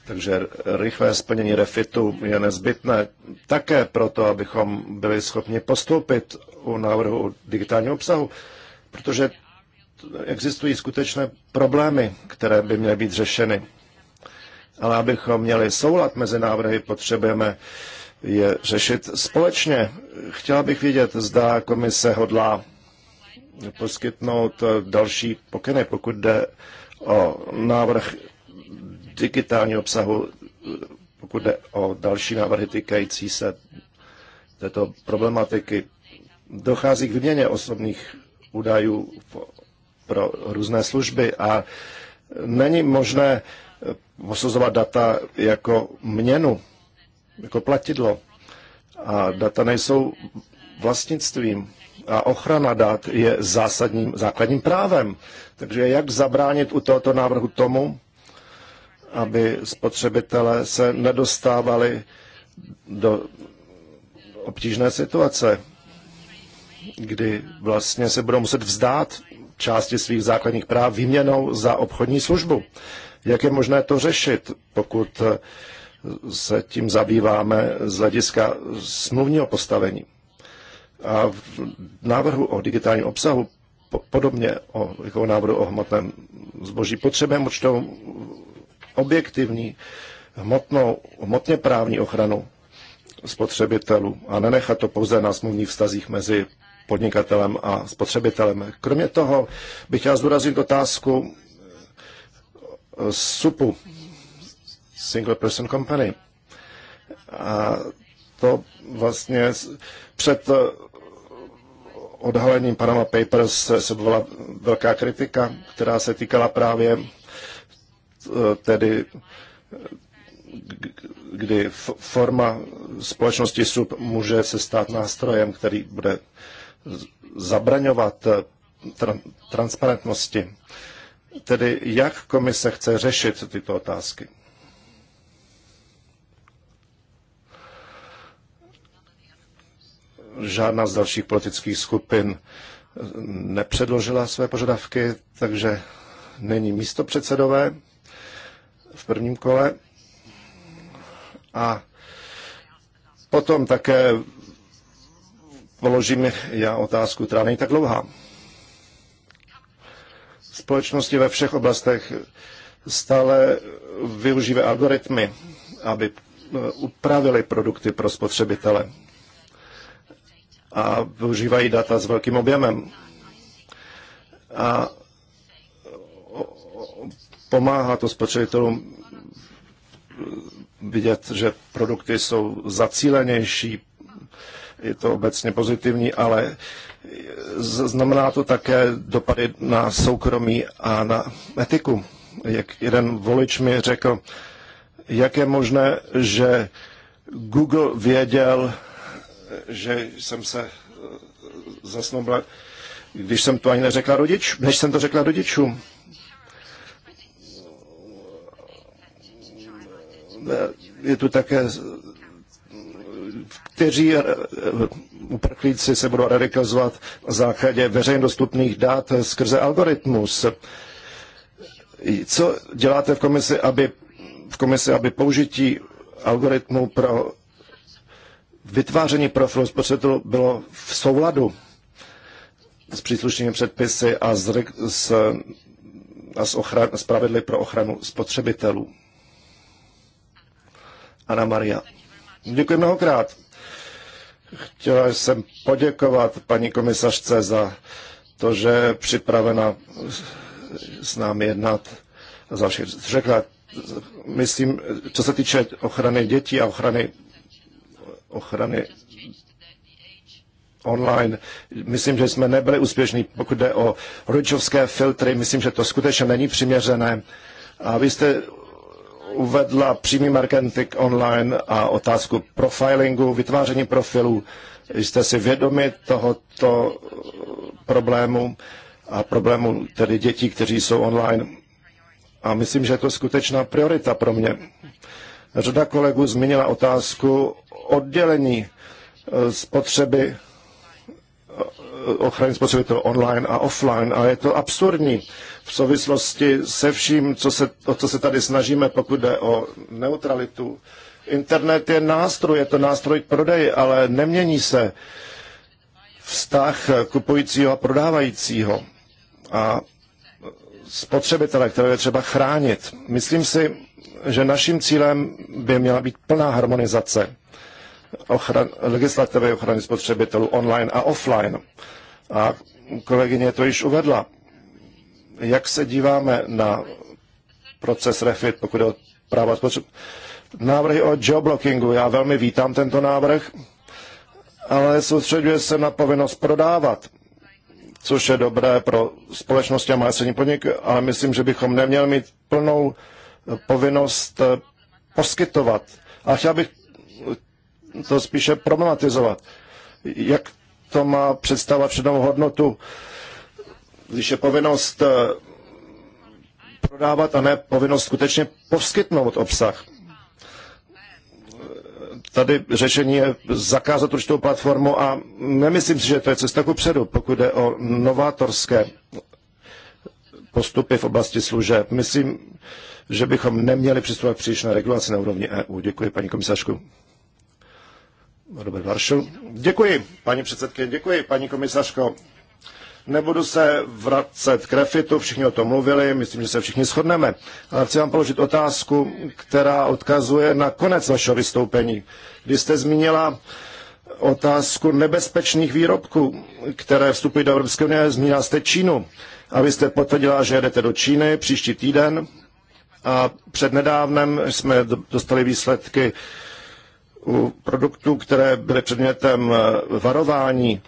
Takže rychlé splnění refitu je nezbytné také proto, abychom byli schopni postoupit u návrhu digitálního obsahu, protože existují skutečné problémy, které by měly být řešeny. Ale abychom měli soulad mezi návrhy, potřebujeme je řešit společně. Chtěla bych vědět, zda komise hodlá poskytnout další pokyny, pokud jde o návrh digitální obsahu, pokud jde o další návrhy týkající se této problematiky. Dochází k výměně osobních údajů v pro různé služby a není možné posuzovat data jako měnu, jako platidlo. A data nejsou vlastnictvím a ochrana dat je zásadním základním právem. Takže jak zabránit u tohoto návrhu tomu, aby spotřebitelé se nedostávali do obtížné situace, kdy vlastně se budou muset vzdát části svých základních práv výměnou za obchodní službu. Jak je možné to řešit, pokud eh, se tím zabýváme z hlediska smluvního postavení? A v návrhu o digitálním obsahu, podobně o, jako návrhu o hmotném zboží, potřebujeme určitou objektivní, hmotnou, hmotně právní ochranu spotřebitelů a nenechat to pouze na smluvních vztazích mezi podnikatelem a spotřebitelem. Kromě toho bych chtěl zdůraznit otázku eh, SUPu, Single Person Company. A to vlastně před eh, odhalením Panama Papers se byla velká kritika, která se týkala právě eh, tedy kdy forma společnosti sup může se stát nástrojem, který bude zabraňovat tran- transparentnosti. Tedy jak komise chce řešit tyto otázky? Žádná z dalších politických skupin nepředložila své požadavky, takže není místo předsedové v prvním kole. A potom také položím já otázku, která není tak dlouhá. Společnosti ve všech oblastech stále využívají algoritmy, aby eh, upravili produkty pro spotřebitele a využívají data s velkým objemem. A pomáhá to spotřebitelům vidět, že produkty jsou zacílenější, je to obecně pozitivní, ale znamená to také dopady na soukromí a na etiku. Jak jeden volič mi řekl, jak je možné, že Google věděl, že jsem se eh, zasnoubila, když jsem to ani neřekla rodič, než jsem to řekla rodičům. Je tu také kteří eh, eh, uprchlíci se budou radikalizovat na základě veřejně dostupných dat skrze algoritmus. Co děláte v komisi, aby, v komisi, aby použití algoritmu pro vytváření profilu spotřebitelů bylo v souladu s příslušnými předpisy a s, s, a s, ochran, s pravidly pro ochranu spotřebitelů? Ana Maria Děkuji mnohokrát. Chtěla jsem poděkovat paní komisařce za to, že je připravena s námi jednat za vše řekla. Myslím, co se týče ochrany dětí a ochrany, ochrany online. Myslím, že jsme nebyli úspěšní, pokud jde o rodičovské filtry. Myslím, že to skutečně není přiměřené. A vy jste uvedla přímý marketing online a otázku profilingu, vytváření profilů. Jste si vědomi tohoto eh, problému a problému tedy dětí, kteří jsou online. A myslím, že je to skutečná priorita pro mě. Řada kolegů zmínila otázku oddělení eh, spotřeby ochrany spotřebitelů online a offline. A je to absurdní v souvislosti se vším, co se, o co se tady snažíme, pokud jde o neutralitu. Internet je nástroj, je to nástroj k prodeji, ale nemění se vztah kupujícího a prodávajícího a spotřebitele, které je třeba chránit. Myslím si, že naším cílem by měla být plná harmonizace ochran, legislativy ochrany spotřebitelů online a offline. A kolegyně to již uvedla. Jak se díváme na proces refit, pokud je o práva spotřebitelů? Návrhy o geoblockingu. Já velmi vítám tento návrh, ale soustředuje se na povinnost prodávat což je dobré pro společnosti a malé střední podnik, ale myslím, že bychom neměli mít plnou povinnost poskytovat. A chtěl bych to spíše problematizovat. Jak to má představa přednou hodnotu, když je povinnost eh, prodávat a ne povinnost skutečně poskytnout obsah. Tady řešení je zakázat určitou platformu a nemyslím si, že to je cesta ku předu, pokud jde o novátorské postupy v oblasti služeb. Myslím, že bychom neměli přistupovat příliš na regulaci na úrovni EU. Děkuji, paní komisařku. Robert Varšel. Děkuji, paní předsedkyně, děkuji, paní komisařko. Nebudu se vracet k refitu, všichni o tom mluvili, myslím, že se všichni shodneme. Ale chci vám položit otázku, která odkazuje na konec vašeho vystoupení, kdy jste zmínila otázku nebezpečných výrobků, které vstupují do Evropské unie, zmínila jste Čínu. A vy jste potvrdila, že jedete do Číny příští týden. A před nedávnem jsme dostali výsledky u produktů, které byly předmětem eh, varování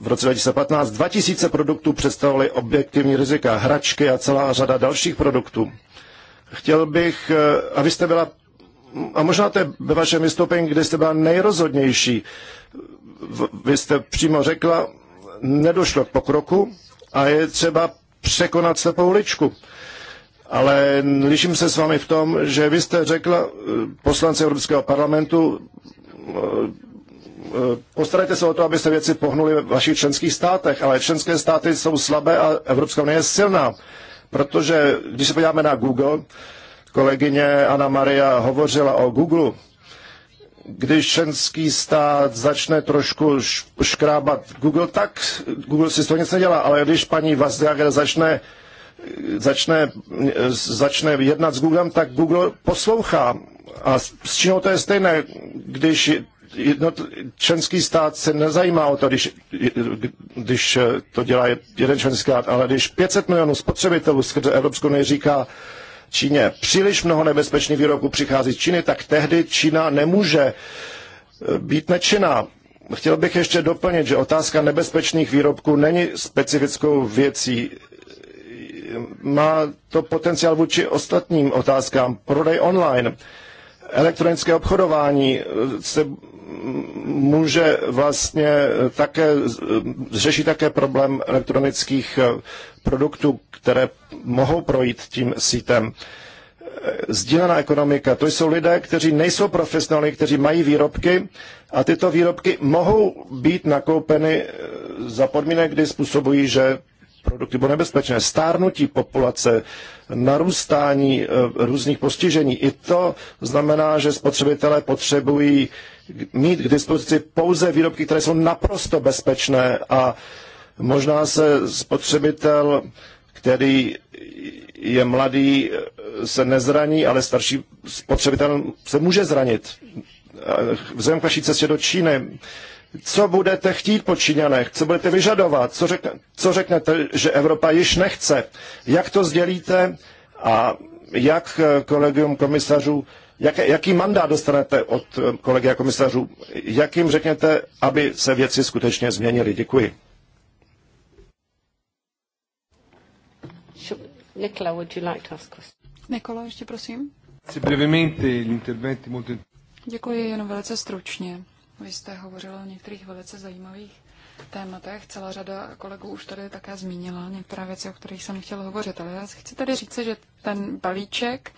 v roce 2015 2000 produktů představovaly objektivní rizika, hračky a celá řada dalších produktů. Chtěl bych, eh, abyste byla, a možná to je ve vašem vystoupení, kde jste byla nejrozhodnější, vy jste přímo řekla, nedošlo k pokroku a je třeba překonat slepou uličku ale liším se s vámi v tom, že vy jste řekla eh, poslanci Evropského parlamentu, eh, eh, postarajte se o to, aby se věci pohnuly ve vašich členských státech, ale členské státy jsou slabé a Evropská unie je silná. Protože když se podíváme na Google, kolegyně Anna Maria hovořila o Google, když členský stát začne trošku škrábat Google, tak Google si to nic nedělá, ale když paní Vazdager začne začne, začne jednat s Googlem, tak Google poslouchá. A s Čínou to je stejné, když jednot, členský stát se nezajímá o to, když, když to dělá jeden členský stát, ale když 500 milionů spotřebitelů skrze Evropskou unii říká Číně, příliš mnoho nebezpečných výroků přichází z Číny, tak tehdy Čína nemůže být nečinná. Chtěl bych ještě doplnit, že otázka nebezpečných výrobků není specifickou věcí má to potenciál vůči ostatním otázkám. Prodej online, elektronické obchodování eh, se může vlastně také, eh, řešit také problém elektronických eh, produktů, které mohou projít tím sítem. Sdílená ekonomika, to jsou lidé, kteří nejsou profesionály, kteří mají výrobky a tyto výrobky mohou být nakoupeny za podmínek, kdy způsobují, že produkty budou nebezpečné. Stárnutí populace, narůstání eh, různých postižení. I to znamená, že spotřebitelé potřebují mít k dispozici pouze výrobky, které jsou naprosto bezpečné a možná se spotřebitel, který je mladý, eh, se nezraní, ale starší spotřebitel se může zranit. Eh, Vzhledem k vaší cestě do Číny co budete chtít po Číňanech, co budete vyžadovat, co, řekne, co řeknete, že Evropa již nechce, jak to sdělíte a jak eh, kolegium komisařů, jak, jaký mandát dostanete od eh, kolegia komisařů, jak jim řeknete, aby se věci skutečně změnily. Děkuji. Nikola, would you like to ask Nikola, ještě prosím. Děkuji, jenom velice stručně. Vy jste hovořila o některých velice zajímavých tématech. Celá řada kolegů už tady také zmínila některé věci, o kterých jsem chtěla hovořit. Ale já chci tady říct, že ten balíček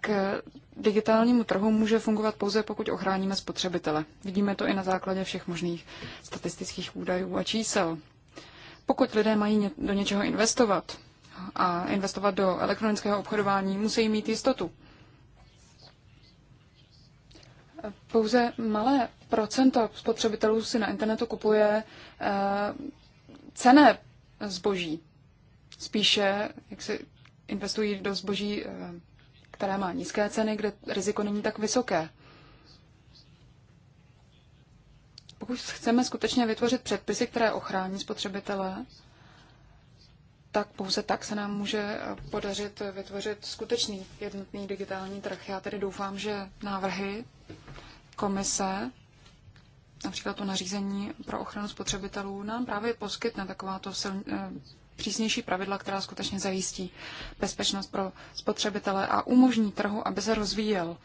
k digitálnímu trhu může fungovat pouze, pokud ochráníme spotřebitele. Vidíme to i na základě všech možných statistických údajů a čísel. Pokud lidé mají do něčeho investovat a investovat do elektronického obchodování, musí mít jistotu pouze malé procento spotřebitelů si na internetu kupuje eh, cené zboží. Spíše, jak si investují do zboží, eh, které má nízké ceny, kde riziko není tak vysoké. Pokud chceme skutečně vytvořit předpisy, které ochrání spotřebitele, tak pouze tak se nám může eh, podařit eh, vytvořit skutečný jednotný digitální trh. Já tedy doufám, že návrhy komise, například to nařízení pro ochranu spotřebitelů, nám právě poskytne takováto siln, eh, přísnější pravidla, která skutečně zajistí bezpečnost pro spotřebitele a umožní trhu, aby se rozvíjel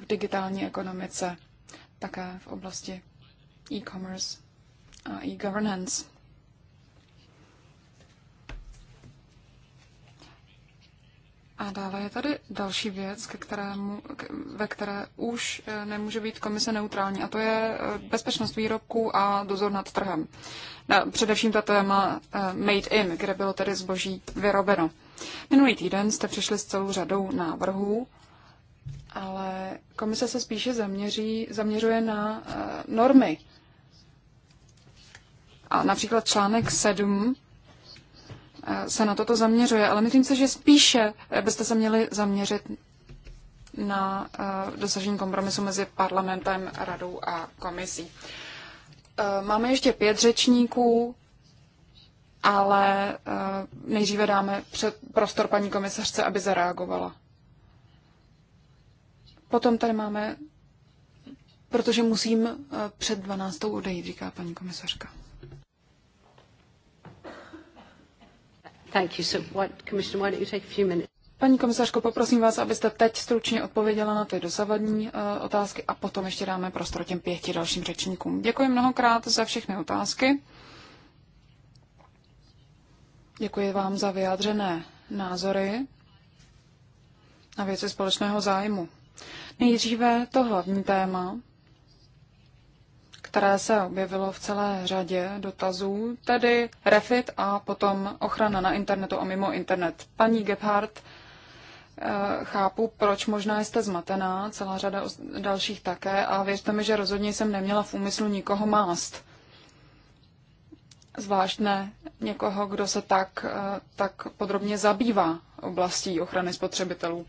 v digitální ekonomice, také v oblasti e-commerce a e-governance. A dále je tady další věc, ke kterému, ke, ve které už eh, nemůže být komise neutrální, a to je eh, bezpečnost výrobků a dozor nad trhem. Na, především ta téma eh, Made in, kde bylo tedy zboží vyrobeno. Minulý týden jste přišli s celou řadou návrhů, ale komise se spíše zaměří, zaměřuje na uh, normy. A například článek 7 Eh, se na toto zaměřuje, ale myslím si, že spíše eh, byste se měli zaměřit na eh, dosažení kompromisu mezi parlamentem, radou a komisí. Máme ještě pět řečníků, ale nejdříve dáme před prostor paní komisařce, aby zareagovala. Potom tady máme, protože musím před 12. odejít, říká paní komisařka. Thank you. So what, Commissioner, why don't you take a few minutes? Paní komisařko, poprosím vás, abyste teď stručně odpověděla na ty dosavadní uh, otázky a potom ještě dáme prostor těm pěti dalším řečníkům. Děkuji mnohokrát za všechny otázky. Děkuji vám za vyjádřené názory na věci společného zájmu. Nejdříve to hlavní téma, které se objevilo v celé řadě dotazů, tedy refit a potom ochrana na internetu a mimo internet. Paní Gebhardt, eh, chápu, proč možná jste zmatená, celá řada dalších také a věřte mi, že rozhodně jsem neměla v úmyslu nikoho mást. Zvlášť ne někoho, kdo se tak, eh, tak podrobně zabývá oblastí ochrany spotřebitelů.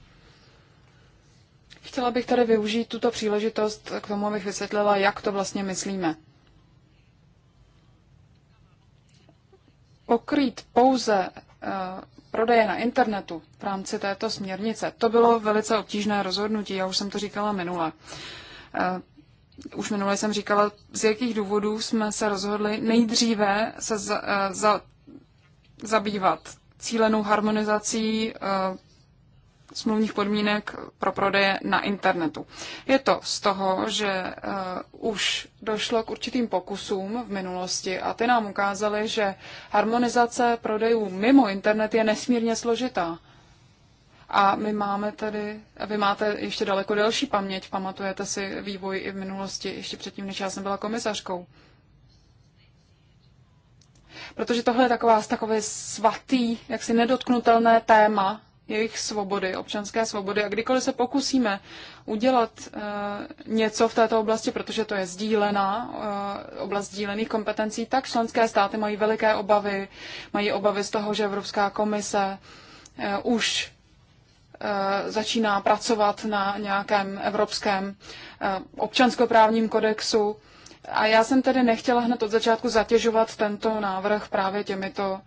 Chtěla bych tady využít tuto příležitost k tomu, abych vysvětlila, jak to vlastně myslíme. Pokrýt pouze eh, prodeje na internetu v rámci této směrnice, to bylo velice obtížné rozhodnutí, já už jsem to říkala minule. Eh, už minule jsem říkala, z jakých důvodů jsme se rozhodli nejdříve se za, eh, za, zabývat cílenou harmonizací smluvních podmínek pro prodeje na internetu. Je to z toho, že uh, už došlo k určitým pokusům v minulosti a ty nám ukázaly, že harmonizace prodejů mimo internet je nesmírně složitá. A my máme tady, vy máte ještě daleko delší paměť, pamatujete si vývoj i v minulosti, ještě předtím, než já jsem byla komisařkou. Protože tohle je taková, takový svatý, jaksi nedotknutelné téma, jejich svobody, občanské svobody. A kdykoliv se pokusíme udělat eh, něco v této oblasti, protože to je sdílená, eh, oblast sdílených kompetencí, tak členské státy mají veliké obavy. Mají obavy z toho, že Evropská komise eh, už začíná pracovat na nějakém evropském občanskoprávním kodexu. A já jsem tedy nechtěla hned od začátku zatěžovat tento návrh právě těmito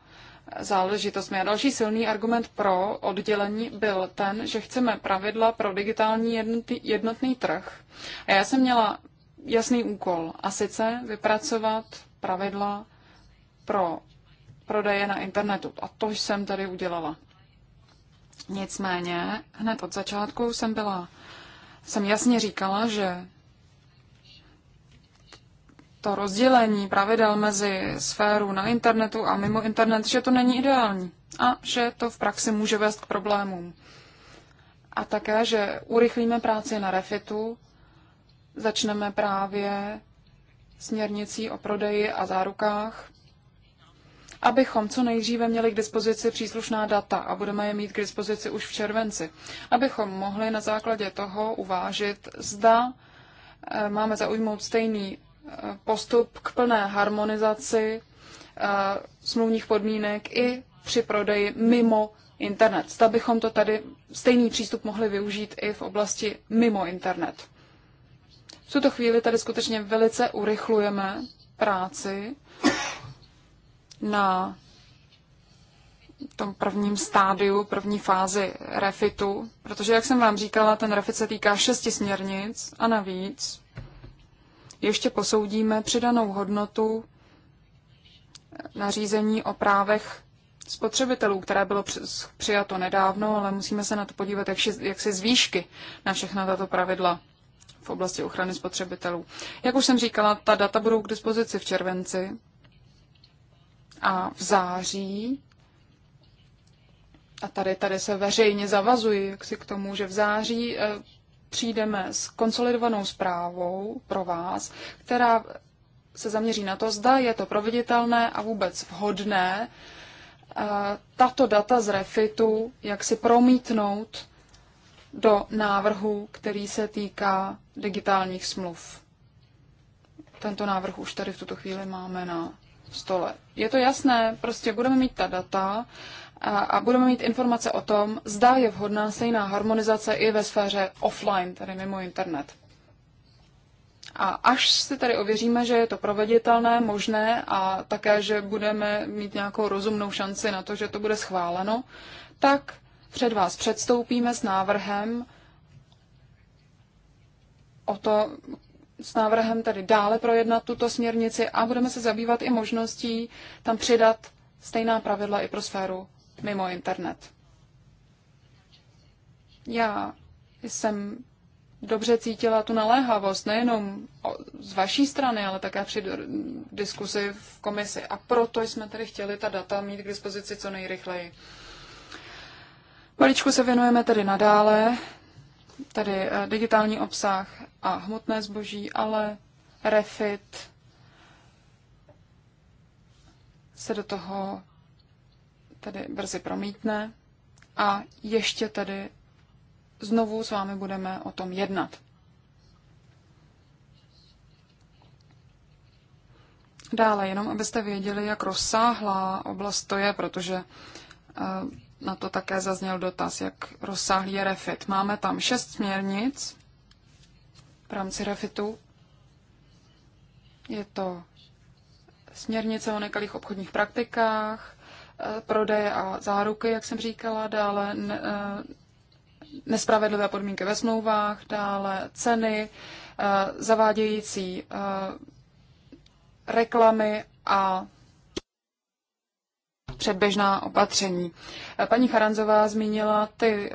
záležitostmi. A další silný argument pro oddělení byl ten, že chceme pravidla pro digitální jednotný trh. A já jsem měla jasný úkol, a sice vypracovat pravidla pro prodeje na internetu. A to jsem tady udělala. Nicméně, hned od začátku jsem byla, jsem jasně říkala, že to rozdělení pravidel mezi sféru na internetu a mimo internet, že to není ideální a že to v praxi může vést k problémům. A také, že urychlíme práci na refitu, začneme právě směrnicí o prodeji a zárukách, abychom co nejdříve měli k dispozici příslušná data a budeme je mít k dispozici už v červenci, abychom mohli na základě toho uvážit, zda eh, máme zaujmout stejný postup k plné harmonizaci eh, smluvních podmínek i při prodeji mimo internet. Zda bychom to tady stejný přístup mohli využít i v oblasti mimo internet. V tuto chvíli tady skutečně velice urychlujeme práci na tom prvním stádiu, první fázi refitu, protože, jak jsem vám říkala, ten refit se týká šesti směrnic a navíc ještě posoudíme přidanou hodnotu nařízení o právech spotřebitelů, které bylo přijato nedávno, ale musíme se na to podívat, jak, jak se zvýšky na všechna tato pravidla v oblasti ochrany spotřebitelů. Jak už jsem říkala, ta data budou k dispozici v červenci a v září. A tady, tady se veřejně zavazuji jak si k tomu, že v září eh, přijdeme s konsolidovanou zprávou pro vás, která se zaměří na to, zda je to proveditelné a vůbec vhodné eh, tato data z refitu, jak si promítnout do návrhu, který se týká digitálních smluv. Tento návrh už tady v tuto chvíli máme na stole. Je to jasné, prostě budeme mít ta data a, a budeme mít informace o tom, zda je vhodná stejná harmonizace i ve sféře offline, tedy mimo internet. A až si tady ověříme, že je to proveditelné, možné a také, že budeme mít nějakou rozumnou šanci na to, že to bude schváleno, tak před vás předstoupíme s návrhem o to, s návrhem tedy dále projednat tuto směrnici a budeme se zabývat i možností tam přidat stejná pravidla i pro sféru mimo internet. Já jsem dobře cítila tu naléhavost, nejenom z vaší strany, ale také při diskuzi v komisi. A proto jsme tedy chtěli ta data mít k dispozici co nejrychleji. Maličku se věnujeme tedy nadále, tedy eh, digitální obsah a hmotné zboží, ale refit se do toho tedy brzy promítne a ještě tedy znovu s vámi budeme o tom jednat. Dále, jenom abyste věděli, jak rozsáhlá oblast to je, protože eh, na to také zazněl dotaz, jak rozsáhlý je refit. Máme tam šest směrnic v rámci refitu. Je to směrnice o nekalých obchodních praktikách, Eh, prodeje a záruky, jak jsem říkala, dále eh, nespravedlivé podmínky ve smlouvách, dále ceny, eh, zavádějící reklamy a předběžná opatření. Paní Charanzová zmínila ty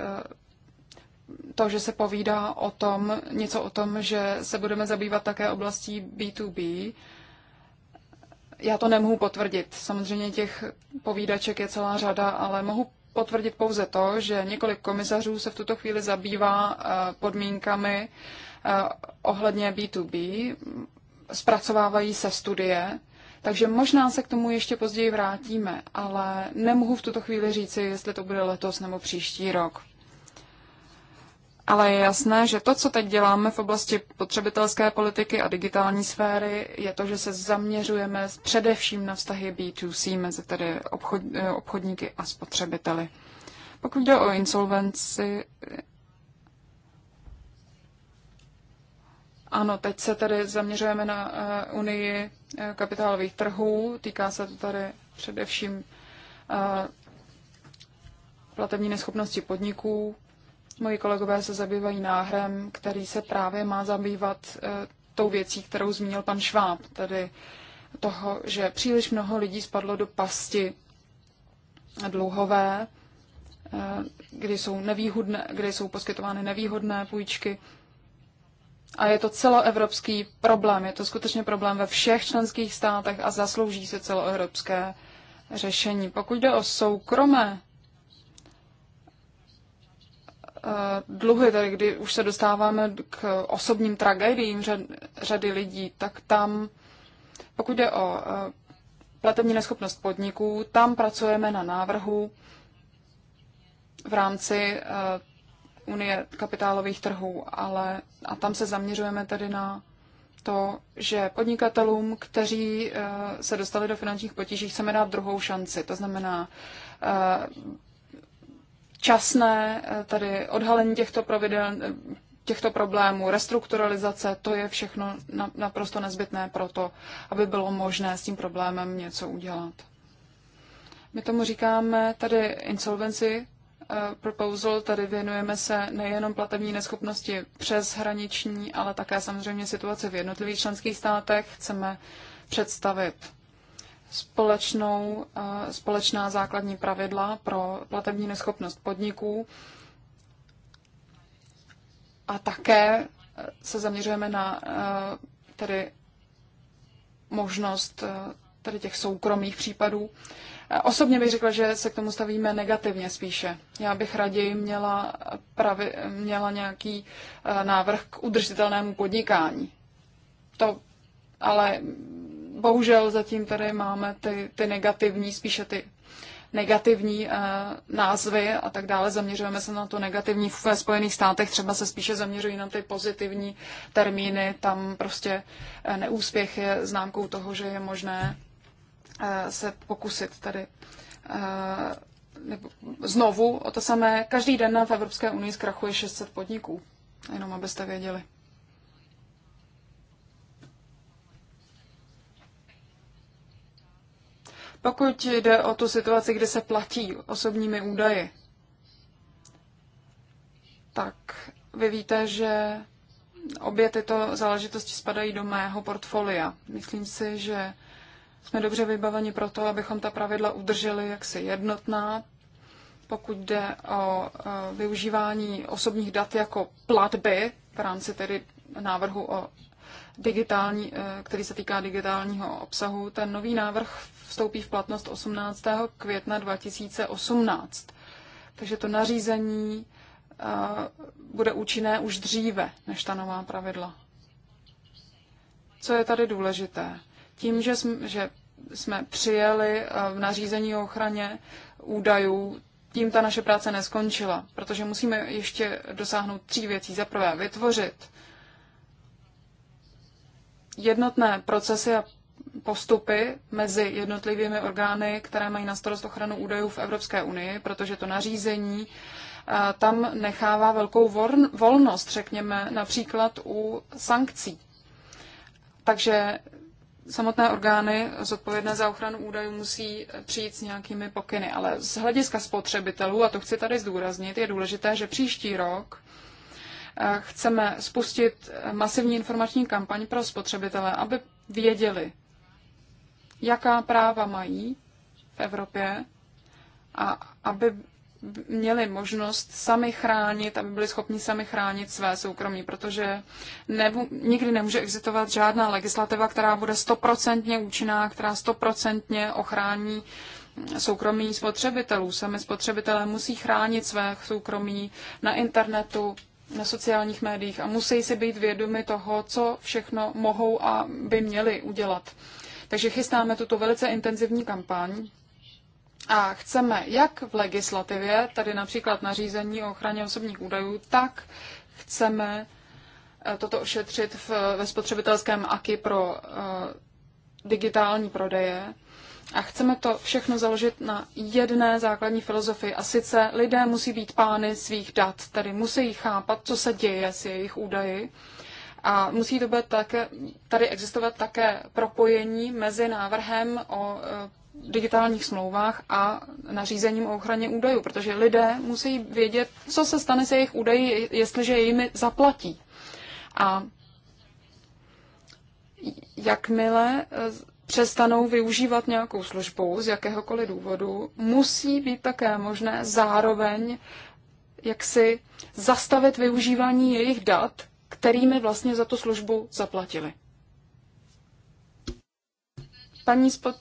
to, že se povídá o tom, něco o tom, že se budeme zabývat také oblastí B2B, já to nemohu potvrdit. Samozřejmě těch povídaček je celá řada, ale mohu potvrdit pouze to, že několik komisařů se v tuto chvíli zabývá eh, podmínkami eh, ohledně B2B, zpracovávají se studie, takže možná se k tomu ještě později vrátíme, ale nemohu v tuto chvíli říci, jestli to bude letos nebo příští rok ale je jasné, že to, co teď děláme v oblasti potřebitelské politiky a digitální sféry, je to, že se zaměřujeme především na vztahy B2C mezi tedy obchod, eh, obchodníky a spotřebiteli. Pokud jde o insolvenci, ano, teď se tedy zaměřujeme na uh, unii eh, kapitálových trhů, týká se to tady především uh, platební neschopnosti podniků, Moji kolegové se zabývají náhrem, který se právě má zabývat eh, tou věcí, kterou zmínil pan Šváb, tedy toho, že příliš mnoho lidí spadlo do pasti dluhové, eh, kdy jsou, nevýhodné, kdy jsou poskytovány nevýhodné půjčky. A je to celoevropský problém. Je to skutečně problém ve všech členských státech a zaslouží se celoevropské řešení. Pokud jde o soukromé Eh, dluhy, tedy kdy už se dostáváme k osobním tragédiím řady lidí, tak tam, pokud jde o eh, platební neschopnost podniků, tam pracujeme na návrhu v rámci eh, Unie kapitálových trhů, ale a tam se zaměřujeme tedy na to, že podnikatelům, kteří se dostali do finančních potíží, chceme dát druhou šanci. To znamená, včasné eh, tady odhalení těchto, pravidel, eh, těchto problémů, restrukturalizace, to je všechno naprosto nezbytné pro to, aby bylo možné s tím problémem něco udělat. My tomu říkáme tady insolvenci eh, proposal, tady věnujeme se nejenom platební neschopnosti přes hraniční, ale také samozřejmě situaci v jednotlivých členských státech. Chceme představit společnou, eh, společná základní pravidla pro platební neschopnost podniků a také eh, se zaměřujeme na eh, tedy možnost tady těch soukromých případů. Osobně bych řekla, že se k tomu stavíme negativně spíše. Já bych raději měla, pravi, měla nějaký návrh k udržitelnému podnikání. To ale bohužel zatím tady máme ty, ty negativní, spíše ty negativní uh, názvy a tak dále. Zaměřujeme se na to negativní ve Spojených státech, třeba se spíše zaměřují na ty pozitivní termíny. Tam prostě eh, neúspěch je známkou toho, že je možné uh, se pokusit tady uh, nebo znovu o to samé. Každý den v Evropské unii zkrachuje 600 podniků, jenom abyste věděli. Pokud jde o tu situaci, kdy se platí osobními údaji, tak vy víte, že obě tyto záležitosti spadají do mého portfolia. Myslím si, že jsme dobře vybaveni pro to, abychom ta pravidla udrželi jaksi jednotná, pokud jde o e, využívání osobních dat jako platby v rámci tedy návrhu o digitální, eh, který se týká digitálního obsahu. Ten nový návrh vstoupí v platnost 18. května 2018. Takže to nařízení eh, bude účinné už dříve než ta nová pravidla. Co je tady důležité? Tím, že jsme, že jsme přijeli eh, v nařízení o ochraně údajů, tím ta naše práce neskončila, protože musíme ještě dosáhnout tří věcí. Za prvé vytvořit jednotné procesy a postupy mezi jednotlivými orgány, které mají na starost ochranu údajů v Evropské unii, protože to nařízení eh, tam nechává velkou volnost, řekněme, například u sankcí. Takže samotné orgány zodpovědné za ochranu údajů musí přijít s nějakými pokyny. Ale z hlediska spotřebitelů, a to chci tady zdůraznit, je důležité, že příští rok chceme spustit masivní informační kampaň pro spotřebitele, aby věděli, jaká práva mají v Evropě a aby měli možnost sami chránit, aby byli schopni sami chránit své soukromí, protože ne, nikdy nemůže existovat žádná legislativa, která bude stoprocentně účinná, která stoprocentně ochrání soukromí spotřebitelů. Sami spotřebitelé musí chránit své soukromí na internetu, na sociálních médiích a musí si být vědomi toho, co všechno mohou a by měli udělat. Takže chystáme tuto velice intenzivní kampaň a chceme jak v legislativě, tady například nařízení o ochraně osobních údajů, tak chceme eh, toto ošetřit v, ve spotřebitelském AKI pro uh, digitální prodeje a chceme to všechno založit na jedné základní filozofii. A sice lidé musí být pány svých dat, tedy musí chápat, co se děje s jejich údaji. A musí to být také, tady existovat také propojení mezi návrhem o e, digitálních smlouvách a nařízením o ochraně údajů, protože lidé musí vědět, co se stane se jejich údaji, jestliže jimi zaplatí. A jakmile e, přestanou využívat nějakou službu z jakéhokoliv důvodu, musí být také možné zároveň jak si zastavit využívání jejich dat, kterými vlastně za tu službu zaplatili. Paní, spod...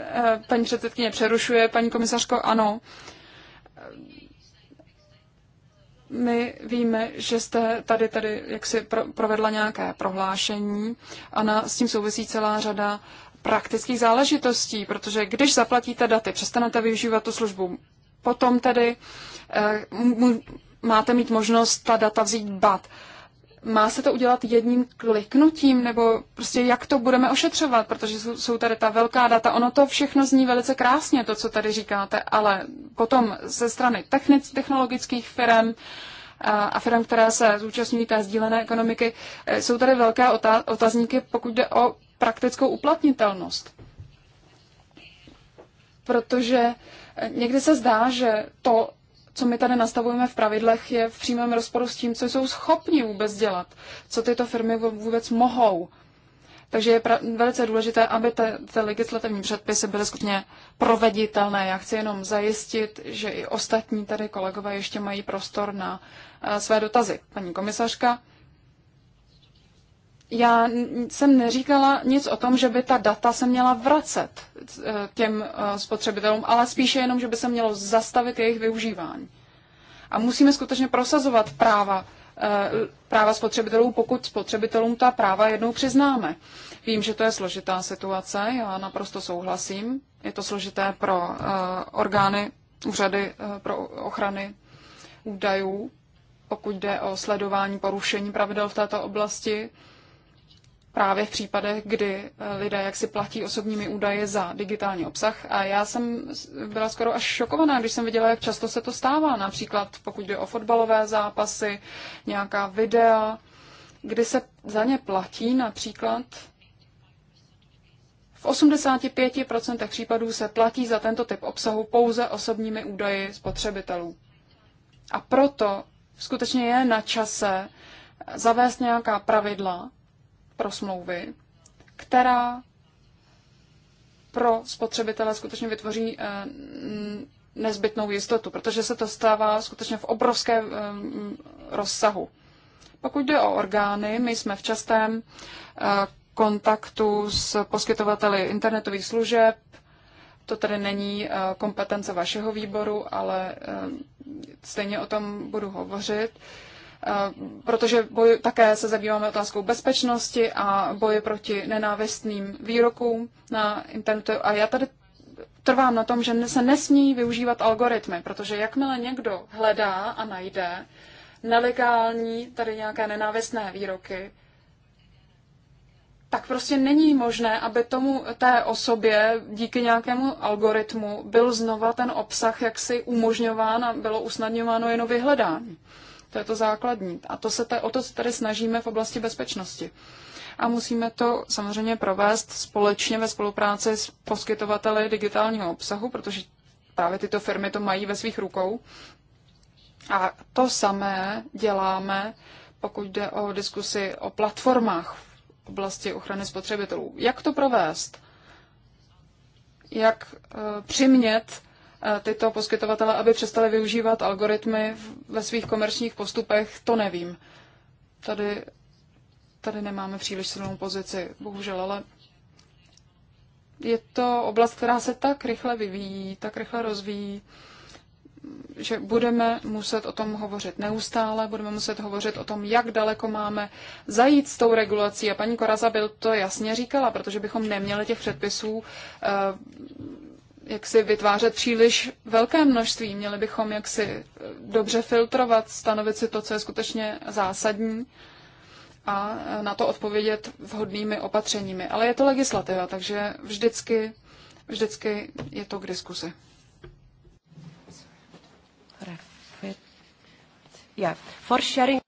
Eh, paní předsedkyně přerušuje, paní komisařko, ano. Uh, my víme, že jste tady, tady jak si provedla nějaké prohlášení a na, s tím souvisí celá řada praktických záležitostí, protože když zaplatíte daty, přestanete využívat tu službu, potom tedy eh, máte mít možnost ta data vzít bat. Má se to udělat jedním kliknutím, nebo prostě jak to budeme ošetřovat, protože jsou, jsou tady ta velká data. Ono to všechno zní velice krásně, to, co tady říkáte, ale potom ze strany technic, technologických firm, a firm, které se zúčastňují té sdílené ekonomiky, e, jsou tady velké otazníky, pokud jde o praktickou uplatnitelnost. Protože e, někdy se zdá, že to, co my tady nastavujeme v pravidlech, je v přímém rozporu s tím, co jsou schopni vůbec dělat, co tyto firmy vůbec mohou. Takže je velice důležité, aby ty legislativní předpisy byly skutečně proveditelné. Já chci jenom zajistit, že i ostatní tady kolegové ještě mají prostor na eh, své dotazy. Paní komisařka já jsem neříkala nic o tom, že by ta data se měla vracet eh, těm eh, spotřebitelům, ale spíše jenom, že by se mělo zastavit jejich využívání. A musíme skutečně prosazovat práva, eh, práva spotřebitelů, pokud spotřebitelům ta práva jednou přiznáme. Vím, že to je složitá situace, já naprosto souhlasím. Je to složité pro orgány, úřady pro ochrany údajů, pokud jde o sledování porušení pravidel v této oblasti právě v případech, kdy eh, lidé jaksi platí osobními údaje za digitální obsah. A já jsem byla skoro až šokovaná, když jsem viděla, jak často se to stává. Například pokud jde o fotbalové zápasy, nějaká videa, kdy se za ně platí například v 85% případů se platí za tento typ obsahu pouze osobními údaji spotřebitelů. A proto skutečně je na čase zavést nějaká pravidla, pro smlouvy, která pro spotřebitele skutečně vytvoří eh, nezbytnou jistotu, protože se to stává skutečně v obrovském eh, rozsahu. Pokud jde o orgány, my jsme v častém eh, kontaktu s poskytovateli internetových služeb. To tedy není kompetence vašeho výboru, ale stejně o tom budu hovořit. Eh, protože boj, také se zabýváme otázkou bezpečnosti a boje proti nenávistným výrokům na internetu. A já tady trvám na tom, že se nesmí využívat algoritmy, protože jakmile někdo hledá a najde nelegální, tady nějaké nenávistné výroky, tak prostě není možné, aby tomu té osobě díky nějakému algoritmu byl znova ten obsah jaksi umožňován a bylo usnadňováno jenom vyhledání. To je to základní. A to se te, o to se tady snažíme v oblasti bezpečnosti. A musíme to samozřejmě provést společně ve spolupráci s poskytovateli digitálního obsahu, protože právě tyto firmy to mají ve svých rukou. A to samé děláme, pokud jde o diskusi o platformách v oblasti ochrany spotřebitelů. Jak to provést? Jak eh, přimět Eh, tyto poskytovatele, aby přestali využívat algoritmy ve svých komerčních postupech, to nevím. Tady, tady nemáme příliš silnou pozici, bohužel, ale je to oblast, která se tak rychle vyvíjí, tak rychle rozvíjí, že budeme muset o tom hovořit neustále, budeme muset hovořit o tom, jak daleko máme zajít s tou regulací. A paní Koraza byl to jasně říkala, protože bychom neměli těch předpisů eh, jak si vytvářet příliš velké množství. Měli bychom jak si eh, dobře filtrovat, stanovit si to, co je skutečně zásadní a eh, na to odpovědět vhodnými opatřeními. Ale je to legislativa, takže vždycky, vždycky je to k diskusi. For sharing.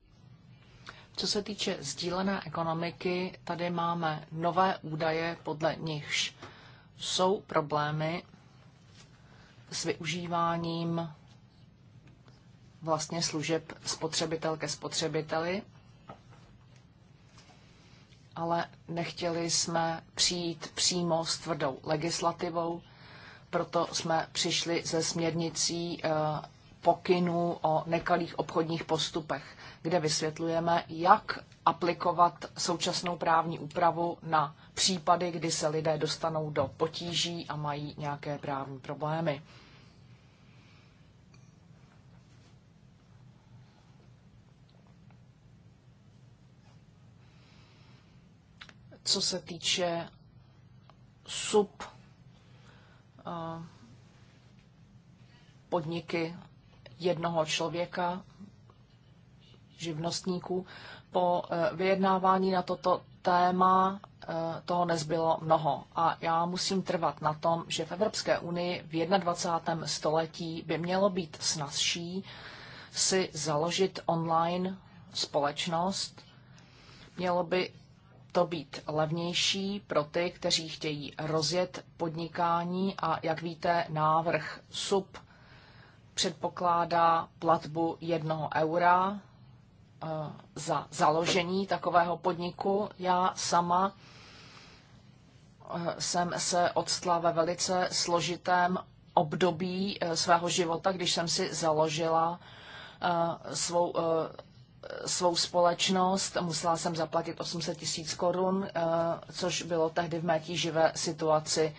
Co se týče sdílené ekonomiky, tady máme nové údaje, podle nichž jsou problémy s využíváním vlastně služeb spotřebitel ke spotřebiteli, ale nechtěli jsme přijít přímo s tvrdou legislativou, proto jsme přišli ze směrnicí eh, pokynů o nekalých obchodních postupech kde vysvětlujeme, jak aplikovat současnou právní úpravu na případy, kdy se lidé dostanou do potíží a mají nějaké právní problémy. Co se týče sub eh, podniky jednoho člověka, živnostníků. Po eh, vyjednávání na toto téma eh, toho nezbylo mnoho. A já musím trvat na tom, že v Evropské unii v 21. století by mělo být snazší si založit online společnost. Mělo by to být levnější pro ty, kteří chtějí rozjet podnikání a jak víte, návrh SUP předpokládá platbu jednoho eura Eh, za založení takového podniku. Já sama eh, jsem se odstla ve velice složitém období eh, svého života, když jsem si založila svou, svou společnost. Musela jsem zaplatit 800 tisíc korun, což bylo tehdy v mé tíživé situaci.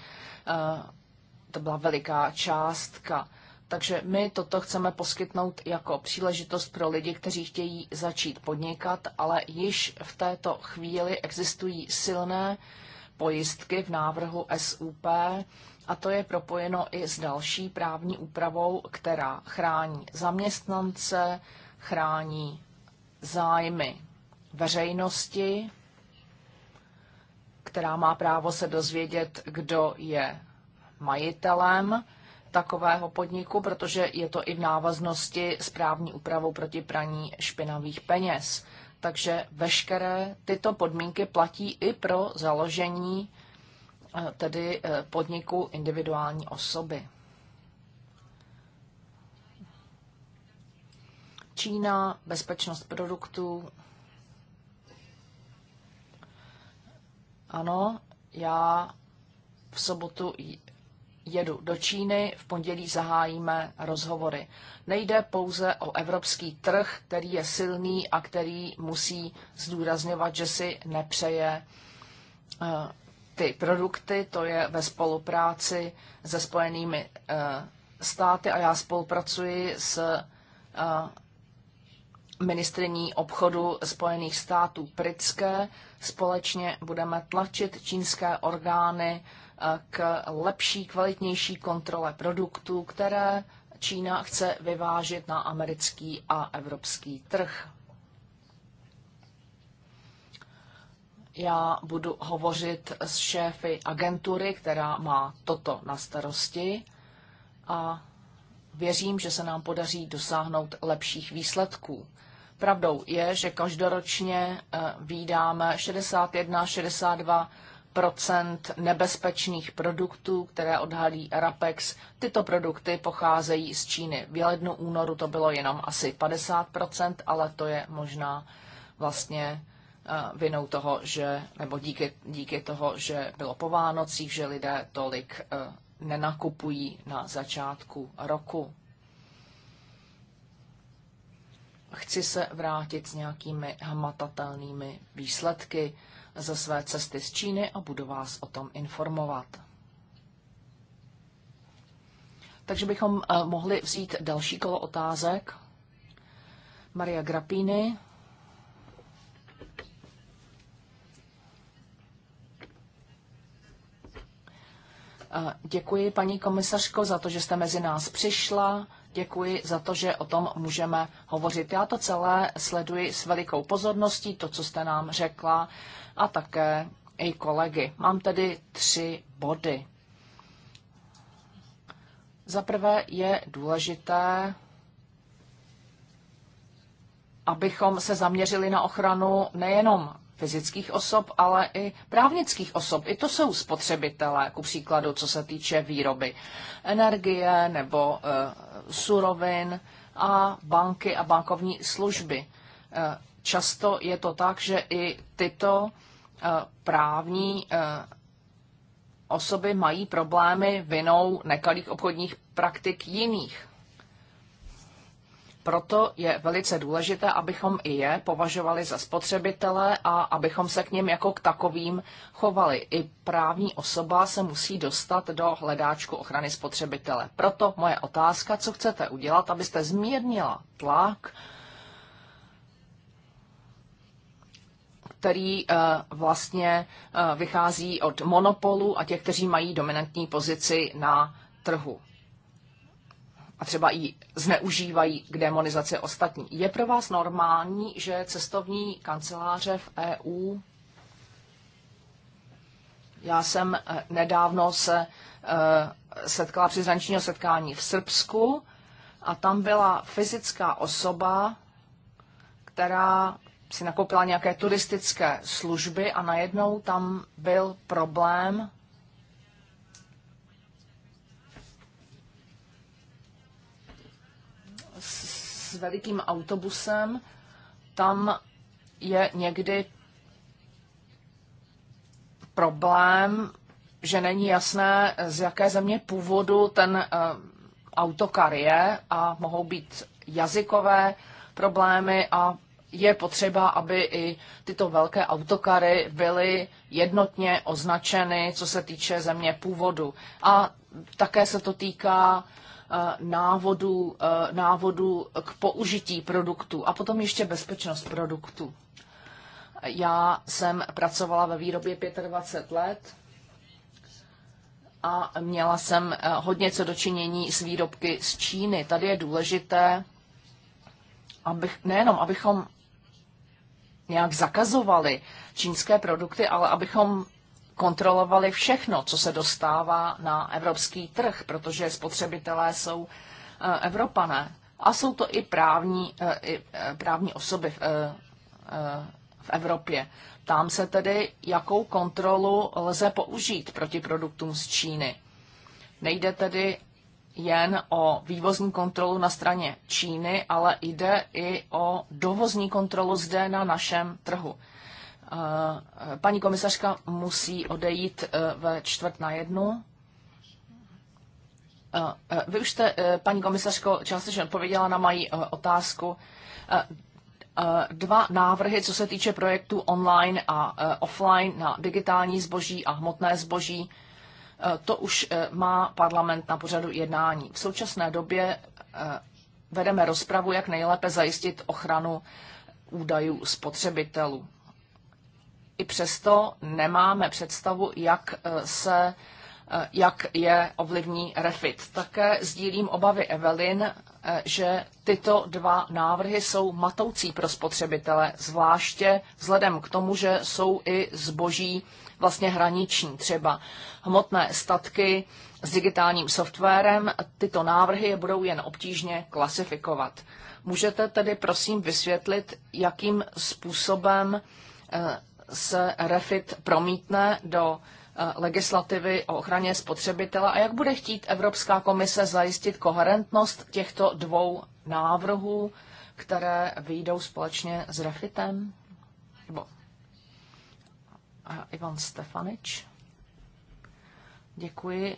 To byla veliká částka. Takže my toto chceme poskytnout jako příležitost pro lidi, kteří chtějí začít podnikat, ale již v této chvíli existují silné pojistky v návrhu SUP a to je propojeno i s další právní úpravou, která chrání zaměstnance, chrání zájmy veřejnosti, která má právo se dozvědět, kdo je majitelem takového podniku, protože je to i v návaznosti s právní úpravou proti praní špinavých peněz. Takže veškeré tyto podmínky platí i pro založení eh, tedy eh, podniku individuální osoby. Čína, bezpečnost produktů. Ano, já v sobotu jedu do Číny, v pondělí zahájíme rozhovory. Nejde pouze o evropský trh, který je silný a který musí zdůrazňovat, že si nepřeje eh, ty produkty, to je ve spolupráci se spojenými eh, státy a já spolupracuji s eh, ministriní obchodu Spojených států Pritské. Společně budeme tlačit čínské orgány k lepší, kvalitnější kontrole produktů, které Čína chce vyvážet na americký a evropský trh. Já budu hovořit s šéfy agentury, která má toto na starosti a věřím, že se nám podaří dosáhnout lepších výsledků. Pravdou je, že každoročně eh, výdáme 61-62 procent nebezpečných produktů, které odhalí RAPEX. Tyto produkty pocházejí z Číny. V lednu únoru to bylo jenom asi 50 ale to je možná vlastně eh, vinou toho, že, nebo díky, díky toho, že bylo po Vánocích, že lidé tolik eh, nenakupují na začátku roku. Chci se vrátit s nějakými hmatatelnými výsledky ze své cesty z Číny a budu vás o tom informovat. Takže bychom eh, mohli vzít další kolo otázek. Maria Grapini. Eh, děkuji, paní komisařko, za to, že jste mezi nás přišla děkuji za to, že o tom můžeme hovořit. Já to celé sleduji s velikou pozorností, to, co jste nám řekla, a také i kolegy. Mám tedy tři body. Za prvé je důležité, abychom se zaměřili na ochranu nejenom fyzických osob, ale i právnických osob. I to jsou spotřebitelé, ku příkladu, co se týče výroby energie nebo e, surovin a banky a bankovní služby. E, často je to tak, že i tyto e, právní e, osoby mají problémy vinou nekalých obchodních praktik jiných proto je velice důležité, abychom i je považovali za spotřebitele a abychom se k ním jako k takovým chovali. I právní osoba se musí dostat do hledáčku ochrany spotřebitele. Proto moje otázka, co chcete udělat, abyste zmírnila tlak, který eh, vlastně eh, vychází od monopolu a těch, kteří mají dominantní pozici na trhu a třeba ji zneužívají k demonizaci ostatní. Je pro vás normální, že cestovní kanceláře v EU já jsem eh, nedávno se eh, setkala při zrančního setkání v Srbsku a tam byla fyzická osoba, která si nakoupila nějaké turistické služby a najednou tam byl problém s velikým autobusem, tam je někdy problém, že není jasné, z jaké země původu ten eh, autokar je a mohou být jazykové problémy a je potřeba, aby i tyto velké autokary byly jednotně označeny, co se týče země původu. A také se to týká Eh, návodu eh, návodu k použití produktu a potom ještě bezpečnost produktu. Já jsem pracovala ve výrobě 25 let a měla jsem eh, hodně co dočinění s výrobky z Číny. Tady je důležité, abych, nejenom abychom nějak zakazovali čínské produkty, ale abychom kontrolovali všechno, co se dostává na evropský trh, protože spotřebitelé jsou eh, Evropané. A jsou to i právní, eh, i eh, právní osoby v, v Evropě. Tam se tedy, jakou kontrolu lze použít proti produktům z Číny. Nejde tedy jen o vývozní kontrolu na straně Číny, ale jde i o dovozní kontrolu zde na našem trhu. Paní komisařka musí odejít eh, ve čtvrt na jednu. Eh, eh, vy už jste, paní komisařko, částečně odpověděla na mají otázku. Dva návrhy, co se týče projektu online a offline na digitální zboží a hmotné zboží, to už má parlament na pořadu jednání. V současné době vedeme rozpravu, jak nejlépe zajistit ochranu údajů spotřebitelů i přesto nemáme představu, jak eh, se eh, jak je ovlivní refit. Také sdílím obavy Evelyn, eh, že tyto dva návrhy jsou matoucí pro spotřebitele, zvláště vzhledem k tomu, že jsou i zboží vlastně hraniční, třeba hmotné statky s digitálním softwarem, tyto návrhy je budou jen obtížně klasifikovat. Můžete tedy prosím vysvětlit, jakým způsobem se REFIT promítne do eh, legislativy o ochraně spotřebitela a jak bude chtít Evropská komise zajistit koherentnost těchto dvou návrhů, které vyjdou společně s Refitem? Nebo eh, Ivan Stefanič. Děkuji,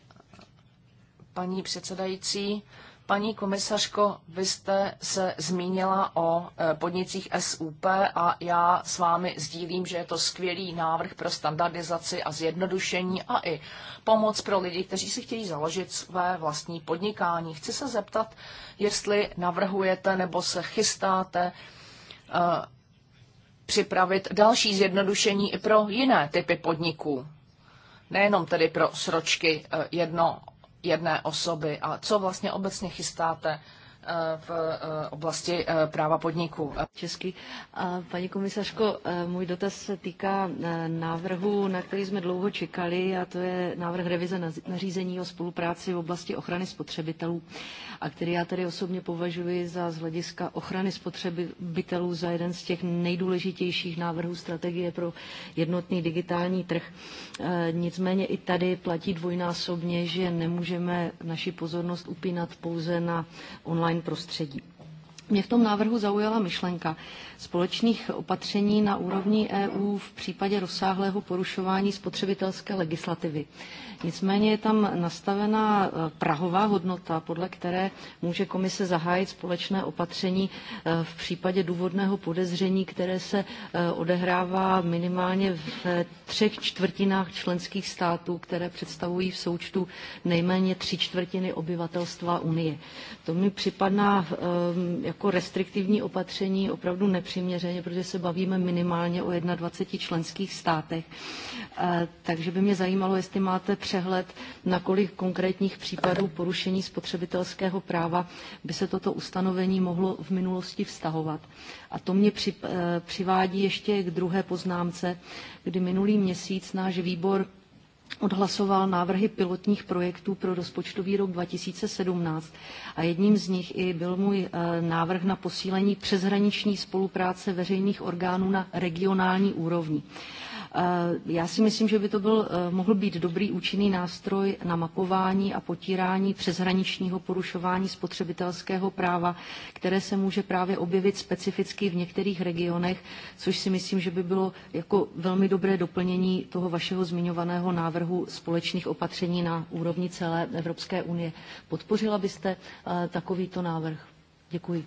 paní předsedající. Paní komisařko, vy jste se zmínila o e, podnicích SUP a já s vámi sdílím, že je to skvělý návrh pro standardizaci a zjednodušení a i pomoc pro lidi, kteří si chtějí založit své vlastní podnikání. Chci se zeptat, jestli navrhujete nebo se chystáte e, připravit další zjednodušení i pro jiné typy podniků. Nejenom tedy pro sročky e, jedno jedné osoby a co vlastně obecně chystáte v eh, oblasti eh, práva podniků. Český. Paní komisařko, eh, můj dotaz se týká návrhu, na který jsme dlouho čekali, a to je návrh revize nařízení o spolupráci v oblasti ochrany spotřebitelů, a který já tady osobně považuji za z hlediska ochrany spotřebitelů za jeden z těch nejdůležitějších návrhů strategie pro jednotný digitální trh. Nicméně i tady platí dvojnásobně, že nemůžeme naši pozornost upínat pouze na online online prostředí. Mě v tom návrhu zaujala myšlenka společných opatření na úrovni EU v případě rozsáhlého porušování spotřebitelské legislativy. Nicméně je tam nastavená e, prahová hodnota, podle které může komise zahájit společné opatření e, v případě důvodného podezření, které se e, odehrává minimálně v třech čtvrtinách členských států, které představují v součtu nejméně tři čtvrtiny obyvatelstva Unie. To mi připadá jako jako restriktivní opatření opravdu nepřiměřeně, protože se bavíme minimálně o 21 členských státech. E, takže by mě zajímalo, jestli máte přehled, na kolik konkrétních případů porušení spotřebitelského práva by se toto ustanovení mohlo v minulosti vztahovat. A to mě e, přivádí ještě k druhé poznámce, kdy minulý měsíc náš výbor odhlasoval návrhy pilotních projektů pro rozpočtový rok 2017 a jedním z nich i byl můj eh, návrh na posílení přeshraniční spolupráce veřejných orgánů na regionální úrovni. Eh, já si myslím, že by to byl, eh, mohl být dobrý účinný nástroj na mapování a potírání přeshraničního porušování spotřebitelského práva, které se může právě objevit specificky v některých regionech, což si myslím, že by bylo jako velmi dobré doplnění toho vašeho zmiňovaného návrhu společných opatření na úrovni celé Evropské unie. Podpořila byste eh, takovýto návrh? Děkuji.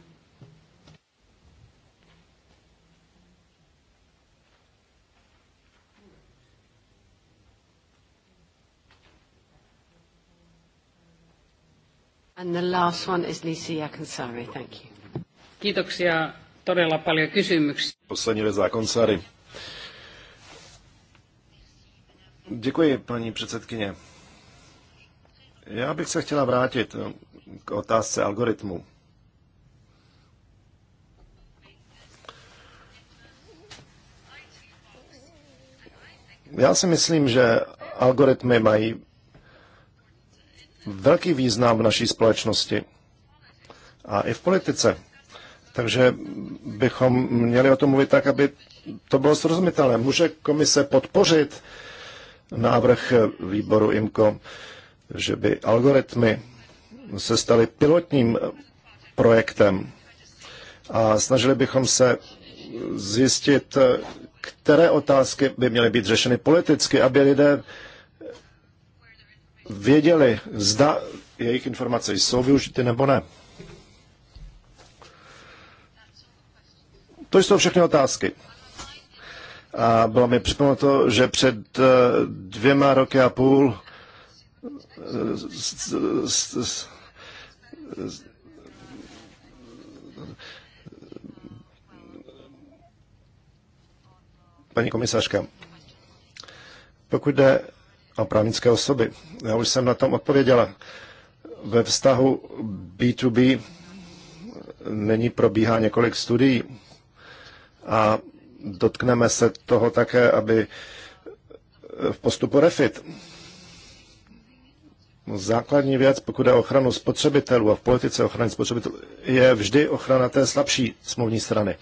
And the last one is Lisa Thank you. Kiitoksia todella paljon kysymyksiä. Poslední věc za koncary. Děkuji, paní předsedkyně. Já bych se chtěla vrátit no, k otázce algoritmu. Já si myslím, že algoritmy mají velký význam v naší společnosti a i v politice. Takže bychom měli o tom mluvit tak, aby to bylo srozumitelné. Může komise podpořit návrh výboru IMCO, že by algoritmy se staly pilotním projektem a snažili bychom se zjistit, které otázky by měly být řešeny politicky, aby lidé věděli, zda jejich informace jsou využity nebo ne. To jsou všechny otázky. A bylo mi to, že před eh, dvěma roky a půl eh, paní komisařka, pokud jde a právnické osoby. Já už jsem na tom odpověděla. Ve vztahu B2B nyní probíhá několik studií a dotkneme se toho také, aby v postupu refit. Základní věc, pokud je ochranu spotřebitelů a v politice ochrany spotřebitelů, je vždy ochrana té slabší smluvní strany.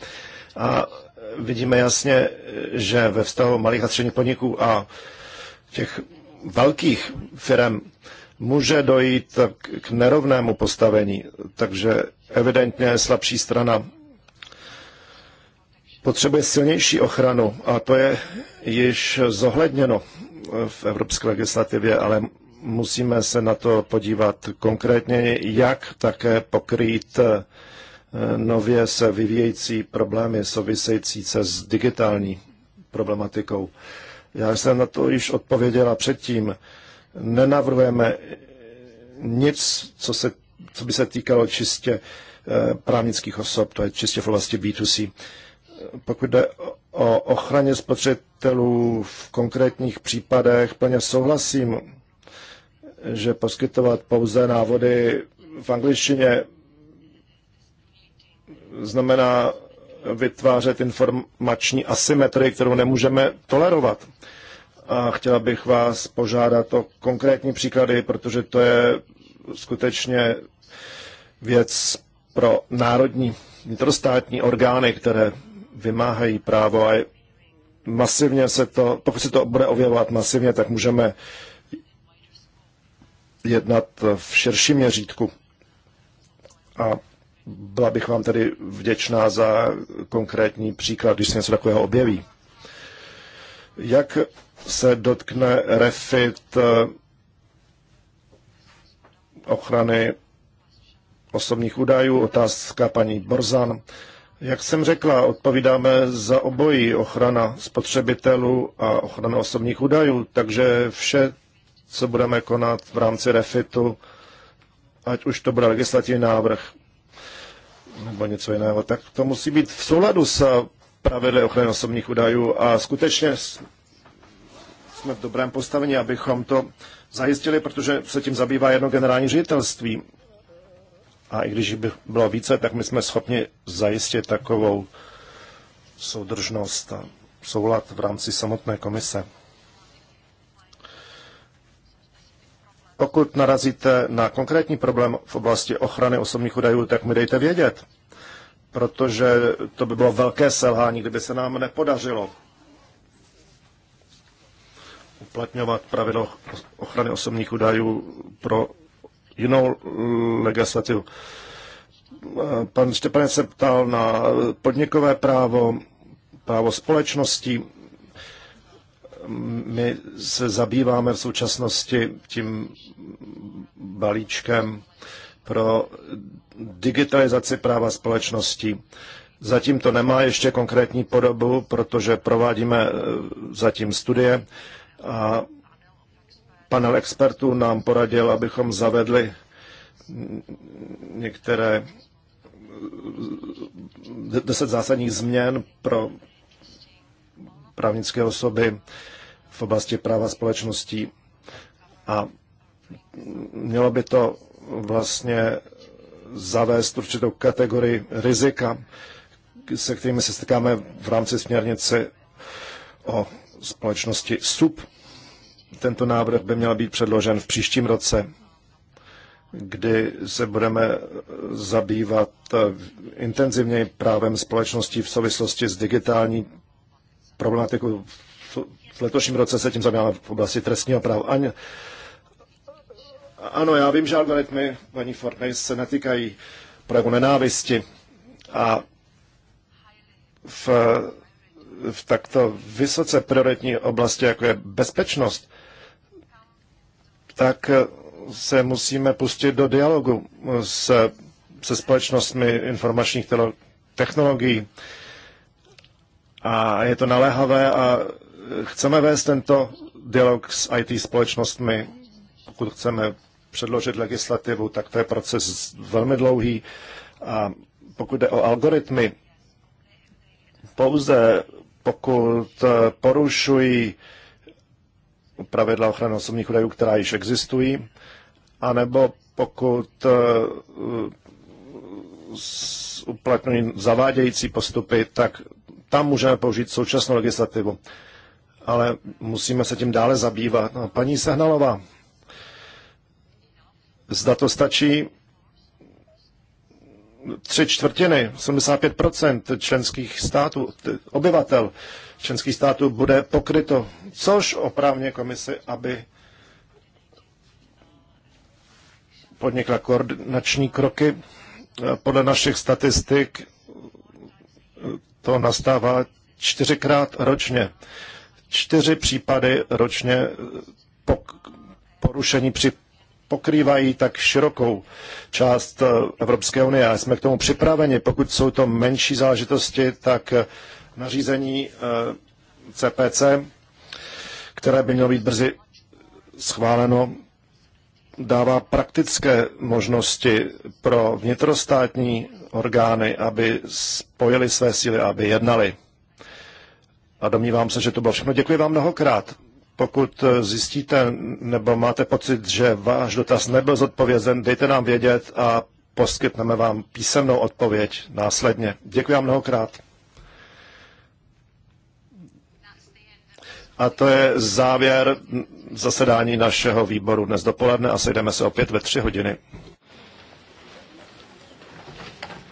A vidíme jasně, že ve vztahu malých a středních podniků a těch velkých firm může dojít k nerovnému postavení, takže evidentně je slabší strana potřebuje silnější ochranu a to je již zohledněno v evropské legislativě, ale musíme se na to podívat konkrétně, jak také pokrýt eh, nově se vyvíjející problémy související se s digitální problematikou. Já jsem na to již odpověděla předtím. Nenavrhujeme nic, co, se, co by se týkalo čistě eh, právnických osob, to je čistě v oblasti B2C. Pokud jde o ochraně spotřebitelů v konkrétních případech, plně souhlasím, že poskytovat pouze návody v angličtině znamená vytvářet informační asymetrii, kterou nemůžeme tolerovat. A chtěla bych vás požádat o konkrétní příklady, protože to je skutečně věc pro národní vnitrostátní orgány, které vymáhají právo a masivně se to, pokud se to bude objevovat masivně, tak můžeme jednat v širším měřítku. A byla bych vám tedy vděčná za konkrétní příklad, když se něco takového objeví. Jak se dotkne refit eh, ochrany osobních údajů, otázka paní Borzan. Jak jsem řekla, odpovídáme za obojí ochrana spotřebitelů a ochrana osobních údajů, takže vše, co budeme konat v rámci refitu, ať už to bude legislativní návrh nebo něco jiného, tak to musí být v souladu s pravidly ochrany osobních údajů a skutečně jsme v dobrém postavení, abychom to zajistili, protože se tím zabývá jedno generální ředitelství. A i když by bylo více, tak my jsme schopni zajistit takovou soudržnost a soulad v rámci samotné komise. Pokud narazíte na konkrétní problém v oblasti ochrany osobních údajů, tak mi dejte vědět, protože to by bylo velké selhání, kdyby se nám nepodařilo uplatňovat pravidlo ochrany osobních údajů pro jinou eh, legislativu. Eh, pan Štěpanec se ptal na podnikové právo, právo společností my se zabýváme v současnosti tím balíčkem pro digitalizaci práva společností. Zatím to nemá ještě konkrétní podobu, protože provádíme e, zatím studie a panel expertů nám poradil, abychom zavedli některé e, deset zásadních změn pro právnické osoby v oblasti práva společností. A mělo by to vlastně zavést určitou kategorii rizika, se kterými se stykáme v rámci směrnice o společnosti SUP. Tento návrh by měl být předložen v příštím roce, kdy se budeme zabývat intenzivněji právem společnosti v souvislosti s digitální problematikou v letošním roce se tím zabýváme v oblasti trestního práva. Ani... ano, já vím, že algoritmy paní Fortnite se netýkají projevu nenávisti a v, v takto vysoce prioritní oblasti, jako je bezpečnost, tak se musíme pustit do dialogu s, se společnostmi informačních technologií. A je to naléhavé a Chceme vést tento dialog s IT společnostmi, pokud chceme předložit legislativu, tak to je proces velmi dlouhý. A pokud jde o algoritmy, pouze pokud porušují pravidla ochrany osobních údajů, která již existují, anebo pokud eh, uplatňují zavádějící postupy, tak tam můžeme použít současnou legislativu ale musíme se tím dále zabývat. No, paní Sehnalová, zda to stačí tři čtvrtiny, 75% členských států, obyvatel členských států bude pokryto, což oprávně komisi, aby podnikla koordinační kroky. Podle našich statistik to nastává čtyřikrát ročně čtyři případy ročně eh, porušení při pokrývají tak širokou část eh, Evropské unie a jsme k tomu připraveni. Pokud jsou to menší zážitosti, tak eh, nařízení CPC, které by mělo být brzy schváleno, dává praktické možnosti pro vnitrostátní orgány, aby spojili své síly, aby jednali a domnívám se, že to bylo všechno. Děkuji vám mnohokrát. Pokud eh, zjistíte nebo máte pocit, že váš dotaz nebyl zodpovězen, dejte nám vědět a poskytneme vám písemnou odpověď následně. Děkuji vám mnohokrát. A to je závěr zasedání našeho výboru dnes dopoledne a sejdeme se opět ve tři hodiny.